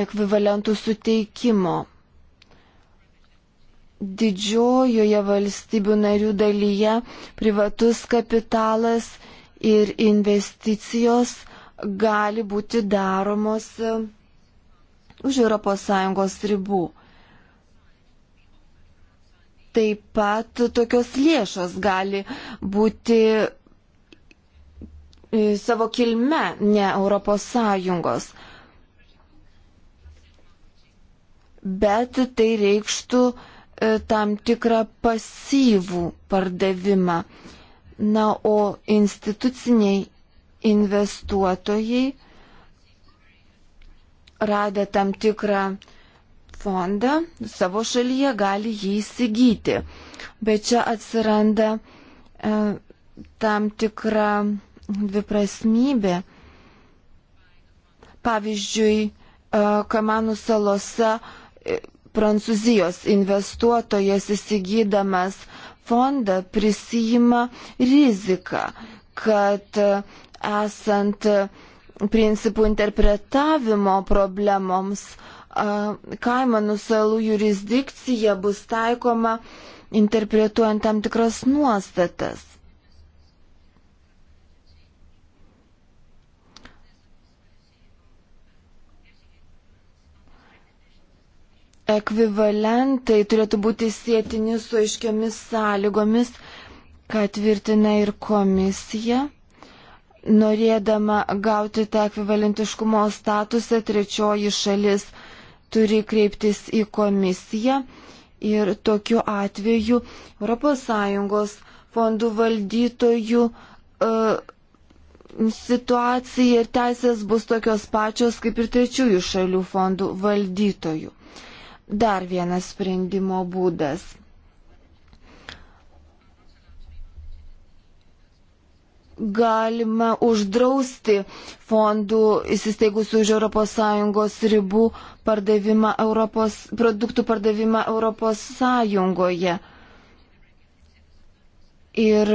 ekvivalentų suteikimo. Didžiojoje valstybių narių dalyje privatus kapitalas ir investicijos gali būti daromos e, už ES ribų. Taip pat tokios lėšos gali būti e, savo kilme ne ES. Bet tai reikštų e, tam tikrą pasyvų pardavimą. Na, o instituciniai investuotojai radę tam tikrą fondą savo šalyje gali jį įsigyti. Bet čia atsiranda e, tam tikra dviprasmybė. Pavyzdžiui, e, Kamanų salose e, Prancūzijos investuotojas įsigydamas fondą prisijima riziką, kad esant principų interpretavimo problemoms, kaimanų salų jurisdikcija bus taikoma interpretuojant tam tikras nuostatas. Ekvivalentai turėtų būti sėtini su aiškiomis sąlygomis, ką tvirtina ir komisija norėdama gauti tą ekvivalentiškumo statusą, trečioji šalis turi kreiptis į komisiją ir tokiu atveju ES fondų valdytojų e, situacija ir teisės bus tokios pačios kaip ir trečiųjų šalių fondų valdytojų. Dar vienas sprendimo būdas – galima uždrausti fondų įsisteigusių už ES ribų pardavimą Europos, produktų pardavimą ES. Ir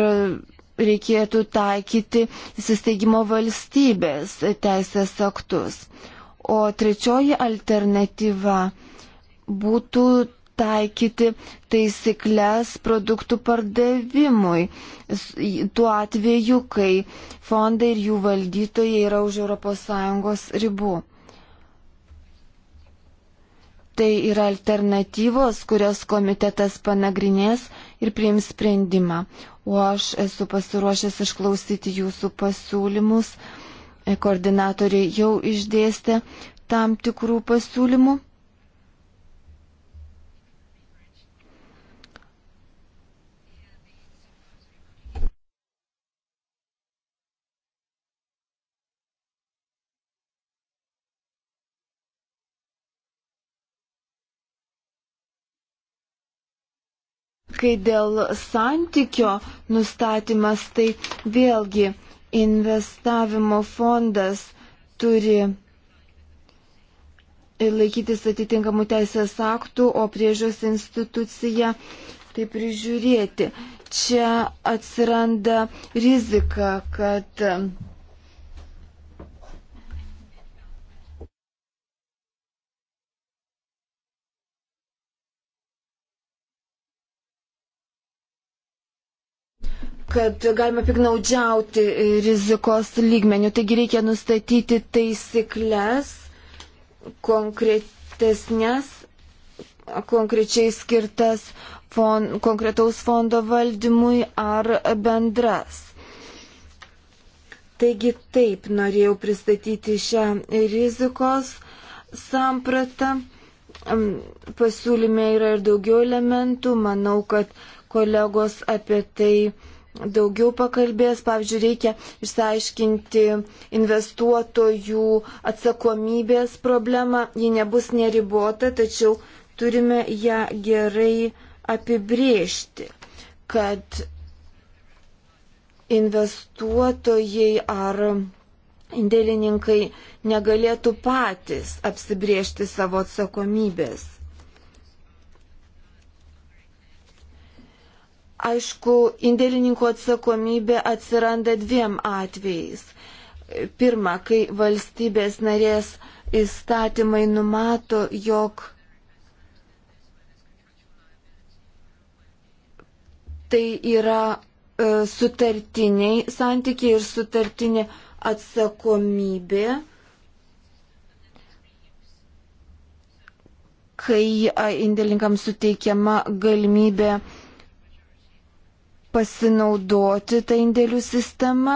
reikėtų taikyti įsisteigimo valstybės teisės aktus. O trečioji alternatyva būtų taikyti taisyklės produktų pardavimui. Tuo atveju, kai fondai ir jų valdytojai yra už ES ribų. Tai yra alternatyvos, kurias komitetas panagrinės ir priims sprendimą. O aš esu pasiruošęs išklausyti jūsų pasiūlymus. Koordinatoriai jau išdėstė tam tikrų pasiūlymų. Kai dėl santykio nustatymas, tai vėlgi investavimo fondas turi laikytis atitinkamų teisės aktų, o priežios institucija tai prižiūrėti. Čia atsiranda rizika, kad kad galima piknaudžiauti rizikos lygmenių. Taigi reikia nustatyti taisyklės konkretesnės, konkrečiai skirtas fon, konkretaus fondo valdymui ar bendras. Taigi taip norėjau pristatyti šią rizikos sampratą. Pasiūlyme yra ir daugiau elementų. Manau, kad kolegos apie tai daugiau pakalbės. Pavyzdžiui, reikia išsiaiškinti investuotojų atsakomybės problemą. Ji nebus neribota, tačiau turime ją gerai apibriežti, kad investuotojai ar indėlininkai negalėtų patys apsibriežti savo atsakomybės. Aišku, indėlininkų atsakomybė atsiranda dviem atvejais. Pirma, kai valstybės narės įstatymai numato, jog tai yra e, sutartiniai santykiai ir sutartinė atsakomybė, kai indėlininkams suteikiama galimybė pasinaudoti tą indėlių sistemą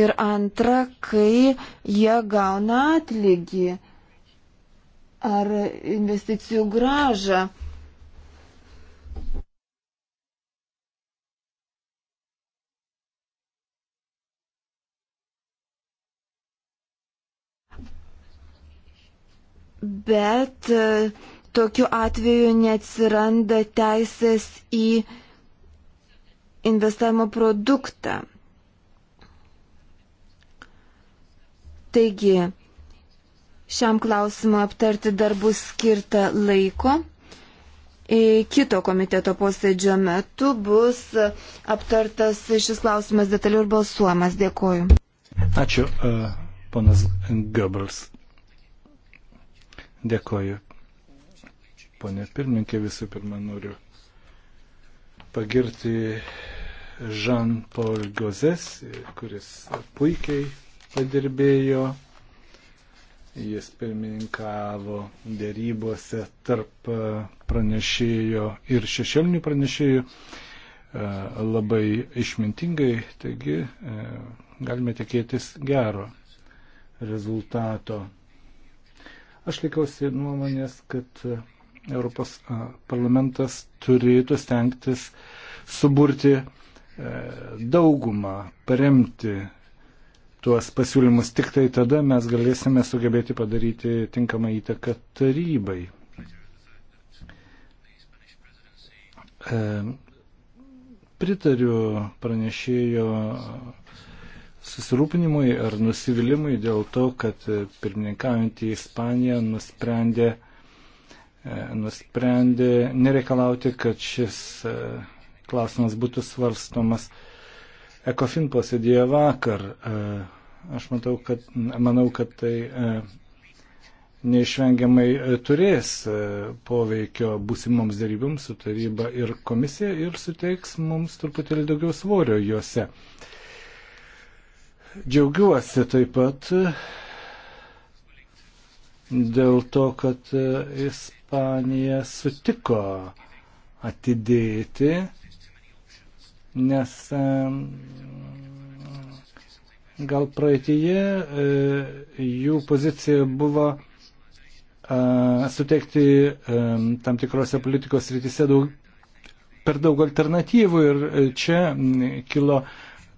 ir antra, kai jie gauna atlygį ar investicijų gražą. Bet tokiu atveju neatsiranda teisės į investavimo produktą. Taigi, šiam klausimui aptarti dar bus skirta laiko. E, kito komiteto posėdžio metu bus aptartas šis klausimas detaliu ir balsuojamas. Dėkoju. Ačiū, e, ponas Goebbels. Dėkoju. Pone pirmininkė, visų pirma noriu pagirti Jean-Paul Gozes, kuris puikiai padirbėjo. Jis pirmininkavo dėrybose tarp pranešėjo ir šešėlinių pranešėjų e, labai išmintingai, taigi e, galime tikėtis gero rezultato. Aš likausi nuomonės, kad Europos e, parlamentas turėtų stengtis suburti E, daugumą paremti tuos pasiūlymus. Tik tai tada mes galėsime sugebėti padaryti tinkamą įtaką tarybai. E, pritariu pranešėjo susirūpinimui ar nusivylimui dėl to, kad pirmininkaujantį Ispaniją nusprendė, e, nusprendė nereikalauti, kad šis klausimas būtų svarstomas ECOFIN posėdėje vakar. E, aš matau, kad, manau, kad tai e, neišvengiamai e, turės poveikio būsimoms darybėms su taryba ir komisija ir suteiks mums truputėlį daugiau svorio juose. Džiaugiuosi taip pat dėl to, kad Ispanija sutiko atidėti nes gal praeitįje e, jų pozicija buvo e, suteikti tam tikrose politikos rytise daug, per daug alternatyvų ir e, čia kilo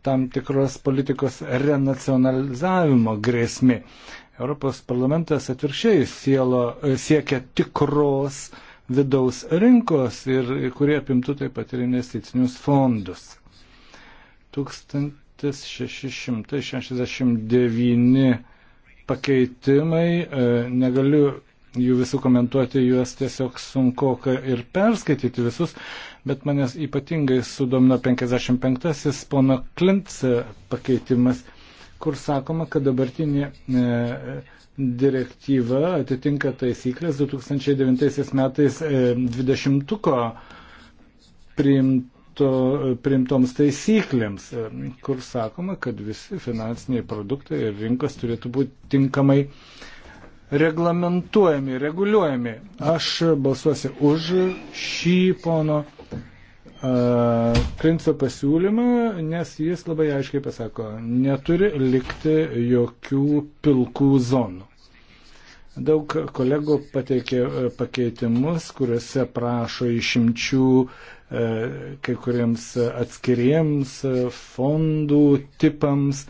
tam tikros politikos renacionalizavimo grėsmi. Europos parlamentas atvirkščiai sielo, siekia tikros uh, vidaus rinkos ir kurie apimtų taip pat ir investicinius fondus. 1669 pakeitimai, e, negaliu jų visų komentuoti, juos tiesiog sunku ir perskaityti visus, bet manęs ypatingai sudomino 55-asis pono Klintse pakeitimas kur sakoma, kad dabartinė e, direktyva atitinka taisyklės 2009 metais 20-ko e, priimto, priimtoms taisyklėms, e, kur sakoma, kad visi finansiniai produktai ir rinkos turėtų būti tinkamai reglamentuojami, reguliuojami. Aš balsuosiu už šį pono Klinco pasiūlymą, nes jis labai aiškiai pasako, neturi likti jokių pilkų zonų. Daug kolegų pateikė pakeitimus, kuriuose prašo išimčių kai kuriems atskiriems fondų tipams,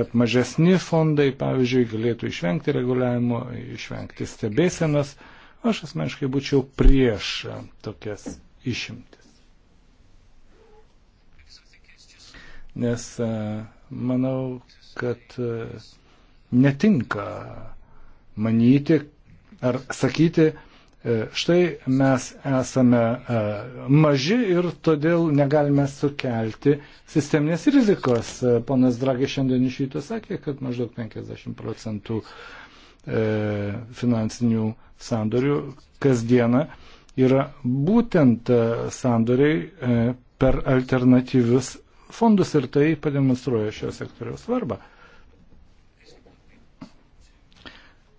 kad mažesni fondai, pavyzdžiui, galėtų išvengti reguliavimo, išvengti stebėsenas. Aš asmeniškai būčiau prieš tokias išimtis. nes e, manau, kad e, netinka manyti ar sakyti, e, štai mes esame maži ir todėl negalime sukelti sisteminės rizikos. Ponas Dragi šiandien iš ryto sakė, kad maždaug 50 procentų finansinių sandorių kasdieną yra būtent sandoriai per alternatyvius fondus ir tai pademonstruoja šio sektoriaus svarbą.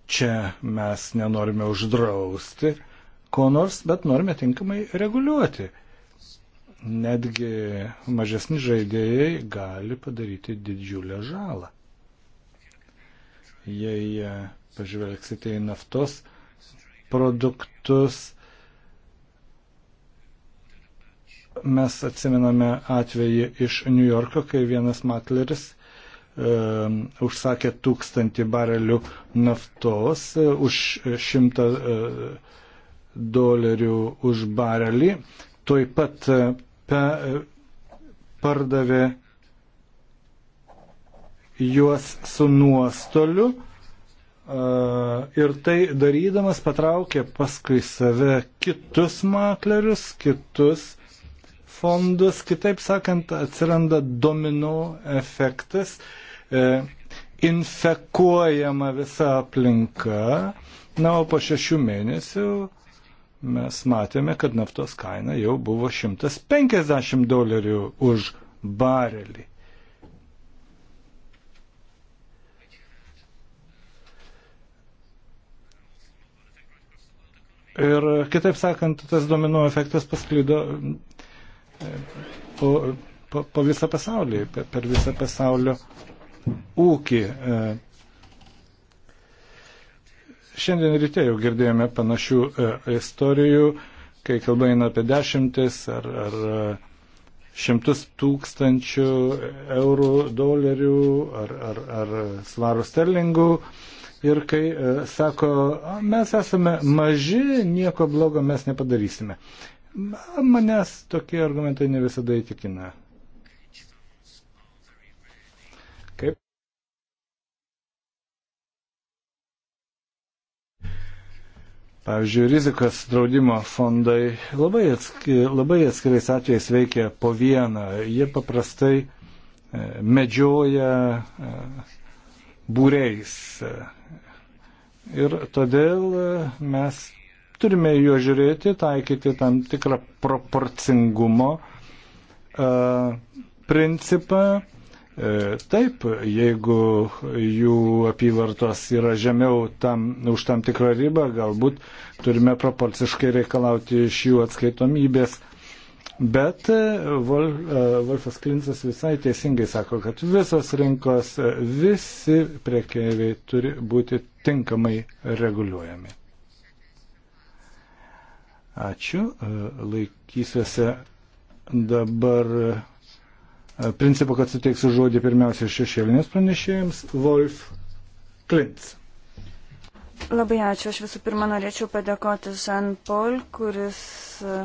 Čia mes nenorime uždrausti ko nors, bet norime tinkamai reguliuoti. Netgi mažesni žaidėjai gali padaryti didžiulę žalą. Jei pažvelgsite į naftos produktus, Mes atsiminame atvejį iš New Yorko, kai vienas matleris e, užsakė tūkstantį barelių naftos e, už šimtą e, dolerių už barelį. Tuoj pat e, pe, e, pardavė juos su nuostoliu e, ir tai darydamas patraukė paskui save kitus maklerius, kitus fondus. Kitaip sakant, atsiranda domino efektas, e, infekuojama visa aplinka. Na, o po šešių mėnesių mes matėme, kad naftos kaina jau buvo 150 dolerių už barelį. Ir kitaip sakant, tas domino efektas pasklydo po, po, po visą pasaulį, per, per visą pasaulio ūkį. E, šiandien ryte jau girdėjome panašių e, istorijų, kai kalba eina apie dešimtis ar, ar e, šimtus tūkstančių eurų, dolerių ar, ar, ar svarų sterlingų. Ir kai sako, mes esame maži, nieko blogo mes nepadarysime. Manęs tokie argumentai ne visada įtikina. Kaip? Pavyzdžiui, rizikos draudimo fondai labai, atski, labai atskirais atvejais veikia po vieną. Jie paprastai e, medžioja e, būreis. E, ir todėl mes Turime juo žiūrėti, taikyti tam tikrą proporcingumo e, principą. E, taip, jeigu jų apyvartos yra žemiau tam, už tam tikrą ribą, galbūt turime proporciškai reikalauti iš jų atskaitomybės. Bet e, Vol, Wolfas Klinsas visai teisingai sako, kad visos rinkos, visi priekeiviai turi būti tinkamai reguliuojami. Ačiū. E, Laikysiuose dabar e, principo, kad suteiksiu žodį pirmiausia šešėlinės pranešėjams. Wolf Klintz. Labai ačiū. Aš visų pirma norėčiau padėkoti Žan Paul, kuris e,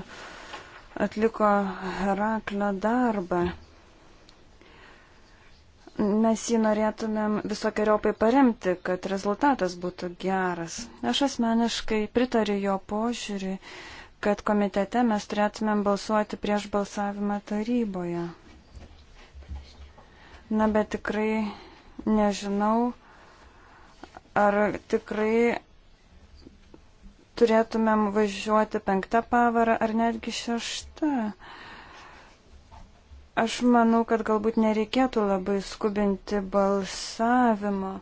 atliko Heraklio darbą. Mes jį norėtumėm visokiojopai paremti, kad rezultatas būtų geras. Aš asmeniškai pritariu jo požiūriui kad komitete mes turėtumėm balsuoti prieš balsavimą taryboje. Na, bet tikrai nežinau, ar tikrai turėtumėm važiuoti penktą pavarą ar netgi šeštą. Aš manau, kad galbūt nereikėtų labai skubinti balsavimo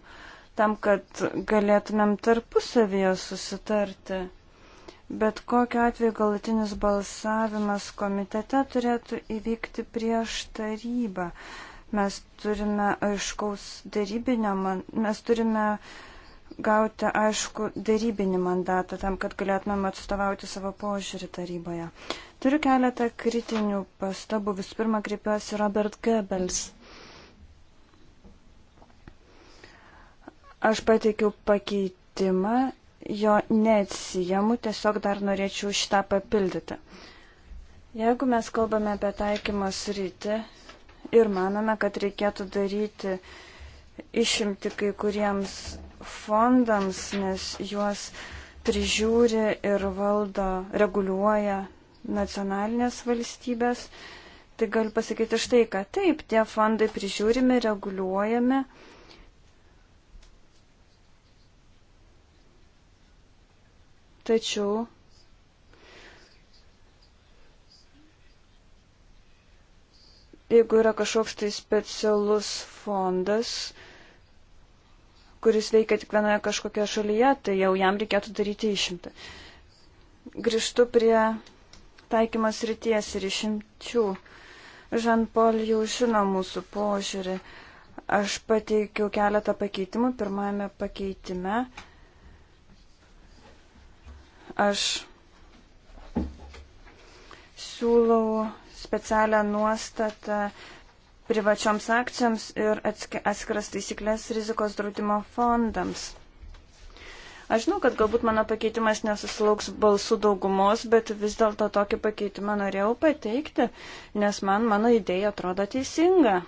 tam, kad galėtumėm tarpusavyje susitarti. Bet kokiu atveju galutinis balsavimas komitete turėtų įvykti prieš tarybą. Mes turime aiškaus darybinio, man... mes turime gauti aišku darybinį mandatą tam, kad galėtumėm atstovauti savo požiūrį taryboje. Turiu keletą kritinių pastabų. Visų pirma, kreipiuosi Robert Goebbels. Aš pateikiau pakeitimą jo neatsijamu, tiesiog dar norėčiau šitą papildyti. Jeigu mes kalbame apie taikymą sritį ir manome, kad reikėtų daryti išimti kai kuriems fondams, nes juos prižiūri ir valdo, reguliuoja nacionalinės valstybės, tai galiu pasakyti štai, kad taip, tie fondai prižiūrimi, reguliuojami, tačiau jeigu yra kažkoks tai specialus fondas, kuris veikia tik vienoje kažkokioje šalyje, tai jau jam reikėtų daryti išimtą. Grįžtu prie taikymas ryties ir išimčių. Žanpol jau žino mūsų požiūrį. Aš pateikiau keletą pakeitimų pirmajame pakeitime. Aš siūlau specialią nuostatą privačioms akcijoms ir atskiras taisyklės rizikos draudimo fondams. Aš žinau, kad galbūt mano pakeitimas nesusilauks balsų daugumos, bet vis dėlto tokį pakeitimą norėjau pateikti, nes man mano idėja atrodo teisinga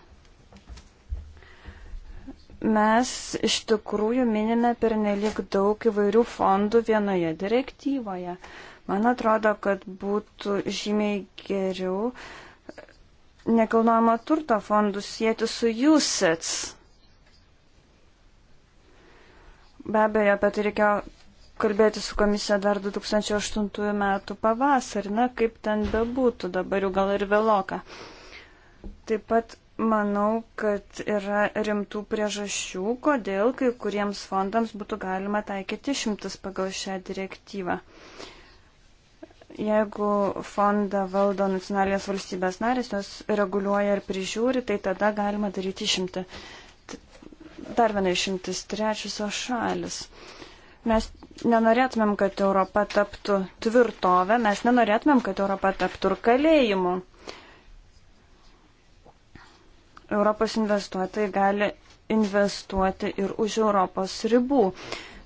mes iš tikrųjų minime per nelik daug įvairių fondų vienoje direktyvoje. Man atrodo, kad būtų žymiai geriau nekilnojamo turto fondus sieti su jūsits. Be abejo, apie tai reikėjo kalbėti su komisija dar 2008 metų pavasarį, na kaip ten bebūtų, dabar jau gal ir vėloka. Taip pat manau, kad yra rimtų priežasčių, kodėl kai kuriems fondams būtų galima taikyti šimtas pagal šią direktyvą. Jeigu fondą valdo nacionalinės valstybės narės, jos reguliuoja ir prižiūri, tai tada galima daryti išimti. Dar viena išimtis - trečiosios šalis. Mes nenorėtumėm, kad Europa taptų tvirtovę, mes nenorėtumėm, kad Europa taptų ir kalėjimu Europos investuotojai gali investuoti ir už Europos ribų.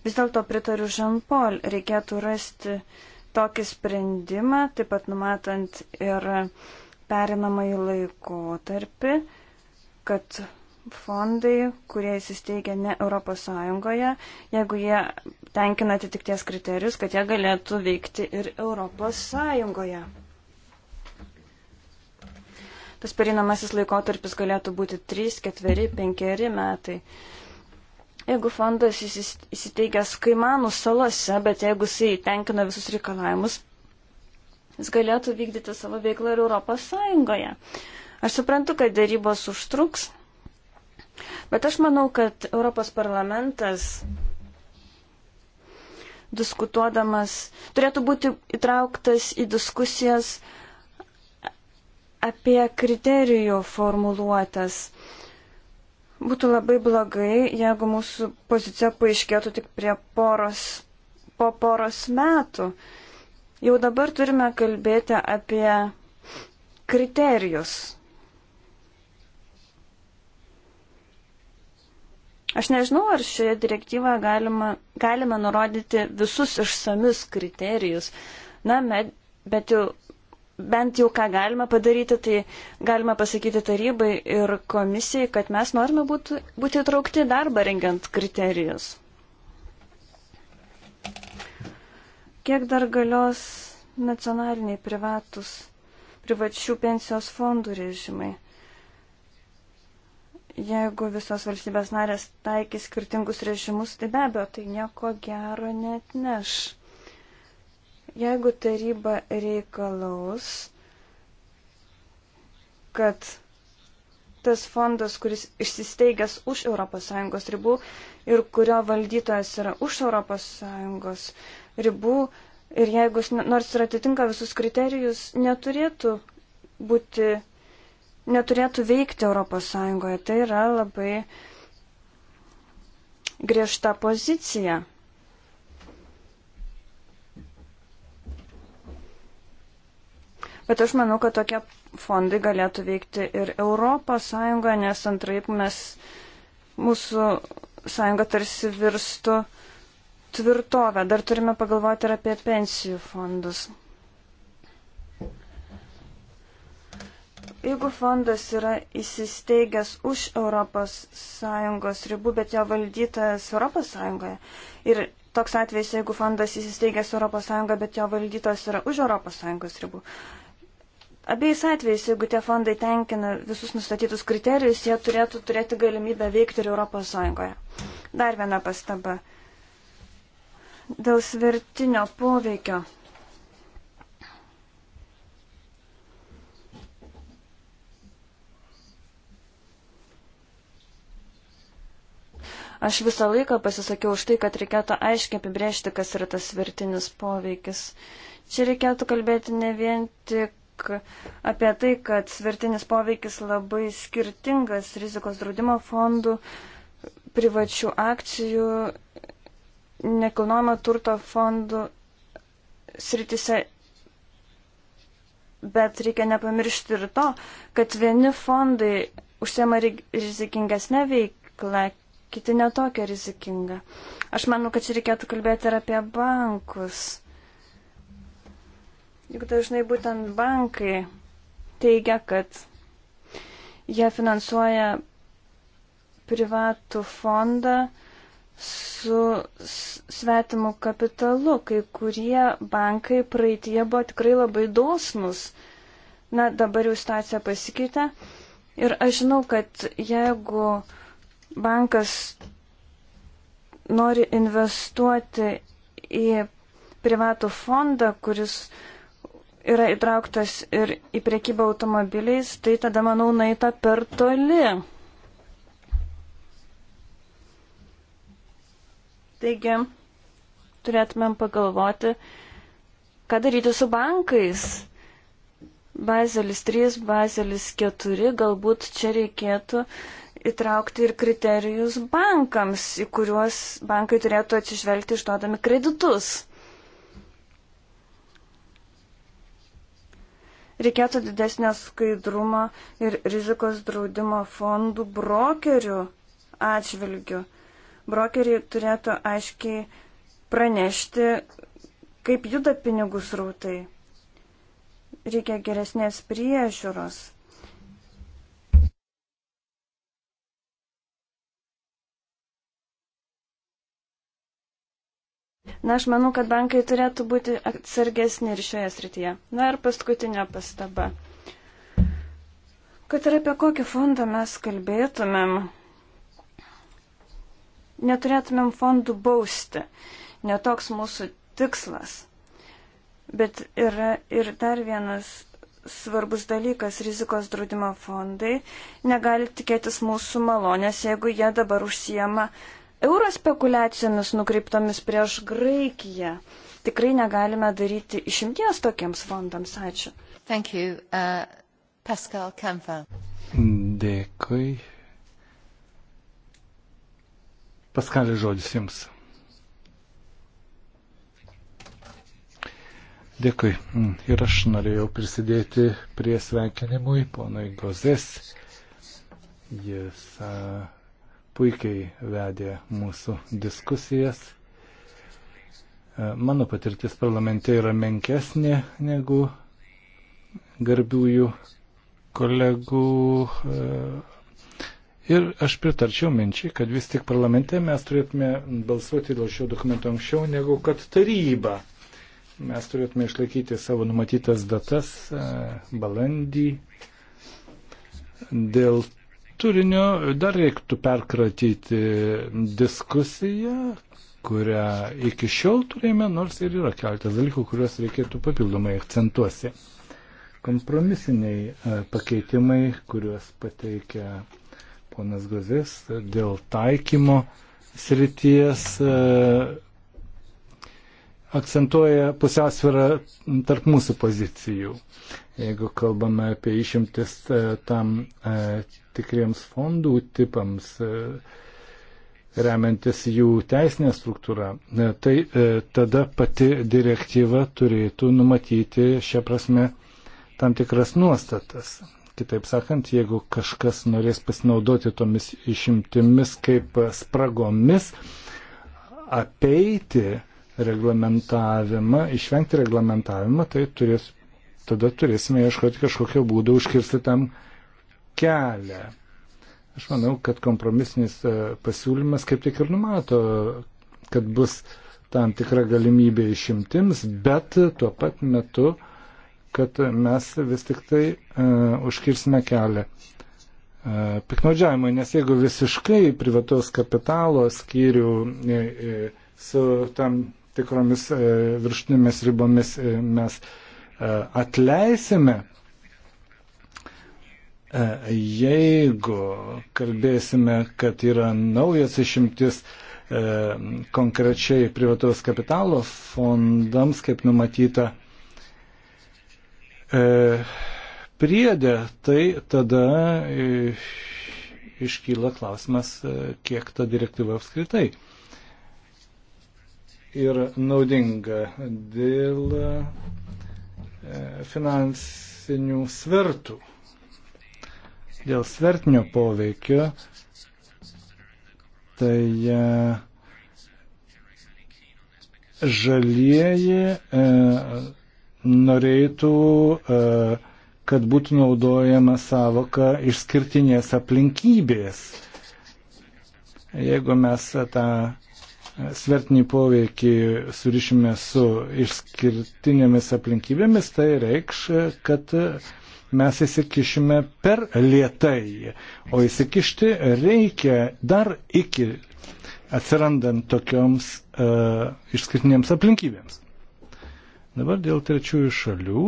Vis dėlto pritariu Žanpol, reikėtų rasti tokį sprendimą, taip pat numatant ir perinamąjį laikotarpį, kad fondai, kurie įsisteigia ne Europos Sąjungoje, jeigu jie tenkina atitikties kriterijus, kad jie galėtų veikti ir Europos Sąjungoje tas perinamasis laikotarpis galėtų būti 3, 4, 5 metai. Jeigu fondas įsiteigęs Kaimanų salose, bet jeigu jisai tenkina visus reikalavimus, jis galėtų vykdyti savo veiklą ir Europos Sąjungoje. Aš suprantu, kad dėrybos užtruks, bet aš manau, kad Europos parlamentas diskutuodamas turėtų būti įtrauktas į diskusijas uh, apie kriterijų formuluotas. Būtų labai blogai, jeigu mūsų pozicija paaiškėtų tik poros, po poros metų. Jau dabar turime kalbėti apie kriterijus. Aš nežinau, ar šioje direktyvoje galima, galime nurodyti visus išsamius kriterijus. Na, med, bet jau bent jau ką galime padaryti, tai galime pasakyti tarybai ir komisijai, kad mes norime būtų, būti įtraukti į darbą rengiant kriterijus. Kiek dar galios nacionaliniai privatus, privačių pensijos fondų režimai? Jeigu visos valstybės narės taikys skirtingus režimus, tai be abejo, tai nieko gero net neš. Ne Jeigu taryba reikalaus, kad tas fondas, kuris išsisteigęs už ES ribų ir kurio valdytojas yra už ES ribų, ir jeigu jis nors ir atitinka visus kriterijus, neturėtų būti, neturėtų veikti ES. Tai yra labai griežta pozicija. Bet aš manau, kad tokie fondai galėtų veikti ir Europos Sąjungoje, nes antraip mes, mūsų sąjunga tarsi virstų tvirtovę. Dar turime pagalvoti ir apie pensijų fondus. Jeigu fondas yra įsisteigęs už ES ribų, bet jo valdytas ES ir toks atvejs, jeigu fondas įsisteigęs ES, bet jo valdytas yra už ES ribų, Abiejais atvejais, jeigu tie fondai tenkina visus nustatytus kriterijus, jie turėtų turėti galimybę veikti ir Europos Sąjungoje. Dar viena pastaba. Dėl svertinio poveikio. Aš visą laiką pasisakiau už tai, kad reikėtų aiškiai apibrėžti, kas yra tas svertinis poveikis. Čia reikėtų kalbėti ne vien tik apie tai, kad svertinis poveikis labai skirtingas rizikos draudimo fondų, privačių akcijų, nekilnojamo turto fondų sritise. Bet reikia nepamiršti ir to, kad vieni fondai užsiema rizikingesnę veiklą, kiti netokia rizikinga. Aš manau, kad čia reikėtų kalbėti ir apie bankus. Juk dažnai būtent bankai teigia, kad jie finansuoja privatų fondą su svetimu kapitalu. Kai kurie bankai praeitie buvo tikrai labai dosnus. Na, dabar jau situacija pasikeitė. Ir aš žinau, kad jeigu bankas nori investuoti į privatų fondą, kuris uh, yra įtrauktas ir į priekybą automobiliais, tai tada, manau, naita per toli. Taigi, turėtumėm pagalvoti, ką daryti su bankais. Bazelis 3, bazelis 4, galbūt čia reikėtų įtraukti ir kriterijus bankams, į kuriuos bankai turėtų atsižvelgti išduodami kreditus. Reikėtų didesnio skaidrumo ir rizikos draudimo fondų brokerių atžvilgių. Brokeriai turėtų aiškiai pranešti, kaip juda pinigų srautai. Reikia geresnės priežiūros Na, aš manau, kad bankai turėtų būti atsargesni ir šioje srityje. Na ir paskutinė pastaba. Kad ir apie kokį fondą mes kalbėtumėm, neturėtumėm fondų bausti. Netoks mūsų tikslas. Bet yra ir dar vienas svarbus dalykas - rizikos draudimo fondai negali tikėtis mūsų malonės, jeigu jie dabar užsiema euro spekulacijomis nukreiptomis prieš Graikiją. Tikrai negalime daryti išimties tokiems fondams. Ačiū. Thank you, uh, Pascal Kampa. Dėkui. Paskalė žodis jums. Dėkui. Ir aš norėjau prisidėti prie sveikinimui ponui Gozės. Jis. Uh, puikiai vedė mūsų diskusijas. E, mano patirtis parlamente yra menkesnė negu garbiųjų kolegų. E, ir aš pritarčiau minčiai, kad vis tik parlamente mes turėtume balsuoti dėl šio dokumento anksčiau negu kad taryba. Mes turėtume išlaikyti savo numatytas datas e, balandį dėl turinio dar reiktų perkratyti diskusiją, kurią iki šiol turėjome, nors ir yra keltas dalykų, kuriuos reikėtų papildomai akcentuosi. Kompromisiniai e, pakeitimai, kuriuos pateikia ponas Gozės dėl taikymo srities, e, akcentuoja pusiausvyrą tarp mūsų pozicijų. Jeigu kalbame apie išimtis e, tam tikriems fondų tipams, e, remiantis jų teisinę struktūrą, e, tai e, tada pati direktyva turėtų numatyti šią prasme tam tikras nuostatas. Kitaip sakant, jeigu kažkas norės pasinaudoti tomis išimtimis kaip spragomis, apeiti reglamentavimą, išvengti reglamentavimą, tai turės, tada turėsime ieškoti kažkokio būdo užkirsti tam uh, kelią. Aš manau, kad kompromisinis e, pasiūlymas kaip tik ir numato, kad bus tam tikra galimybė išimtims, bet tuo pat metu, kad mes vis tik tai uh, užkirsime kelią uh, piknaudžiavimui, nes jeigu visiškai privataus kapitalo skyrių uh, su tam tikromis uh, virštinėmis ribomis uh, mes uh, atleisime, uh, E, jeigu kalbėsime, kad yra naujas išimtis e, konkrečiai privataus kapitalo fondams, kaip numatyta e, priedė, tai tada iškyla klausimas, kiek ta direktyva apskritai ir naudinga dėl finansinių svertų. Dėl svertinio poveikio, tai e, žalieji e, norėtų, e, kad būtų naudojama savoka išskirtinės aplinkybės. Jeigu mes tą svertinį poveikį surišime su išskirtinėmis aplinkybėmis, tai reikš, kad e, mes įsikišime per lietai, o įsikišti reikia dar iki atsirandant tokioms uh, išskirtinėms aplinkybėms. Dabar dėl trečiųjų šalių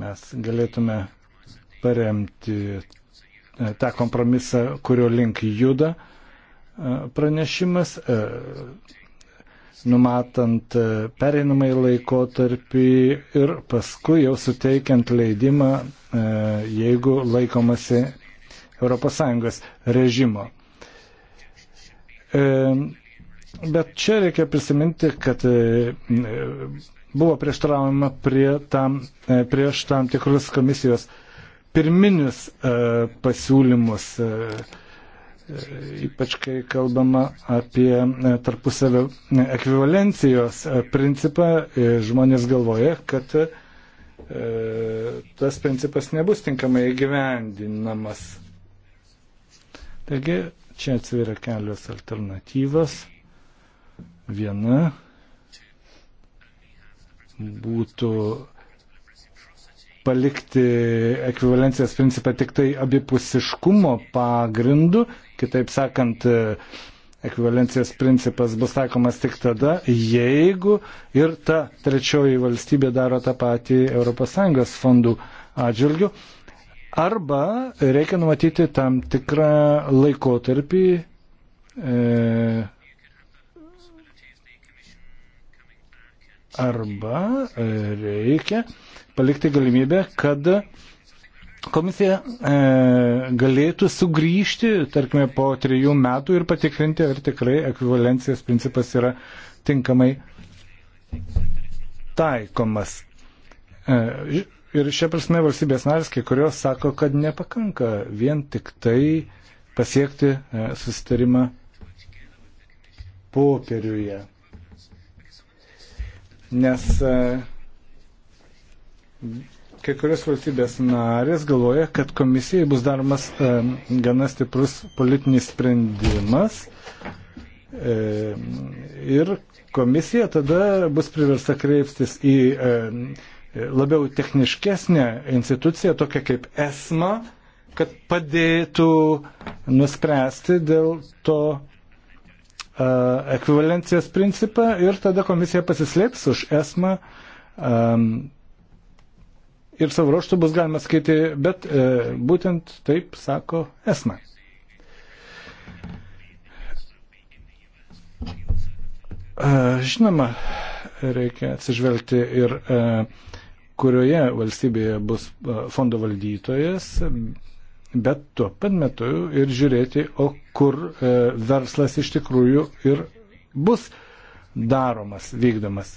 mes galėtume paremti e, tą kompromisą, kurio link juda e, pranešimas numatant e, pereinamai laikotarpį ir paskui jau suteikiant leidimą, e, jeigu laikomasi ES režimo. E, bet čia reikia prisiminti, kad buvo prieštraujama prie tam, prieš tam tikrus komisijos pirminius pasiūlymus ypač kai kalbama apie e, tarpusavio e, ekvivalencijos e, principą, žmonės galvoja, kad tas principas nebus tinkamai įgyvendinamas. Taigi čia atsveria kelios alternatyvos. Viena būtų palikti ekvivalencijos principą tik tai abipusiškumo pagrindu Kitaip sakant, e, ekvivalencijos principas bus taikomas tik tada, jeigu ir ta trečioji valstybė daro tą patį ES fondų atžvilgių. Arba reikia numatyti tam tikrą laikotarpį. E, arba e, reikia palikti galimybę, kad Komisija e, galėtų sugrįžti, tarkime, po trijų metų ir patikrinti, ar tikrai ekvivalencijos principas yra tinkamai taikomas. E, ir šia prasme valstybės narės, kai kurios sako, kad nepakanka vien tik tai pasiekti e, susitarimą popieriuje. Nes e, kai kurios valstybės narės galvoja, kad komisijai bus daromas e, gana stiprus politinis sprendimas e, ir komisija tada bus priversta kreiptis į e, labiau techniškesnę instituciją, tokią kaip ESMA, kad padėtų nuspręsti dėl to e, ekvivalencijos principą ir tada komisija pasislėps už esmą e, ir savo ruoštų bus galima skaiti, bet e, būtent taip sako esma. E, žinoma, reikia atsižvelgti ir e, kurioje valstybėje bus e, fondo valdytojas, bet tuo pat metu ir žiūrėti, o kur e, verslas iš tikrųjų ir bus daromas, vykdomas.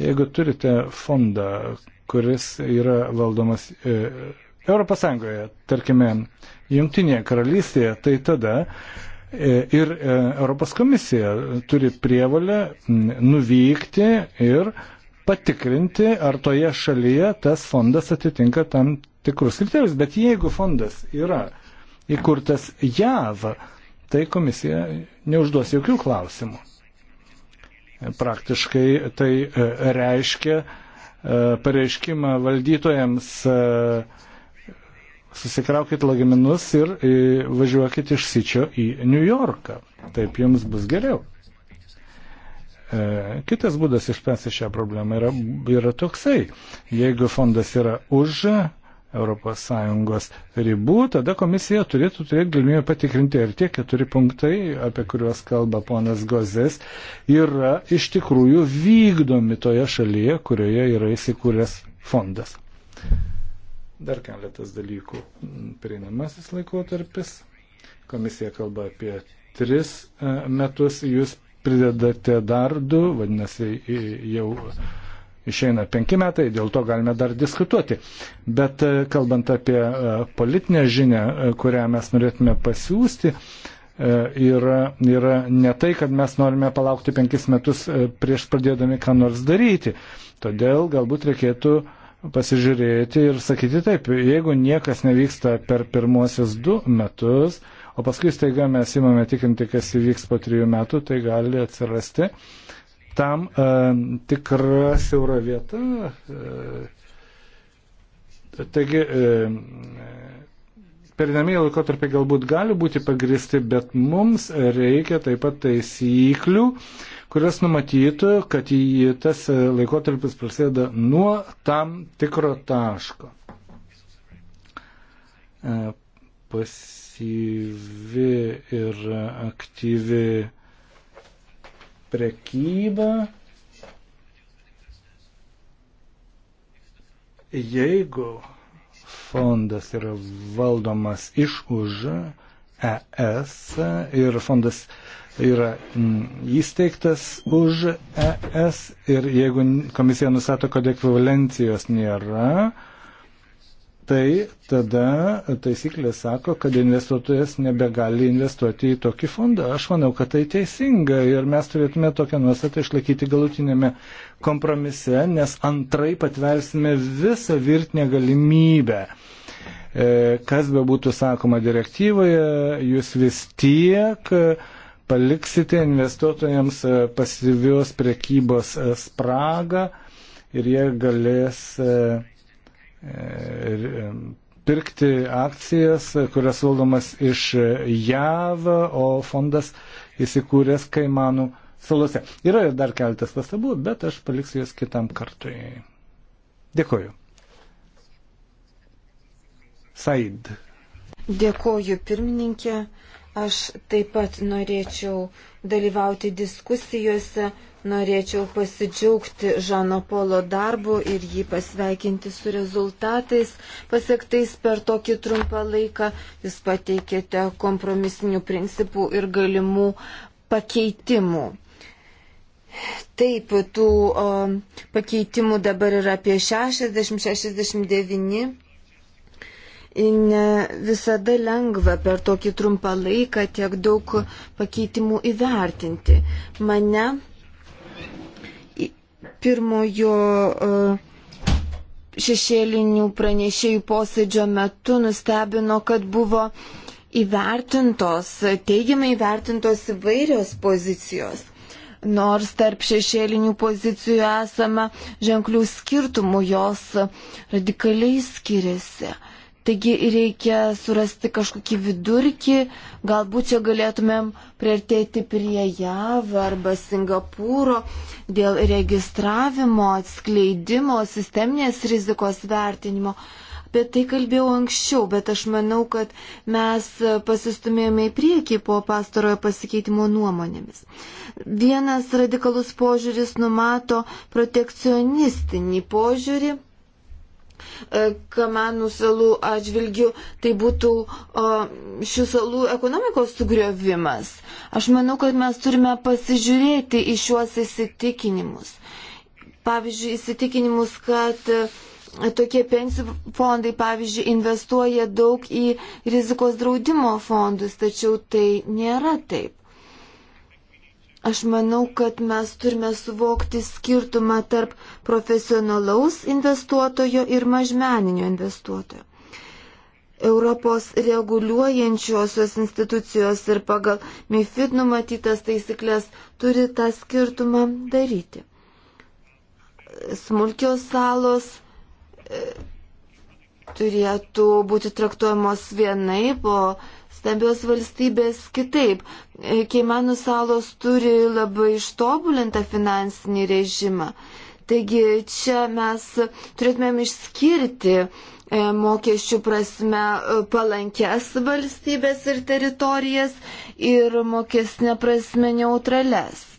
Jeigu turite fondą, kuris yra valdomas e, Europos Sąjungoje, tarkime, Jungtinėje karalystėje, tai tada e, ir e, Europos komisija turi prievalę nuvykti ir patikrinti, ar toje šalyje tas fondas atitinka tam tikrus kriterijus. Bet jeigu fondas yra įkurtas JAV, tai komisija neužduos jokių klausimų. Praktiškai tai reiškia, E, pareiškimą valdytojams e, susikraukit lagaminus ir e, važiuokit iš Sičio į New Yorką. Taip jums bus geriau. Kitas būdas išspręsti šią problemą yra, yra toksai. Jeigu fondas yra už ES ribų, tada komisija turėtų turėti galimybę patikrinti, ar tie keturi punktai, apie kuriuos kalba ponas Gozės, yra iš tikrųjų vykdomi toje šalyje, kurioje yra įsikūręs fondas. Dar keletas dalykų. Prieinamasis laikotarpis. Komisija kalba apie tris e, metus, jūs pridedate dar du, vadinasi, jau išeina penki metai, dėl to galime dar diskutuoti. Bet e, kalbant apie e, politinę žinę, e, kurią mes norėtume pasiūsti, yra, yra ne tai, kad mes norime palaukti penkis metus prieš pradėdami ką nors daryti. Todėl galbūt reikėtų pasižiūrėti ir sakyti taip, jeigu niekas nevyksta per pirmosius du metus, o paskui staiga mes įmame tikinti, kas įvyks po trijų metų, tai gali atsirasti uh, tam e, tikra siaura vieta. E, taigi, e, perinamieji laikotarpiai galbūt gali būti pagristi, bet mums reikia taip pat taisyklių, kurios numatytų, kad į tas laikotarpis prasideda nuo tam tikro taško. E, pasyvi ir aktyvi prekybą, jeigu fondas yra valdomas iš už ES ir fondas yra mm, įsteigtas už ES ir jeigu komisija nustato, kad ekvivalencijos nėra, tai tada taisyklė sako, kad investuotojas nebegali investuoti į tokį fondą. Aš manau, kad tai teisinga ir mes turėtume tokią nuostatą išlaikyti galutinėme kompromise, nes antrai patversime visą virtinę galimybę. E, kas be būtų sakoma direktyvoje, jūs vis tiek paliksite investuotojams pasyvios prekybos spragą ir jie galės e, pirkti akcijas, kurias valdomas iš JAV, o fondas įsikūręs Kaimanų salose. Yra ir dar keletas pastabų, bet aš paliksiu jas kitam kartui. Dėkoju. Said. Dėkoju, pirmininkė. Aš taip pat norėčiau dalyvauti diskusijose. Norėčiau pasidžiaugti Žano Polo darbu ir jį pasveikinti su rezultatais pasiektais per tokį trumpą laiką. Jūs pateikėte kompromisinių principų ir galimų pakeitimų. Taip, tų o, pakeitimų dabar yra apie 60-69 ne visada lengva per tokį trumpą laiką tiek daug pakeitimų įvertinti. Mane pirmojo e, šešėlinių pranešėjų posėdžio metu nustebino, kad buvo įvertintos, teigiamai įvertintos įvairios pozicijos. Nors tarp šešėlinių pozicijų esame ženklių skirtumų, jos radikaliai skiriasi. Taigi reikia surasti kažkokį vidurkį, galbūt čia galėtumėm prieartėti prie JAV arba Singapūro dėl registravimo, atskleidimo, sisteminės rizikos vertinimo. Apie tai kalbėjau anksčiau, bet aš manau, kad mes pasistumėjome į priekį po pastarojo pasikeitimo nuomonėmis. Vienas radikalus požiūris numato protekcionistinį požiūrį E, kamanų salų atžvilgių, tai būtų o, e, šių salų ekonomikos sugriovimas. Aš manau, kad mes turime pasižiūrėti į šiuos įsitikinimus. Pavyzdžiui, įsitikinimus, kad e, tokie pensijų fondai, pavyzdžiui, investuoja daug į rizikos draudimo fondus, tačiau tai nėra taip. Aš manau, kad mes turime suvokti skirtumą tarp profesionalaus investuotojo ir mažmeninio investuotojo. Europos reguliuojančiosios institucijos ir pagal MIFID numatytas taisyklės turi tą skirtumą daryti. Smulkios salos e, turėtų būti traktuojamos vienaip, o stambios valstybės kitaip. E, Keimanų salos turi labai ištobulintą finansinį režimą. Taigi čia mes turėtumėm išskirti e, mokesčių prasme e, palankes valstybės ir teritorijas ir mokesnė prasme neutrales.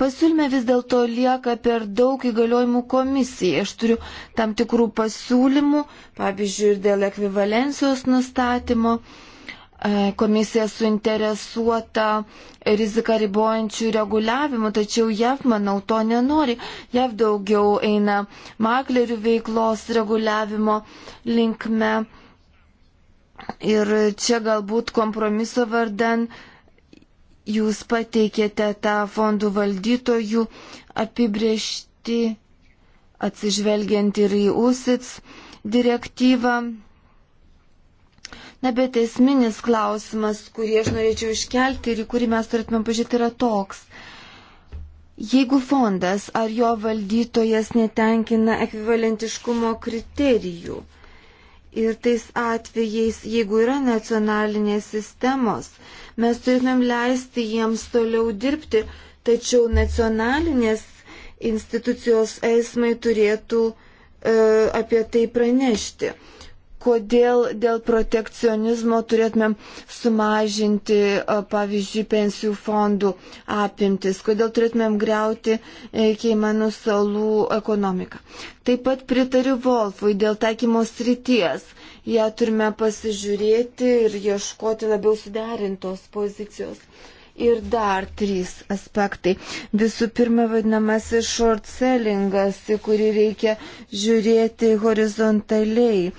Pasiūlyme vis dėlto lieka per daug įgaliojimų komisijai. Aš turiu tam tikrų pasiūlymų, pavyzdžiui, ir dėl ekvivalencijos nustatymo. E, komisija suinteresuota riziką ribojančių reguliavimų, tačiau JAV, manau, to nenori. JAV daugiau eina maklerių veiklos reguliavimo linkme. Ir čia galbūt kompromiso vardan uh, jūs pateikėte tą fondų valdytojų apibriešti, atsižvelgiant ir į USITS direktyvą. Na, bet esminis klausimas, kurį aš norėčiau iškelti ir į kurį mes turėtume pažiūrėti, yra toks. Jeigu fondas ar jo valdytojas netenkina ekvivalentiškumo kriterijų ir tais atvejais, jeigu yra nacionalinės sistemos, uh, Mes turėtumėm leisti jiems toliau dirbti, tačiau nacionalinės institucijos esmai turėtų e, apie tai pranešti. Kodėl dėl protekcionizmo turėtumėm sumažinti, e, pavyzdžiui, pensijų fondų apimtis, kodėl turėtumėm greuti e, Keimanų salų ekonomiką. Taip pat pritariu Volfui dėl taikymo srities ją turime pasižiūrėti ir ieškoti labiau suderintos pozicijos. Ir dar trys aspektai. Visų pirma, vadinamasis short sellingas, į kurį reikia žiūrėti horizontaliai.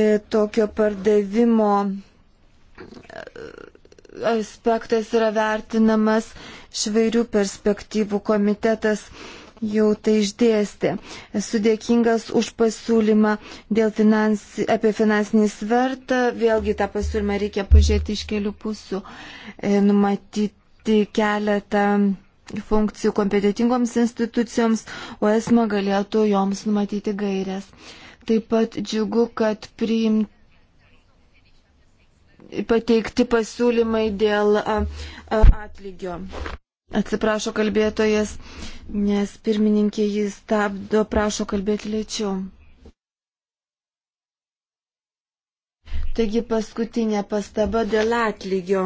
E, tokio pardavimo e, aspektas yra vertinamas švairių perspektyvų komitetas jau tai išdėstė. Esu dėkingas už pasiūlymą finans, apie finansinį svertą. Vėlgi tą pasiūlymą reikia pažiūrėti iš kelių pusių, e, numatyti keletą funkcijų kompetitingoms institucijoms, o esma galėtų joms numatyti gairias. Taip pat džiugu, kad priimti pateikti pasiūlymai dėl atlygio. Atsiprašo kalbėtojas, nes pirmininkė jį stabdo, prašo kalbėti lėčiau. Taigi paskutinė pastaba dėl atlygio.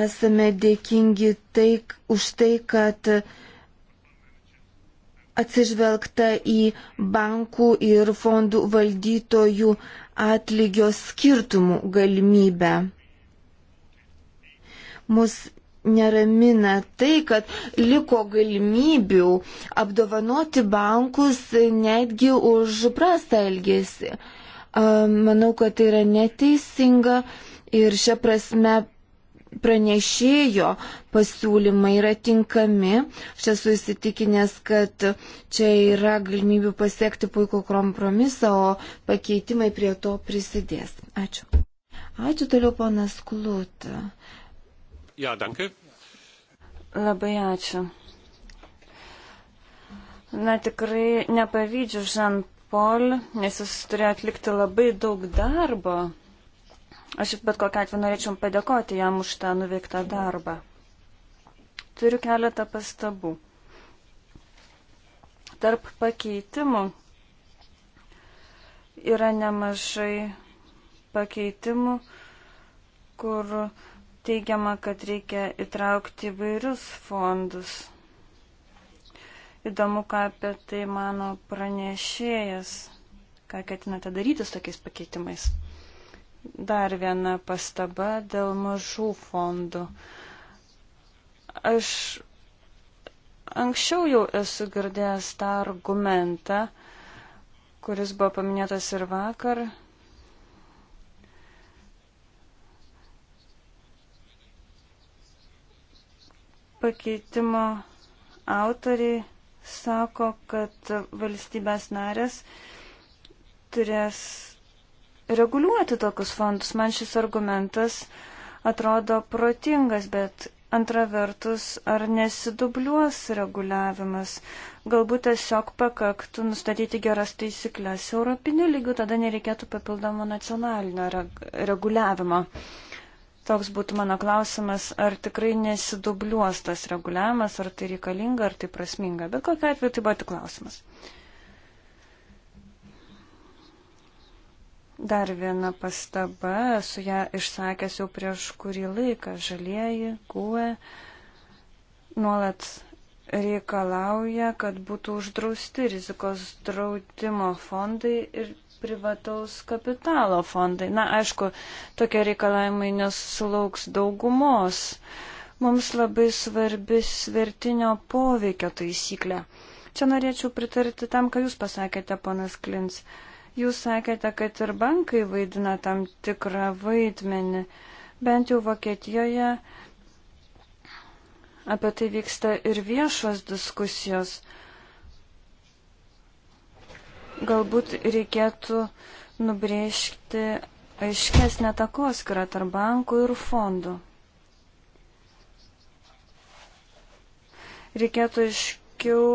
Esame dėkingi tai, už tai, kad atsižvelgta į bankų ir fondų valdytojų atlygio skirtumų galimybę. Mus neramina tai, kad liko galimybių apdovanoti bankus netgi už prastą elgesį. Manau, kad tai yra neteisinga ir šią prasme pranešėjo pasiūlymai yra tinkami. Aš esu įsitikinęs, kad čia yra galimybių pasiekti puikų kompromisą, o pakeitimai prie to prisidės. Ačiū. Ačiū toliau, ponas Klut. Ja, danke. Labai ačiū. Na tikrai nepavydžiu Žan Pol, nes jis turėjo atlikti labai daug darbo. Aš bet kokią atveju norėčiau padėkoti jam už tą nuveiktą darbą. Turiu keletą pastabų. Tarp pakeitimų yra nemažai pakeitimų, kur uh, teigiama, kad reikia įtraukti vairius fondus. Įdomu, ką apie tai mano pranešėjas, ką ketinate daryti su tokiais pakeitimais. Dar viena pastaba dėl mažų fondų. Aš anksčiau jau esu girdėjęs tą argumentą, kuris buvo paminėtas ir vakar, Pakeitimo autoriai sako, kad valstybės narės turės reguliuoti tokius fondus. Man šis argumentas atrodo protingas, bet antra vertus, ar nesidubliuos reguliavimas. Galbūt tiesiog pakaktų nustatyti geras taisyklės europinių lygių, tada nereikėtų papildomo nacionalinio reguliavimo. Toks būtų mano klausimas, ar tikrai nesidubliuos tas reguliavimas, ar tai reikalinga, ar tai prasminga. Bet kokia atveju tai buvo tik klausimas. Dar viena pastaba, esu ją išsakęs jau prieš kurį laiką. Žalieji, kuė, nuolat reikalauja, kad būtų uždrausti rizikos draudimo fondai ir privataus kapitalo fondai. Na, aišku, tokie reikalavimai nesulauks daugumos. Mums labai svarbi svertinio poveikio taisyklė. Čia norėčiau pritarti tam, ką Jūs pasakėte, ponas Klins. Jūs sakėte, kad ir bankai vaidina tam tikrą vaidmenį. Bent jau Vokietijoje uh, apie tai vyksta ir viešos diskusijos. Galbūt reikėtų nubrėžti aiškesnę takoskirą tarp bankų ir fondų. Reikėtų aiškiau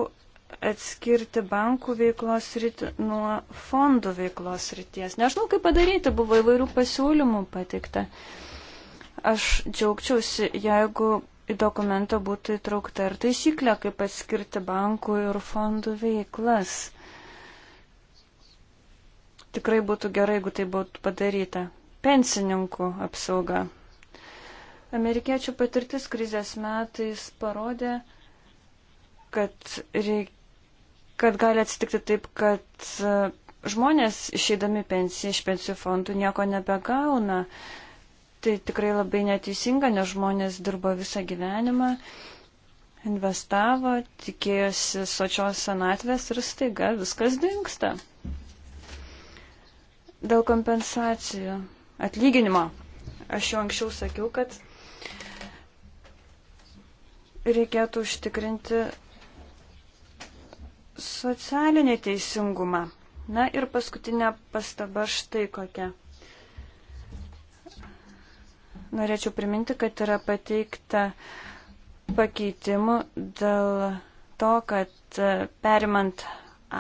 atskirti bankų veiklos rytį nuo fondų veiklos ryties. Nežinau, kaip padaryti, buvo įvairių pasiūlymų pateikta. Aš džiaugčiausi, jeigu į dokumentą būtų įtraukta ir taisyklė, kaip atskirti bankų ir fondų veiklas. Tikrai būtų gerai, jeigu tai būtų padaryta. Pensininkų apsauga. Amerikiečių patirtis krizės metais parodė, kad, reik, kad gali atsitikti taip, kad e, žmonės išeidami pensiją iš pensijų fondų nieko nebegauna. Uh, Tai tikrai labai neteisinga, nes žmonės dirbo visą gyvenimą, investavo, tikėjosi sočios senatvės ir staiga viskas dinksta. Dėl kompensacijų, atlyginimo. Aš jau anksčiau sakiau, kad reikėtų užtikrinti socialinį teisingumą. Na ir paskutinė pastaba štai kokia. Norėčiau priminti, kad yra pateikta pakeitimų dėl to, kad e, perimant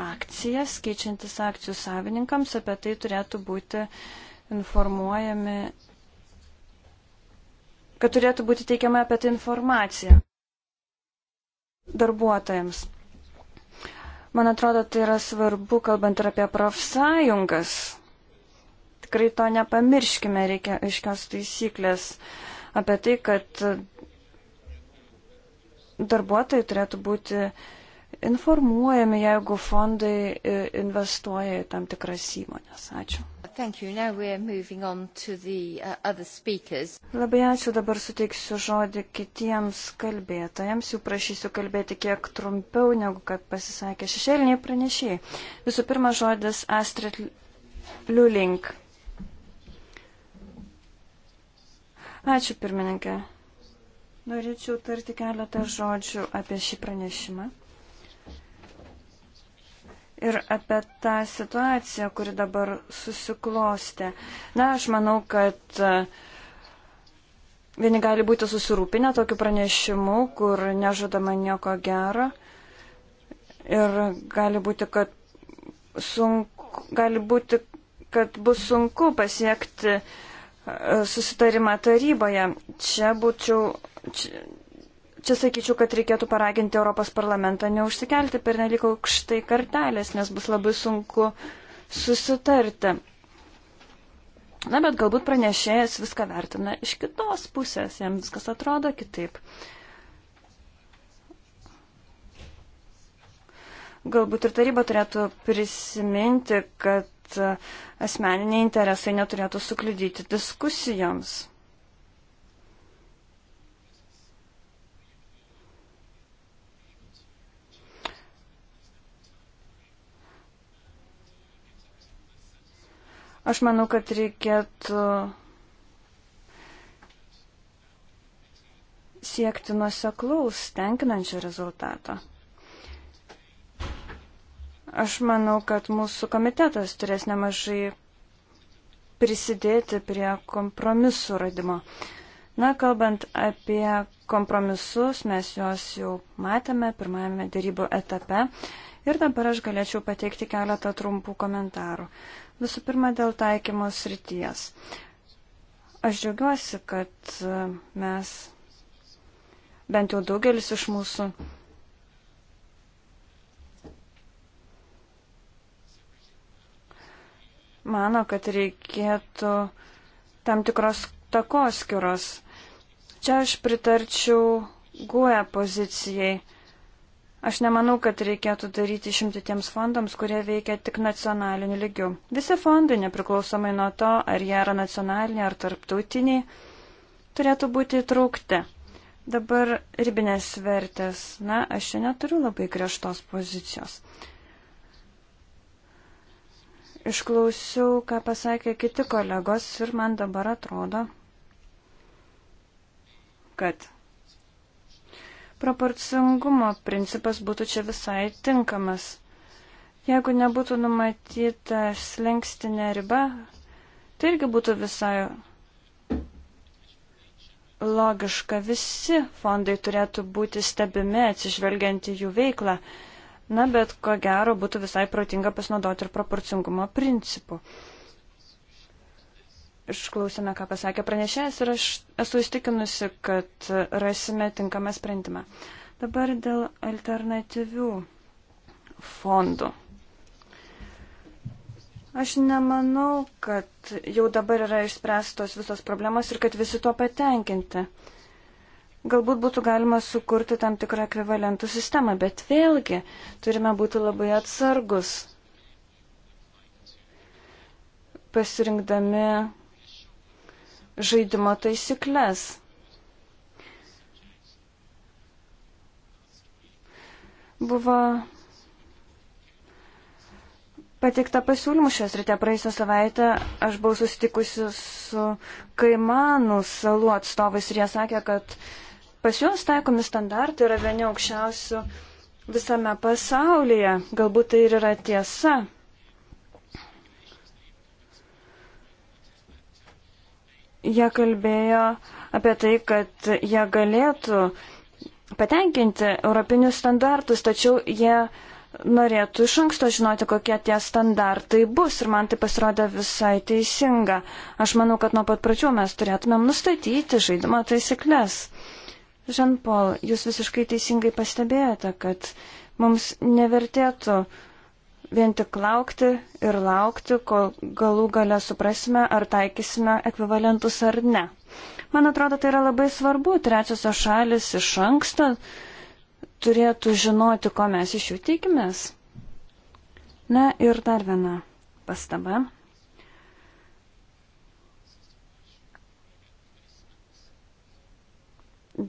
akcijas, keičiantis akcijų savininkams, apie tai turėtų būti informuojami, kad turėtų būti teikiama apie tai informacija darbuotojams. Man atrodo, tai yra svarbu, kalbant ir apie profsąjungas, tikrai to nepamirškime, reikia aiškios taisyklės apie tai, kad darbuotojai turėtų būti informuojami, jeigu fondai e, investuoja į tam tikras įmonės. Ačiū. Uh, Labai ačiū, dabar suteiksiu žodį kitiems kalbėtojams, jų prašysiu kalbėti kiek trumpiau, negu kad pasisakė šešėliniai pranešiai. Visų pirma, žodis Astrid Liulink. Ačiū pirmininkė. Norėčiau tarti keletą žodžių apie šį pranešimą. Ir apie tą situaciją, kuri dabar susiklostė. Na, aš manau, kad e, vieni gali būti susirūpinę tokiu pranešimu, kur nežadama nieko gero. Ir gali būti, kad, sunku, gali būti, kad bus sunku pasiekti uh, susitarimą taryboje. Čia būčiau. Čia, čia sakyčiau, kad reikėtų paraginti Europos parlamentą neužsikelti per nelik aukštai kartelės, nes bus labai sunku susitarti. Na, bet galbūt pranešėjas viską vertina iš kitos pusės, jam viskas atrodo kitaip. Galbūt ir taryba turėtų prisiminti, kad E, asmeniniai interesai neturėtų sukliudyti diskusijoms. Aš manau, kad reikėtų siekti nuoseklaus, tenkinančio rezultato. Aš manau, kad mūsų komitetas turės nemažai prisidėti prie kompromisų radimo. Na, kalbant apie kompromisus, mes juos jau matėme pirmajame dėrybų etape ir dabar aš galėčiau pateikti keletą trumpų komentarų. Visų pirma, dėl taikymo srities. Aš džiaugiuosi, kad mes, bent jau daugelis iš mūsų, mano, kad reikėtų tam tikros takoskiros. Čia aš pritarčiau guoja e pozicijai. Aš nemanau, kad reikėtų daryti išimti tiems fondams, kurie veikia tik nacionaliniu lygiu. Visi fondai, nepriklausomai nuo to, ar jie yra nacionaliniai ar tarptautiniai, turėtų būti įtraukti. Dabar ribinės vertės. Na, aš čia neturiu labai griežtos pozicijos. Išklausiau, ką pasakė kiti kolegos ir man dabar atrodo, kad proporcingumo principas būtų čia visai tinkamas. Jeigu nebūtų numatyta slengstinė riba, tai irgi būtų visai logiška. Visi fondai turėtų būti stebimi atsižvelgianti jų veiklą. Na, bet ko gero būtų visai protinga pasinaudoti ir proporcingumo principu. Išklausėme, ką pasakė pranešėjas ir aš esu įstikinusi, kad rasime tinkamą sprendimą. Dabar dėl alternatyvių fondų. Aš nemanau, kad jau dabar yra išspręstos visos problemos ir kad visi tuo patenkinti. Uh, galbūt būtų galima sukurti tam tikrą ekvivalentų sistemą, bet vėlgi turime būti labai atsargus pasirinkdami žaidimo taisyklės. Buvo pateikta pasiūlymų šios rytė. Praėjusią savaitę aš buvau susitikusi su Kaimanų salų atstovais ir jie sakė, kad Pas juos taikomi standartai yra vieni aukščiausių visame pasaulyje. Galbūt tai ir yra tiesa. Jie kalbėjo apie tai, kad jie galėtų patenkinti europinius standartus, tačiau jie norėtų iš anksto žinoti, kokie tie standartai bus ir man tai pasirodė visai teisinga. Aš manau, kad nuo pat pradžių mes turėtumėm nustatyti žaidimo taisyklės. Žanpol, jūs visiškai teisingai pastebėjote, kad mums nevertėtų vien tik laukti ir laukti, kol galų gale suprasime, ar taikysime ekvivalentus ar ne. Man atrodo, tai yra labai svarbu. Trečiosios šalis iš anksto turėtų žinoti, ko mes iš jų tikimės. Na ir dar viena pastaba.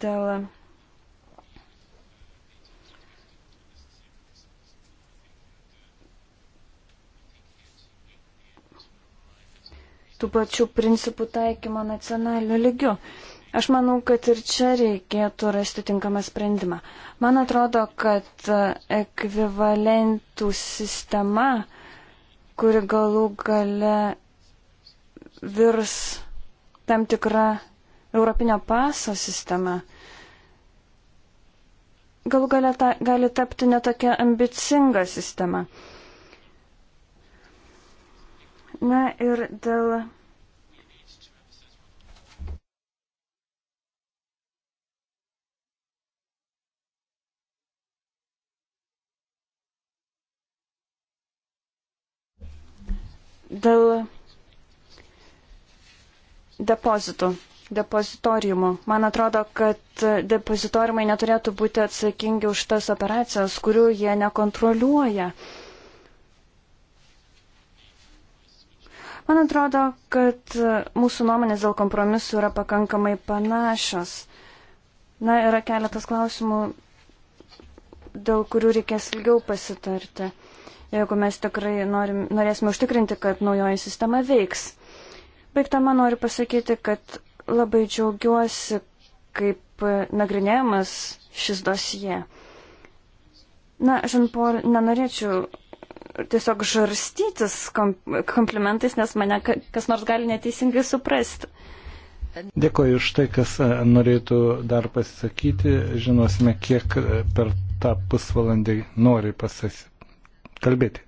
dėl tų pačių principų taikymą nacionaliniu lygiu. Aš manau, kad ir čia reikėtų rasti tinkamą sprendimą. Man atrodo, kad ekvivalentų sistema, kuri galų gale virs tam tikrą Europinio paso sistema galų galia ta, gali tapti netokia ambicinga sistema. Na ir dėl. Dėl depozitų depozitoriumų. Man atrodo, kad depozitoriumai neturėtų būti atsakingi už tas operacijas, kurių jie nekontroliuoja. Man atrodo, kad mūsų nuomonės dėl kompromisų yra pakankamai panašios. Na, yra keletas klausimų, dėl kurių reikės ilgiau pasitarti, jeigu mes tikrai norim, norėsime užtikrinti, kad naujoji sistema veiks. Baigtama noriu pasakyti, kad Labai džiaugiuosi, kaip nagrinėjamas šis dosie. Na, Žanpol, nenorėčiau tiesiog žarstytis komplimentais, nes mane kas nors gali neteisingai suprasti. Dėkoju už tai, kas e, norėtų dar pasisakyti. Žinosime, kiek e, per tą pusvalandį nori pasisakyti. Kalbėti.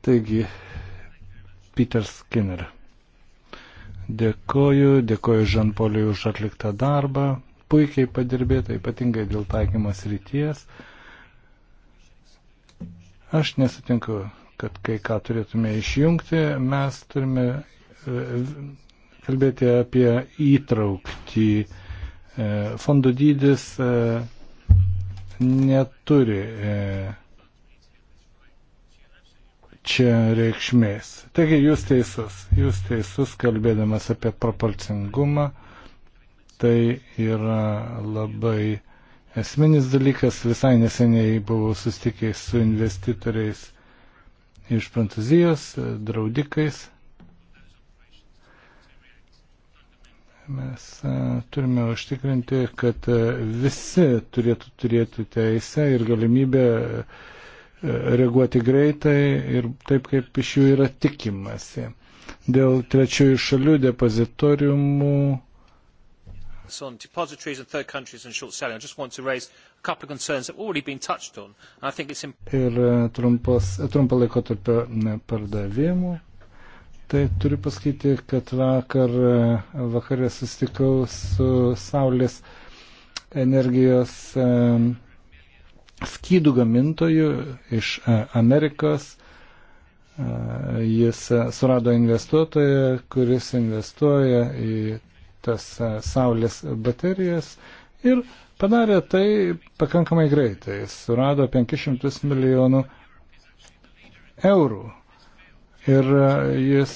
Taigi, Peter Skinner. Dėkoju, dėkoju Žanpoliui už atliktą darbą, puikiai padirbėta, ypatingai dėl taikymos ryties. Aš nesutinku, kad kai ką turėtume išjungti, mes turime e, kalbėti apie įtraukti. E, Fondų dydis e, neturi čia reikšmės. Taigi jūs teisus, jūs teisus, kalbėdamas apie proporcingumą, tai yra labai esminis dalykas. Visai neseniai buvau sustikęs su investitoriais iš Prancūzijos, draudikais. Mes turime užtikrinti, kad visi turėtų turėti teisę ir galimybę uh, reaguoti greitai ir taip, kaip iš jų yra tikimasi. Dėl trečiųjų šalių depozitoriumų. On depositories in third countries and short selling, I just want to raise a couple of concerns that have already been touched on. And I think it's important. Ir trumpas, e, trumpa e, laikotarpio pardavimų. Tai turiu pasakyti, kad vakar e, vakarė susitikau su Saulės energijos. Um, skydų gamintojų iš e, Amerikos. E, jis e, surado investuotoją, kuris investuoja į tas saulės baterijas ir padarė tai pakankamai greitai. Jis surado 500 milijonų eurų. Ir jis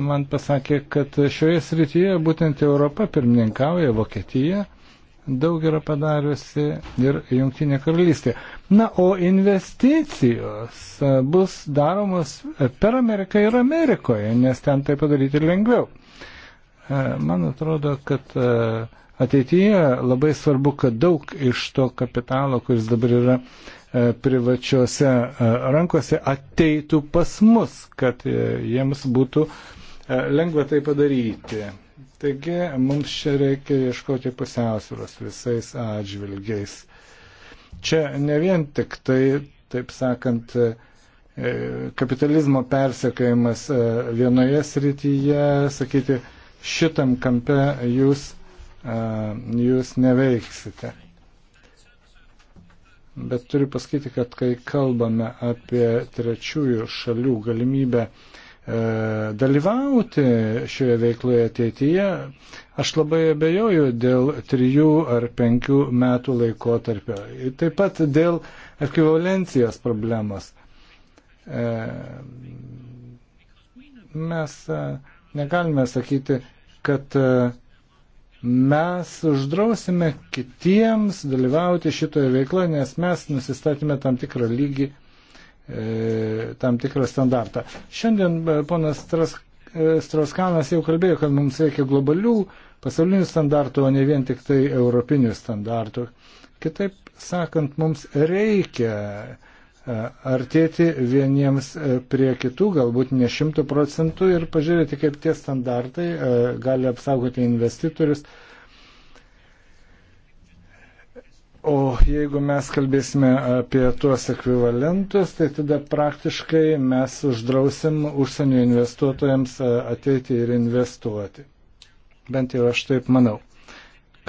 man pasakė, kad šioje srityje būtent Europa pirmininkauja Vokietija daug yra padariusi ir Junktinė karalystė. Na, o investicijos e, bus daromos per Ameriką ir Amerikoje, nes ten tai padaryti lengviau. E, man atrodo, kad e, ateityje labai svarbu, kad daug iš to kapitalo, kuris dabar yra privačiose rankose, ateitų pas mus, kad jiems būtų lengva tai padaryti. Taigi mums čia reikia ieškoti pusiausvėros visais atžvilgiais. Čia ne vien tik tai, taip sakant, e, kapitalizmo persekiojimas e, vienoje srityje, sakyti, šitam kampe jūs, e, jūs neveiksite. Bet turiu pasakyti, kad kai kalbame apie trečiųjų šalių galimybę uh, E, dalyvauti šioje veikloje ateityje, aš labai abejoju dėl trijų ar penkių metų laiko tarpio. Taip pat dėl ekvivalencijos problemos. E, mes e, negalime sakyti, kad mes uždrausime kitiems dalyvauti šitoje veikloje, nes mes nusistatėme tam tikrą lygį E, tam tikrą standartą. Šiandien e, ponas e, Strauskanas jau kalbėjo, kad mums reikia globalių pasaulinių standartų, o ne vien tik tai europinių standartų. Kitaip sakant, mums reikia artėti vieniems prie kitų, galbūt ne šimtų procentų ir pažiūrėti, kaip tie standartai gali apsaugoti investitorius O jeigu mes kalbėsime apie tuos ekvivalentus, tai tada praktiškai mes uždrausim užsienio investuotojams e, ateiti ir investuoti. Bent jau aš taip manau.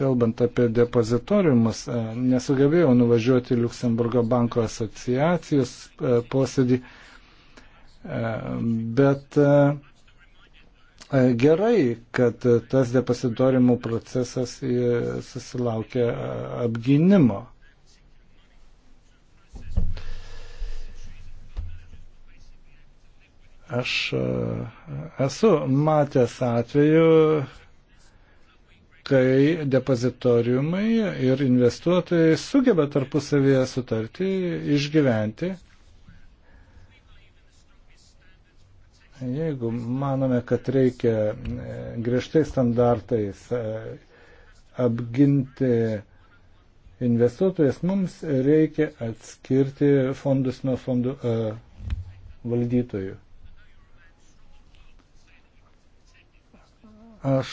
Kalbant apie depozitoriumus, e, nesugebėjau nuvažiuoti į Luxemburgo banko asociacijos e, posėdį, bet E, gerai, kad tas depositorimų procesas e, susilaukė e, apginimo. Aš esu matęs atveju, kai depozitoriumai ir investuotojai sugeba tarpusavėje sutarti, išgyventi Jeigu manome, kad reikia e, griežtai standartais e, apginti investuotojas, mums reikia atskirti fondus nuo fondų e, valdytojų. Aš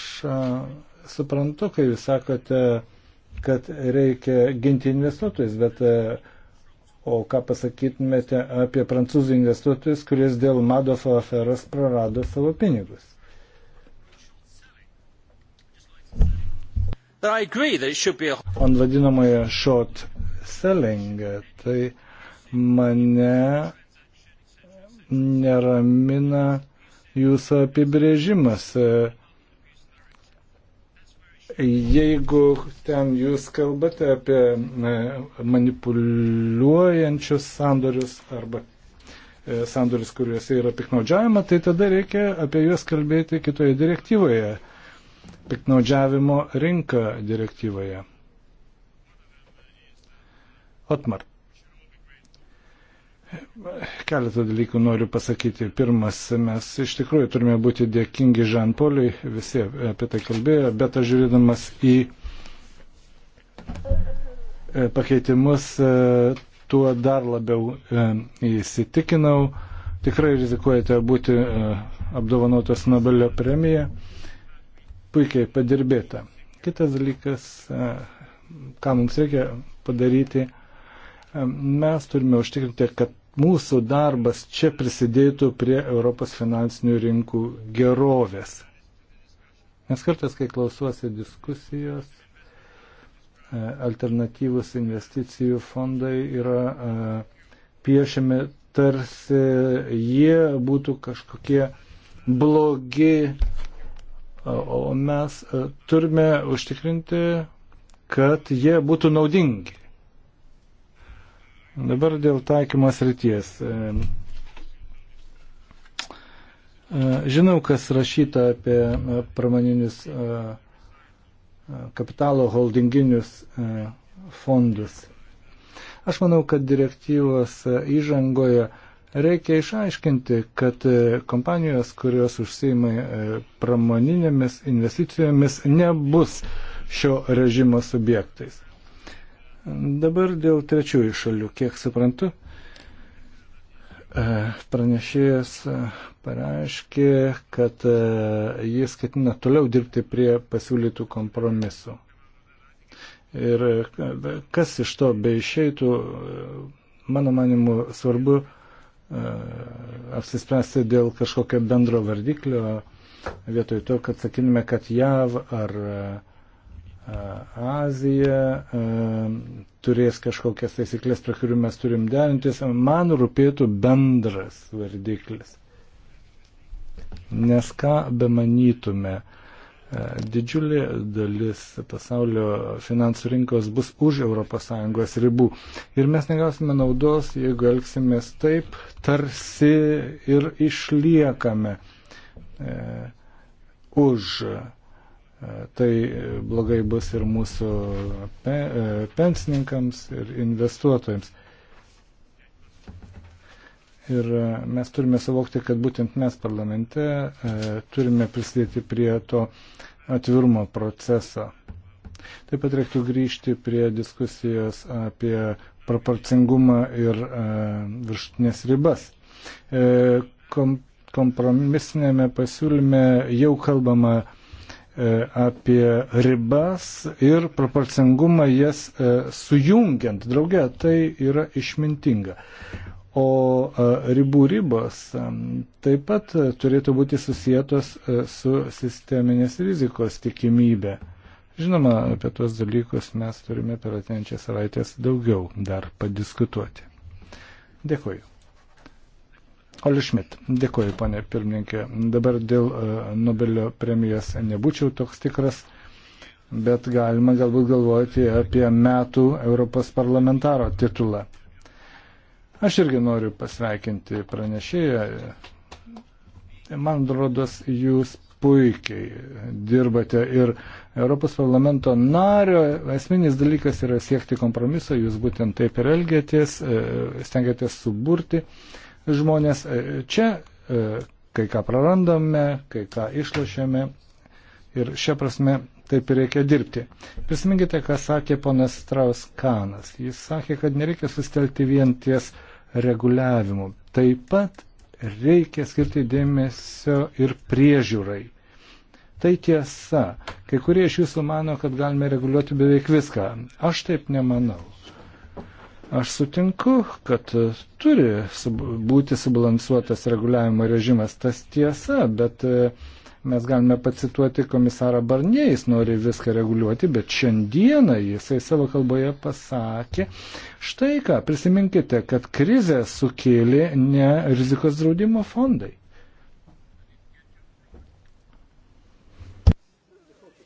suprantu, kai jūs sakote, kad reikia ginti investuotojus, bet O ką pasakytumėte apie prancūzų investuotojus, kuris dėl Madofo aferos prarado savo pinigus? Ant vadinamoje short selling, tai mane neramina jūsų apibrėžimas. E, Jeigu ten jūs kalbate apie e, manipuliuojančius sandorius arba e, sandorius, kuriuose yra piknaudžiavima, tai tada reikia apie juos kalbėti kitoje direktyvoje, piknaudžiavimo rinka direktyvoje. Otmar. Keletą dalykų noriu pasakyti. Pirmas, mes iš tikrųjų turime būti dėkingi Žanpoliui, visi apie tai kalbėjo, bet aš žiūrėdamas į e, pakeitimus e, tuo dar labiau e, įsitikinau. Tikrai rizikuojate būti apdovanotas Nobelio premija. Puikiai padirbėta. Kitas dalykas, ką mums reikia padaryti, mes turime užtikrinti, kad mūsų darbas čia prisidėtų prie Europos finansinių rinkų gerovės. Nes kartais, kai klausuosi diskusijos, e, alternatyvus investicijų fondai yra e, piešiami tarsi jie būtų kažkokie blogi, e, o mes turime užtikrinti, kad jie būtų naudingi. Dabar dėl taikymas ryties. E, e, žinau, kas rašyta apie e, pramoninius kapitalo holdinginius fondus. Aš manau, kad direktyvos įžangoje reikia išaiškinti, kad kompanijos, kurios užsima pramoninėmis investicijomis, nebus šio režimo subjektais. Dabar dėl trečiųjų šalių, kiek suprantu, e, pranešėjas e, pareiškė, kad e, jis ketina toliau dirbti prie pasiūlytų kompromisų. Ir kas iš to beišeitų, mano manimu, svarbu apsispręsti dėl kažkokio bendro vardiklio, vietoj to, kad sakytume, kad JAV ar uh, Azija turės kažkokias taisyklės, prie kurių mes turim derintis. Man rūpėtų bendras vardiklis. Nes ką bemanytume, didžiulė dalis pasaulio finansų rinkos bus už ES ribų. Ir mes negausime naudos, jeigu elgsimės taip, tarsi ir išliekame e, už ES E, tai blogai bus ir mūsų e, pensininkams, ir investuotojams. Ir e, mes turime suvokti, kad būtent mes parlamente turime prisidėti prie to atvirumo proceso. Taip pat reiktų grįžti prie diskusijos apie proporcingumą ir e, viršutinės ribas. E, kom, kompromisinėme pasiūlyme jau kalbama e, E, apie ribas ir proporcingumą jas e, sujungiant drauge, tai yra išmintinga. O e, ribų ribos taip pat turėtų būti susijėtos su sisteminės rizikos tikimybė. Žinoma, apie tuos dalykus mes turime per atėjančią savaitę daugiau dar padiskutuoti. Dėkuoju. Oli Šmit, dėkoju, ponė pirmininkė. Dabar dėl e, Nobelio premijos nebūčiau toks tikras, bet galima galbūt galvoti apie metų Europos parlamentaro titulą. Aš irgi noriu pasveikinti pranešėją. Man rodos, jūs puikiai dirbate ir Europos parlamento nario esminis dalykas yra siekti kompromiso, jūs būtent taip ir elgėtės, e, stengiatės suburti uh, žmonės. E, čia e, kai ką prarandame, kai ką išlošiame ir šia prasme taip ir reikia dirbti. Prisiminkite, ką sakė ponas Straus Kanas. Jis sakė, kad nereikia sustelti vien ties reguliavimu. Taip pat reikia skirti dėmesio ir priežiūrai. Tai tiesa. Kai kurie iš jūsų mano, kad galime reguliuoti beveik viską. Aš taip nemanau. Aš sutinku, kad turi būti subalansuotas reguliavimo režimas, tas tiesa, bet e, mes galime pacituoti komisarą Barnie, jis nori viską reguliuoti, bet šiandieną jisai savo kalboje pasakė, štai ką, prisiminkite, kad krizę sukėlė ne rizikos draudimo fondai.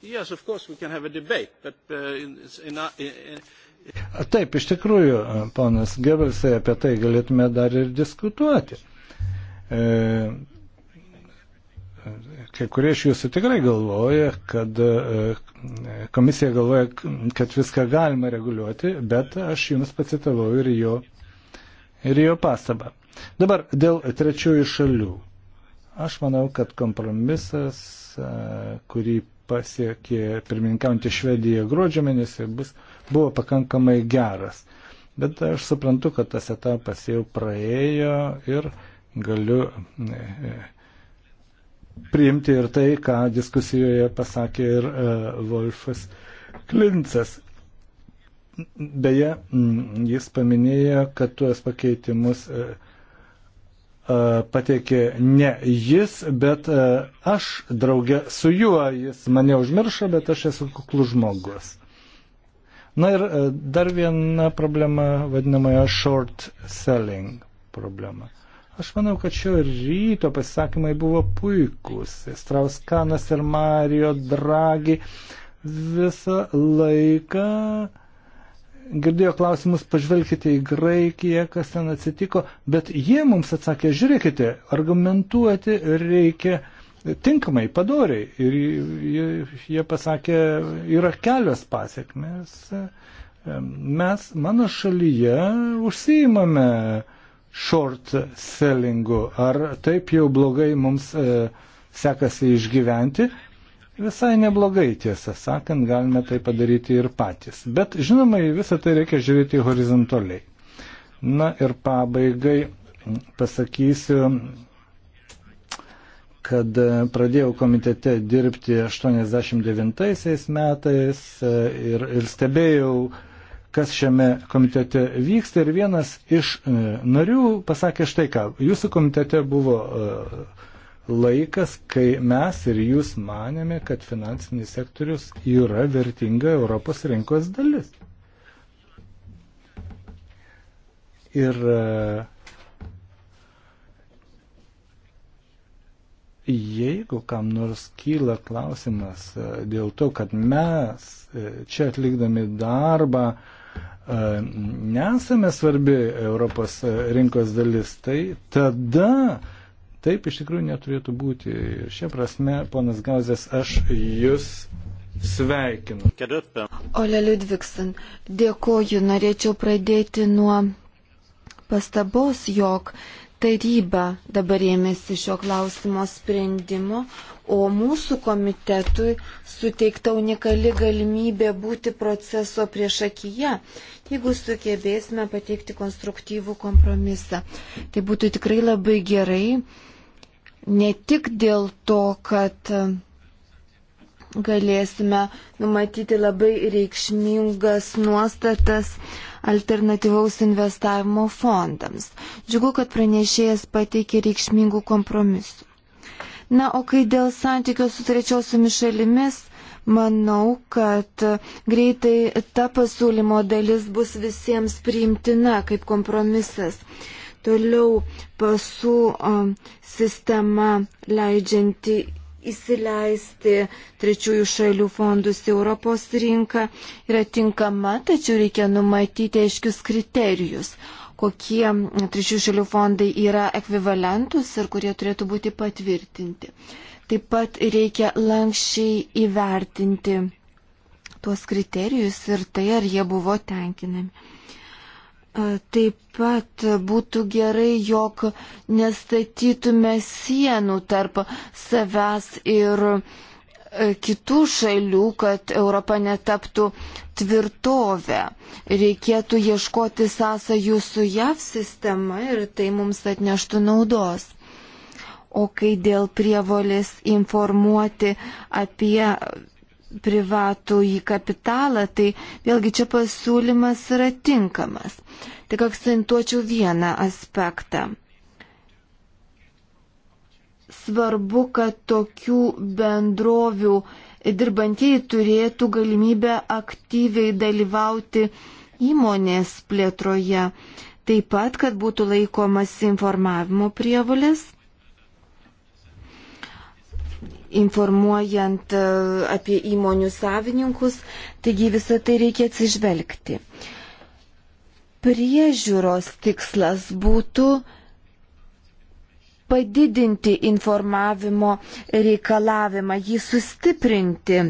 Yes, of course we can have a debate, but uh, in, in, in, in Taip, iš tikrųjų, ponas Gebelsai, apie tai galėtume dar ir diskutuoti. E, kai kurie iš jūsų tikrai galvoja, kad e, komisija galvoja, kad viską galima reguliuoti, bet aš jums pacitavau ir jo, ir jo pastabą. Dabar dėl trečiųjų šalių. Aš manau, kad kompromisas, e, kurį pasiekė pirmininkaujantį Švediją gruodžio mėnesį, bus uh, buvo pakankamai geras. Bet aš suprantu, kad tas etapas jau praėjo ir galiu e, e, priimti ir tai, ką diskusijoje pasakė ir e, Wolfas Klincas. Beje, jis paminėjo, kad tuos pakeitimus pateikė ne jis, bet aš draugė su juo, jis mane užmiršo, bet aš esu kuklus žmogus. Na ir e, dar viena problema, vadinamoja short selling problema. Aš manau, kad šio ryto pasisakymai buvo puikūs. Strauskanas ir Mario Dragi visą laiką girdėjo klausimus, pažvelkite į Graikiją, kas ten atsitiko, bet jie mums atsakė, žiūrėkite, argumentuoti reikia uh, tinkamai, padoriai. Ir jie, jie pasakė, yra kelios pasiekmes. Mes mano šalyje užsiimame short sellingu. Ar taip jau blogai mums e, sekasi išgyventi? Visai neblogai, tiesą sakant, galime tai padaryti ir patys. Bet žinoma, į visą tai reikia žiūrėti horizontaliai. Na ir pabaigai pasakysiu kad e, pradėjau komitete dirbti 89 metais e, ir, ir stebėjau, kas šiame komitete vyksta. Ir vienas iš e, narių pasakė štai ką. Jūsų komitete buvo laikas, kai mes ir jūs manėme, kad finansinis sektorius yra vertinga Europos rinkos dalis. Ir uh, jeigu kam nors kyla klausimas e, dėl to, kad mes e, čia atlikdami darbą e, nesame svarbi Europos rinkos dalis, tai tada taip iš tikrųjų neturėtų būti. Ir šia prasme, ponas Gauzės, aš jūs sveikinu. Ole Ludvikson, dėkoju, norėčiau pradėti nuo pastabos, jog Taryba dabar ėmėsi šio klausimo sprendimo, o mūsų komitetui suteikta unikali galimybė būti proceso priešakyje, jeigu sugebėsime pateikti konstruktyvų kompromisą. Tai būtų tikrai labai gerai, ne tik dėl to, kad galėsime numatyti labai reikšmingas nuostatas alternatyvaus investavimo fondams. Džiugu, kad pranešėjas pateikė reikšmingų kompromisų. Na, o kai dėl santykių su trečiosiomis šalimis, manau, kad greitai ta pasiūlymo dalis bus visiems priimtina kaip kompromisas. Toliau pasų sistema leidžianti įsileisti trečiųjų šalių fondus į Europos rinką yra tinkama, tačiau reikia numatyti aiškius kriterijus, kokie trečiųjų šalių fondai yra ekvivalentus ir kurie turėtų būti patvirtinti. Taip pat reikia lankščiai įvertinti tuos kriterijus ir tai, ar jie buvo tenkinami. Taip pat būtų gerai, jog nestatytume sienų tarp savęs ir e, kitų šalių, kad Europa netaptų tvirtovę. Reikėtų ieškoti sąsajų su JAV sistema ir tai mums atneštų naudos. O kai dėl prievolės informuoti apie privatų į kapitalą, tai vėlgi čia pasiūlymas yra tinkamas. Tik akcentuočiau vieną aspektą. Svarbu, kad tokių bendrovių dirbantieji turėtų galimybę aktyviai dalyvauti įmonės plėtroje, taip pat, kad būtų laikomas informavimo prievalės informuojant e, apie įmonių savininkus, taigi visą tai reikia atsižvelgti. Priežiūros tikslas būtų padidinti informavimo reikalavimą, jį sustiprinti.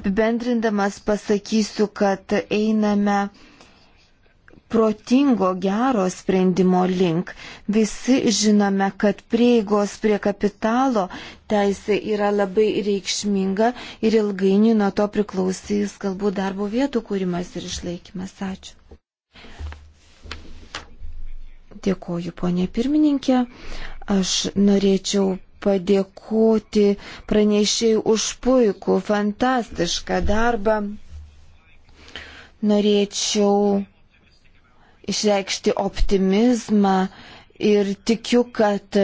Apibendrindamas pasakysiu, kad einame protingo, gero sprendimo link. Visi žinome, kad prieigos prie kapitalo teisė yra labai reikšminga ir ilgainiui nuo to priklausys galbūt darbo vietų kūrimas ir išlaikymas. Ačiū. Dėkoju, ponė pirmininkė. Aš norėčiau padėkoti pranešėjai už puikų, fantastišką darbą. Norėčiau išreikšti optimizmą ir tikiu, kad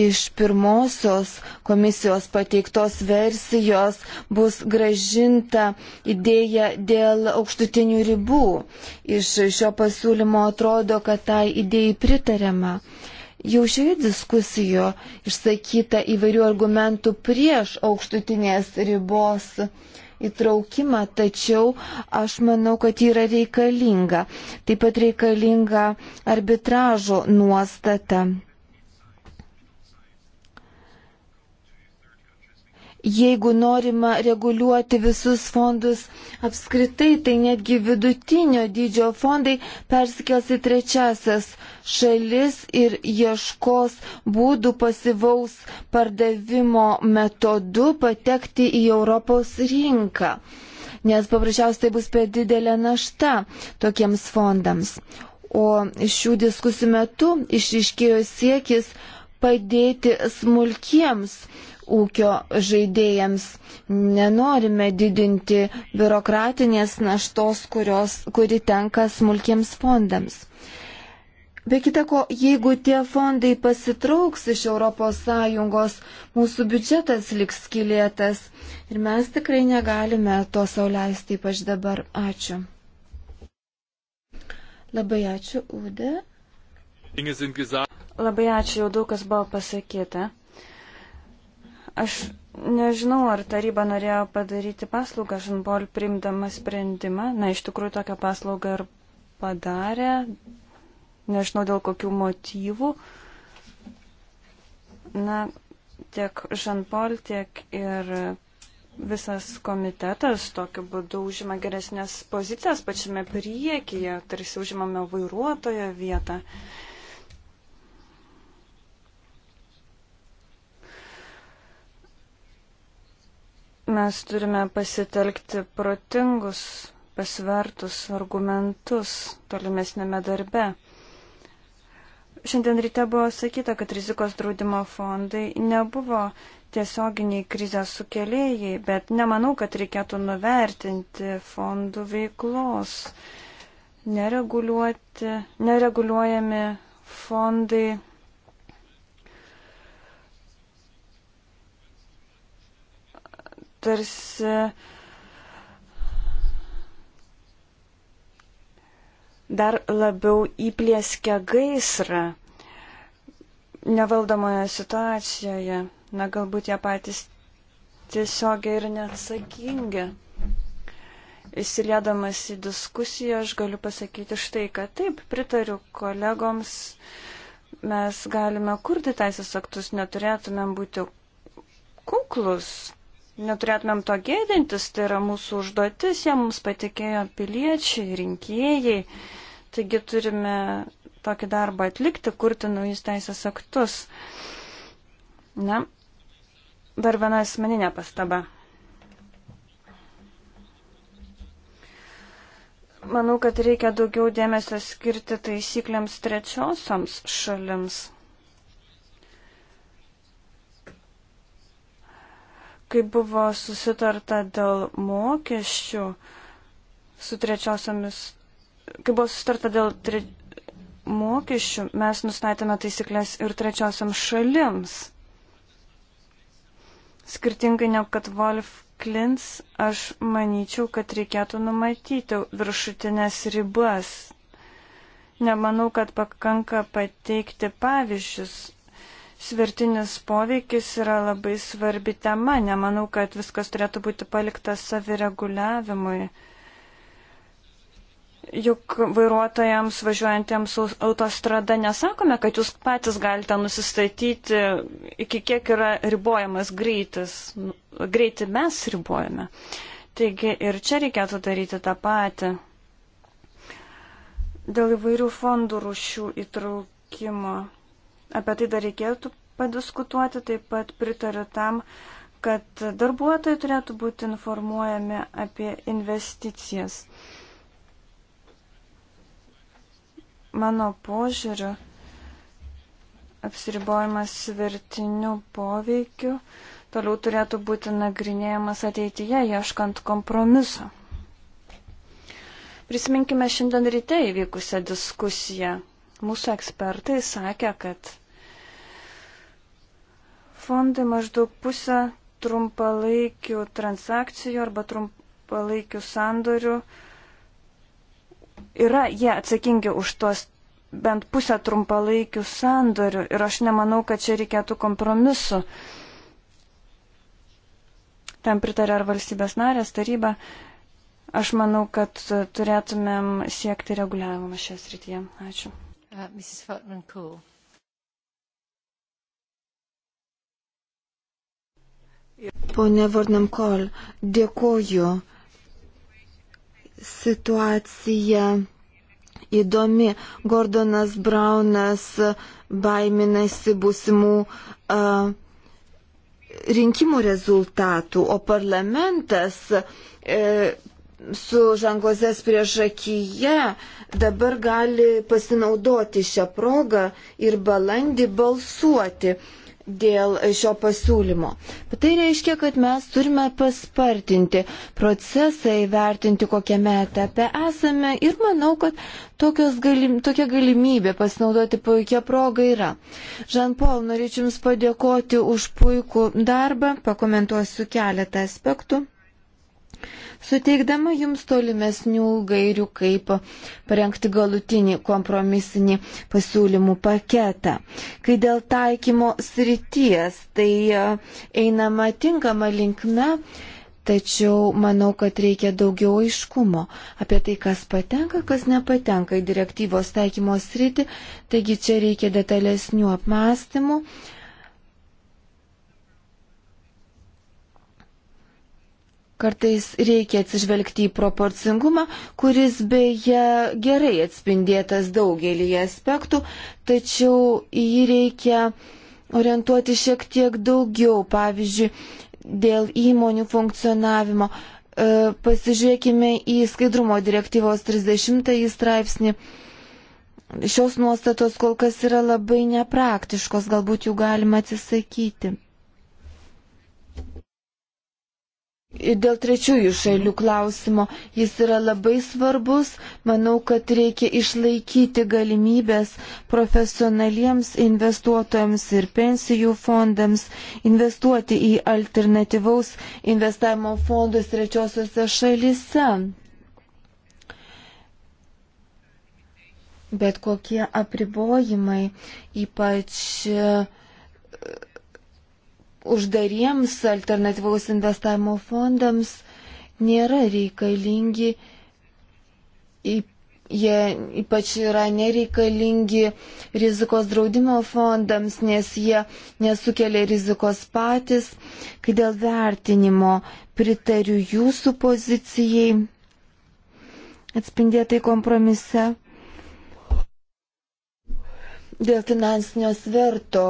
iš pirmosios komisijos pateiktos versijos bus gražinta idėja dėl aukštutinių ribų. Iš šio pasiūlymo atrodo, kad tai idėjai pritarėma. Jau šioje diskusijoje išsakyta įvairių argumentų prieš aukštutinės ribos uh, įtraukimą, tačiau aš manau, kad ji yra reikalinga. Taip pat reikalinga arbitražo nuostata. jeigu norima reguliuoti visus fondus apskritai, tai netgi vidutinio dydžio fondai persikels į trečiasias šalis ir ieškos būdų pasivaus pardavimo metodu patekti į Europos rinką. Nes paprasčiausiai tai bus per didelė našta tokiems fondams. O šių diskusijų metu išriškėjo siekis padėti smulkiems ūkio žaidėjams. Nenorime didinti biurokratinės naštos, kurios, kuri tenka smulkiems fondams. Be kita ko, jeigu tie fondai pasitrauks iš ES, mūsų biudžetas liks skilėtas ir mes tikrai negalime to sauliaisti ypač dabar. Ačiū. Labai ačiū, Ude. Labai ačiū, jau daug kas buvo pasakyta. Aš nežinau, ar taryba norėjo padaryti paslaugą Žanbol primdama sprendimą. Na, iš tikrųjų tokią paslaugą ir padarė. Nežinau dėl kokių motyvų. Na, tiek Žanpol, tiek ir visas komitetas tokiu būdu užima geresnės pozicijas pačiame priekyje, tarsi užimame vairuotojo vietą. Mes turime pasitelkti protingus, pasvertus argumentus tolimesnėme darbe. Šiandien ryte buvo sakyta, kad rizikos draudimo fondai nebuvo tiesioginiai krizės sukėlėjai, bet nemanau, kad reikėtų nuvertinti fondų veiklos. Nereguliuoti, nereguliuojami fondai tarsi dar labiau įplėskia gaisrą nevaldomoje situacijoje. Na, galbūt jie patys tiesiog ir neatsakingi. Įsilėdamas į diskusiją, aš galiu pasakyti štai, kad taip, pritariu kolegoms, mes galime kurti teisės aktus, neturėtumėm būti kuklus, neturėtumėm to gėdintis, tai yra mūsų užduotis, jie mums patikėjo piliečiai, rinkėjai, taigi turime tokį darbą atlikti, kurti naujus teisės aktus. Na, dar viena asmeninė pastaba. Manau, kad reikia daugiau dėmesio skirti taisyklėms trečiosioms šalims. kai buvo susitarta dėl mokesčių su trečiosiamis, kai buvo susitarta dėl tre... mokesčių, mes nustatėme taisyklės ir trečiosiam šalims. Skirtingai negu kad Wolf Klins, aš manyčiau, kad reikėtų numatyti viršutinės ribas. Nemanau, kad pakanka pateikti pavyzdžius svertinis poveikis yra labai svarbi tema. Nemanau, kad viskas turėtų būti palikta savireguliavimui. Juk vairuotojams važiuojantiems autostrada nesakome, kad jūs patys galite nusistatyti, iki kiek yra ribojamas greitis. Greitį mes ribojame. Taigi ir čia reikėtų daryti tą patį. Dėl įvairių fondų rušių įtraukimo. Apie tai dar reikėtų padiskutuoti, taip pat pritariu tam, kad darbuotojai turėtų būti informuojami apie investicijas. Mano požiūriu, apsiribojimas svertiniu poveikiu toliau turėtų būti nagrinėjamas ateityje, ieškant kompromiso. Prisiminkime šiandien ryte įvykusią diskusiją mūsų ekspertai sakė, kad fondai maždaug pusę trumpalaikių transakcijų arba trumpalaikių sandorių yra jie atsakingi už tuos bent pusę trumpalaikių sandorių ir aš nemanau, kad čia reikėtų kompromisu. Tam pritarė ar valstybės narės taryba. Aš manau, kad turėtumėm siekti reguliavimą šią srityje. Ačiū. Uh, Mrs. Fortman-Cool. Pone Vornamkol, dėkoju. Situacija įdomi. Gordonas Braunas baiminasi būsimų uh, rinkimų rezultatų, o parlamentas uh, su žanglozės priešakyje dabar gali pasinaudoti šią progą ir balandį balsuoti dėl šio pasiūlymo. Bet tai reiškia, kad mes turime paspartinti procesą, įvertinti, kokiame etape esame ir manau, kad galim, tokia galimybė pasinaudoti puikia proga yra. Žanpol, norėčiau Jums padėkoti už puikų darbą, pakomentuosiu keletą aspektų suteikdama jums tolimesnių gairių, kaip parengti galutinį kompromisinį pasiūlymų paketą. Kai dėl taikymo srities, tai e, einama tinkama linkme, tačiau manau, kad reikia daugiau aiškumo apie tai, kas patenka, kas nepatenka į direktyvos taikymo sritį, taigi čia reikia detalesnių apmąstymų Kartais reikia atsižvelgti į proporcingumą, kuris beje gerai atspindėtas daugelį aspektų, tačiau jį reikia orientuoti šiek tiek daugiau, pavyzdžiui, dėl įmonių funkcionavimo. E, pasižiūrėkime į skaidrumo direktyvos 30 straipsnį. Šios nuostatos kol kas yra labai nepraktiškos, galbūt jų galima atsisakyti. Dėl trečiųjų šalių klausimo jis yra labai svarbus. Manau, kad reikia išlaikyti galimybės profesionaliems investuotojams ir pensijų fondams investuoti į alternatyvaus investavimo fondus trečiosiuose šalise. Bet kokie apribojimai, ypač uh, uždariems alternatyvaus investavimo fondams nėra reikalingi, jie ypač yra nereikalingi rizikos draudimo fondams, nes jie nesukelia rizikos patys, kai dėl vertinimo pritariu jūsų pozicijai atspindėtai kompromise. Dėl finansinio sverto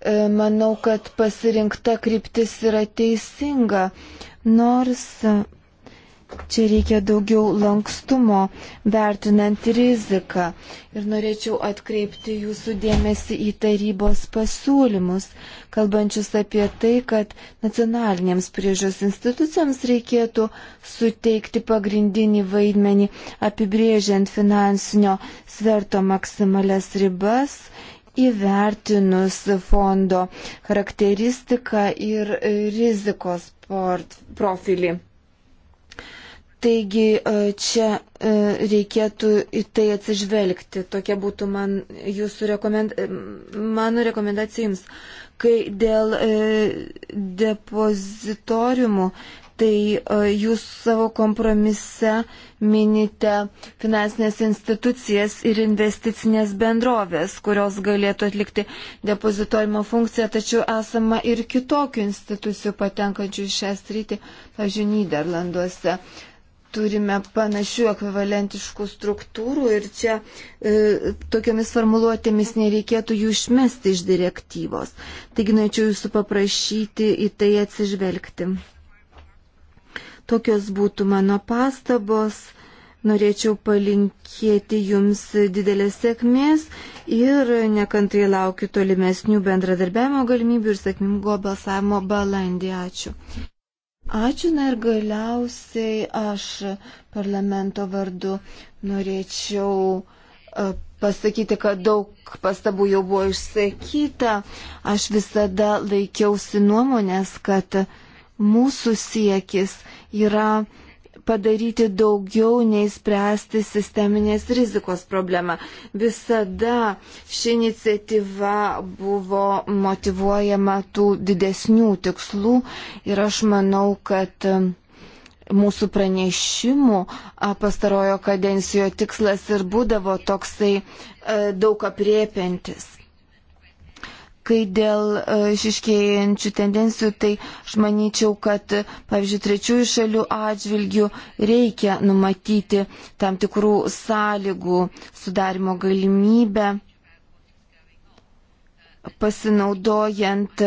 E, manau, kad pasirinkta kryptis yra teisinga, nors čia reikia daugiau lankstumo vertinant riziką. Ir norėčiau atkreipti jūsų dėmesį į tarybos pasiūlymus, kalbančius apie tai, kad nacionalinėms priežios institucijoms reikėtų suteikti pagrindinį vaidmenį apibrėžiant finansinio sverto maksimales ribas įvertinus fondo charakteristiką ir rizikos profilį. Taigi e, čia e, reikėtų į tai atsižvelgti. Tokia būtų man jūsų rekomend... mano rekomendacija jums. Kai dėl e, depozitoriumų tai e, jūs savo kompromise minite finansinės institucijas ir investicinės bendrovės, kurios galėtų atlikti depozitorimo funkciją, tačiau esama ir kitokių institucijų patenkančių į šią sritį, pavyzdžiui, Niderlanduose. Turime panašių ekvivalentiškų struktūrų ir čia e, tokiamis formuluotėmis nereikėtų jų išmesti iš direktyvos. Taigi norėčiau jūsų paprašyti į tai atsižvelgti. Tokios būtų mano pastabos. Norėčiau palinkėti Jums didelės sėkmės ir nekantrai laukiu tolimesnių bendradarbiavimo galimybių ir sėkmingo balsavimo balandį. Ačiū. Ačiū na ir galiausiai aš parlamento vardu norėčiau e, pasakyti, kad daug pastabų jau buvo išsakyta. Aš visada laikiausi nuomonės, kad mūsų siekis yra padaryti daugiau nei spręsti sisteminės rizikos problemą. Visada ši iniciatyva buvo motivuojama tų didesnių tikslų ir aš manau, kad um, mūsų pranešimų pastarojo kadencijoje tikslas ir būdavo toksai daug apriepintis. Kai dėl e, išiškėjančių tendencijų, tai aš manyčiau, kad, pavyzdžiui, trečiųjų šalių atžvilgių reikia numatyti tam tikrų sąlygų sudarimo galimybę, pasinaudojant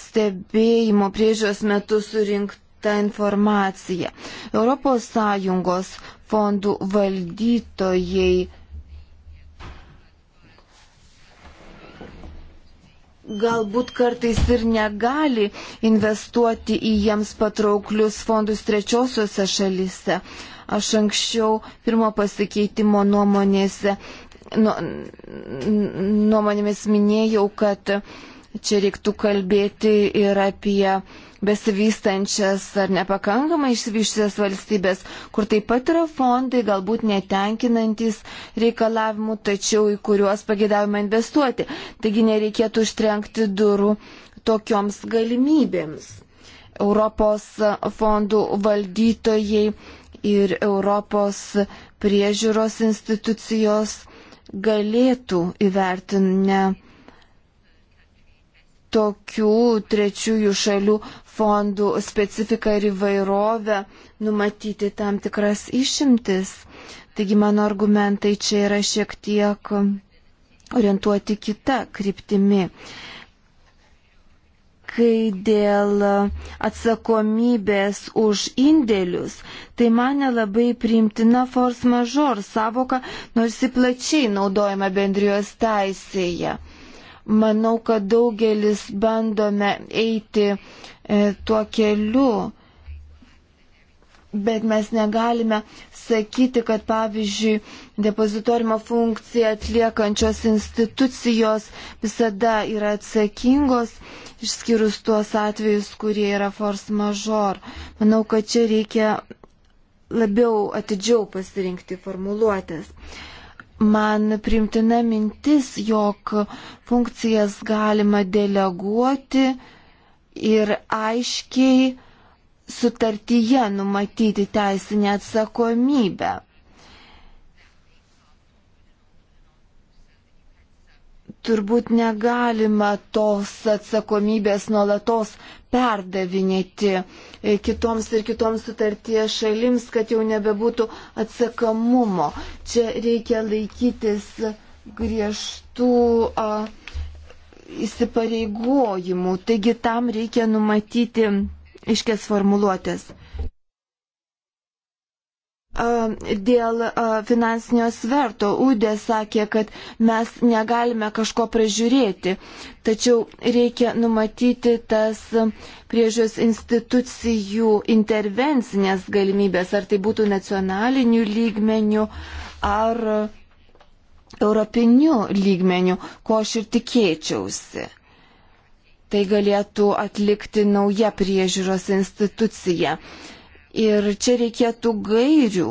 stebėjimo priežios metu surinktų ta informacija. Europos Sąjungos fondų valdytojai galbūt kartais ir negali investuoti į jiems patrauklius fondus trečiosiuose šalise. Aš anksčiau pirmo pasikeitimo nuomonėse, nu, nuomonėmis minėjau, kad čia reiktų kalbėti ir apie besivystančias ar nepakankamai išsivyščias valstybės, kur taip pat yra fondai, galbūt netenkinantis reikalavimų, tačiau į kuriuos pagėdavome investuoti. Taigi nereikėtų užtrenkti durų tokioms galimybėms. Europos fondų valdytojai ir Europos priežiūros institucijos galėtų įvertinę tokių trečiųjų šalių fondų specifiką ir įvairovę, numatyti tam tikras išimtis. Taigi mano argumentai čia yra šiek tiek orientuoti kitą kryptimį. Kai dėl atsakomybės už indėlius, tai mane labai priimtina force majeure savoka, nors įplačiai naudojama bendrijos teisėje. Manau, kad daugelis bandome eiti e, tuo keliu, bet mes negalime sakyti, kad pavyzdžiui depozitorimo funkciją atliekančios institucijos visada yra atsakingos, išskyrus tuos atvejus, kurie yra force major. Manau, kad čia reikia labiau atidžiau pasirinkti formuluotės. E, man primtina mintis, jog funkcijas galima deleguoti ir aiškiai sutartyje numatyti teisinę atsakomybę. turbūt negalima tos atsakomybės nuolatos perdavinėti e, kitoms ir kitoms sutarties šalims, kad jau nebebūtų atsakamumo. Čia reikia laikytis griežtų a, įsipareigojimų, taigi tam reikia numatyti iškės formuluotės. Dėl finansinio sverto Udė sakė, kad mes negalime kažko pražiūrėti, tačiau reikia numatyti tas priežios institucijų intervencinės galimybės, ar tai būtų nacionalinių lygmenių ar europinių lygmenių, ko aš ir tikėčiausi. Tai galėtų atlikti nauja priežiūros institucija. Uh, Ir čia reikėtų gairių,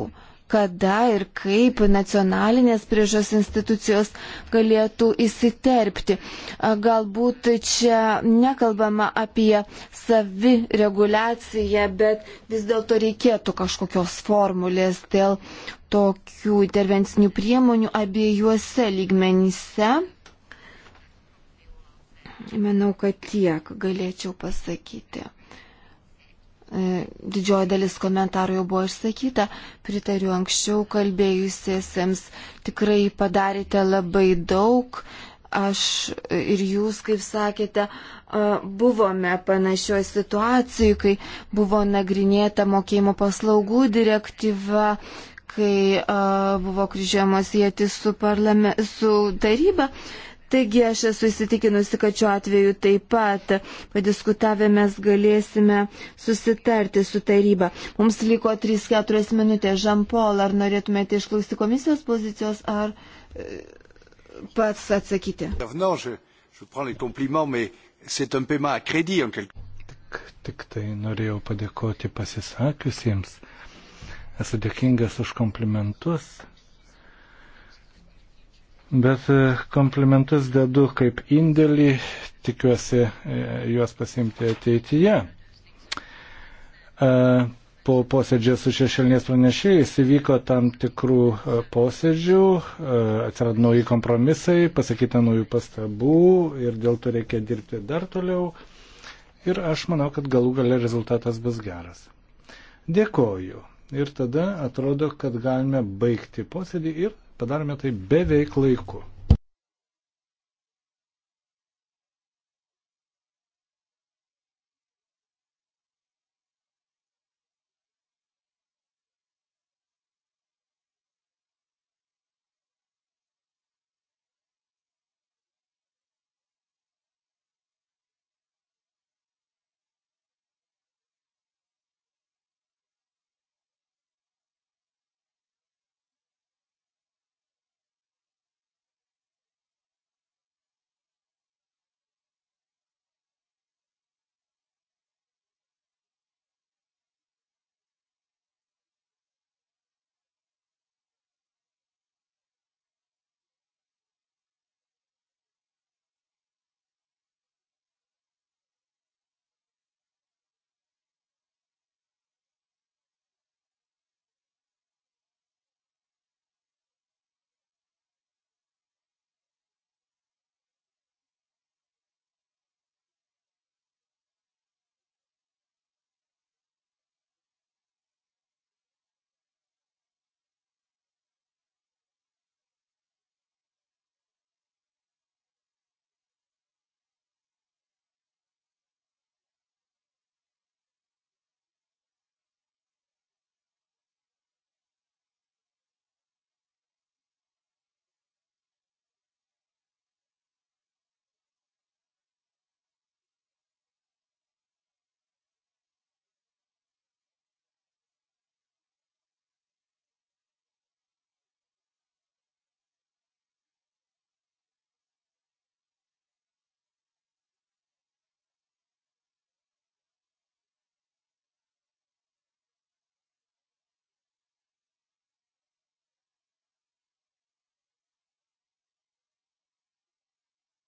kada ir kaip nacionalinės priežos institucijos galėtų įsiterpti. Galbūt čia nekalbama apie savireguliaciją, bet vis dėlto reikėtų kažkokios formulės dėl tokių intervencinių priemonių abiejuose lygmenyse. Manau, kad tiek galėčiau pasakyti. E, didžioji dalis komentarų jau buvo išsakyta, pritariu anksčiau kalbėjusiesiems, tikrai padarėte labai daug, aš ir jūs, kaip sakėte, e, buvome panašioje situacijoje, kai buvo nagrinėta mokėjimo paslaugų direktyva, kai e, buvo kryžiuojamas jėtis su, parlame, su taryba. Uh, Taigi aš esu įsitikinusi, kad šiuo atveju taip pat padiskutavę mes galėsime susitarti su taryba. Mums liko 3-4 minutės. Žampol, ar norėtumėte išklausyti komisijos pozicijos, ar e, pats atsakyti? Tik, tik tai norėjau padėkoti pasisakiusiems. Esu dėkingas už komplimentus bet e, komplimentus dedu kaip indėlį, tikiuosi e, juos pasimti ateityje. E, po posėdžio su šešėlinės pranešėjais įvyko tam tikrų posėdžių, atsirado nauji kompromisai, pasakyta naujų pastabų ir dėl to reikia dirbti dar toliau. Ir aš manau, kad galų gale rezultatas bus geras. Dėkoju. Ir tada atrodo, kad galime baigti posėdį ir Padarėme tai beveik laiku.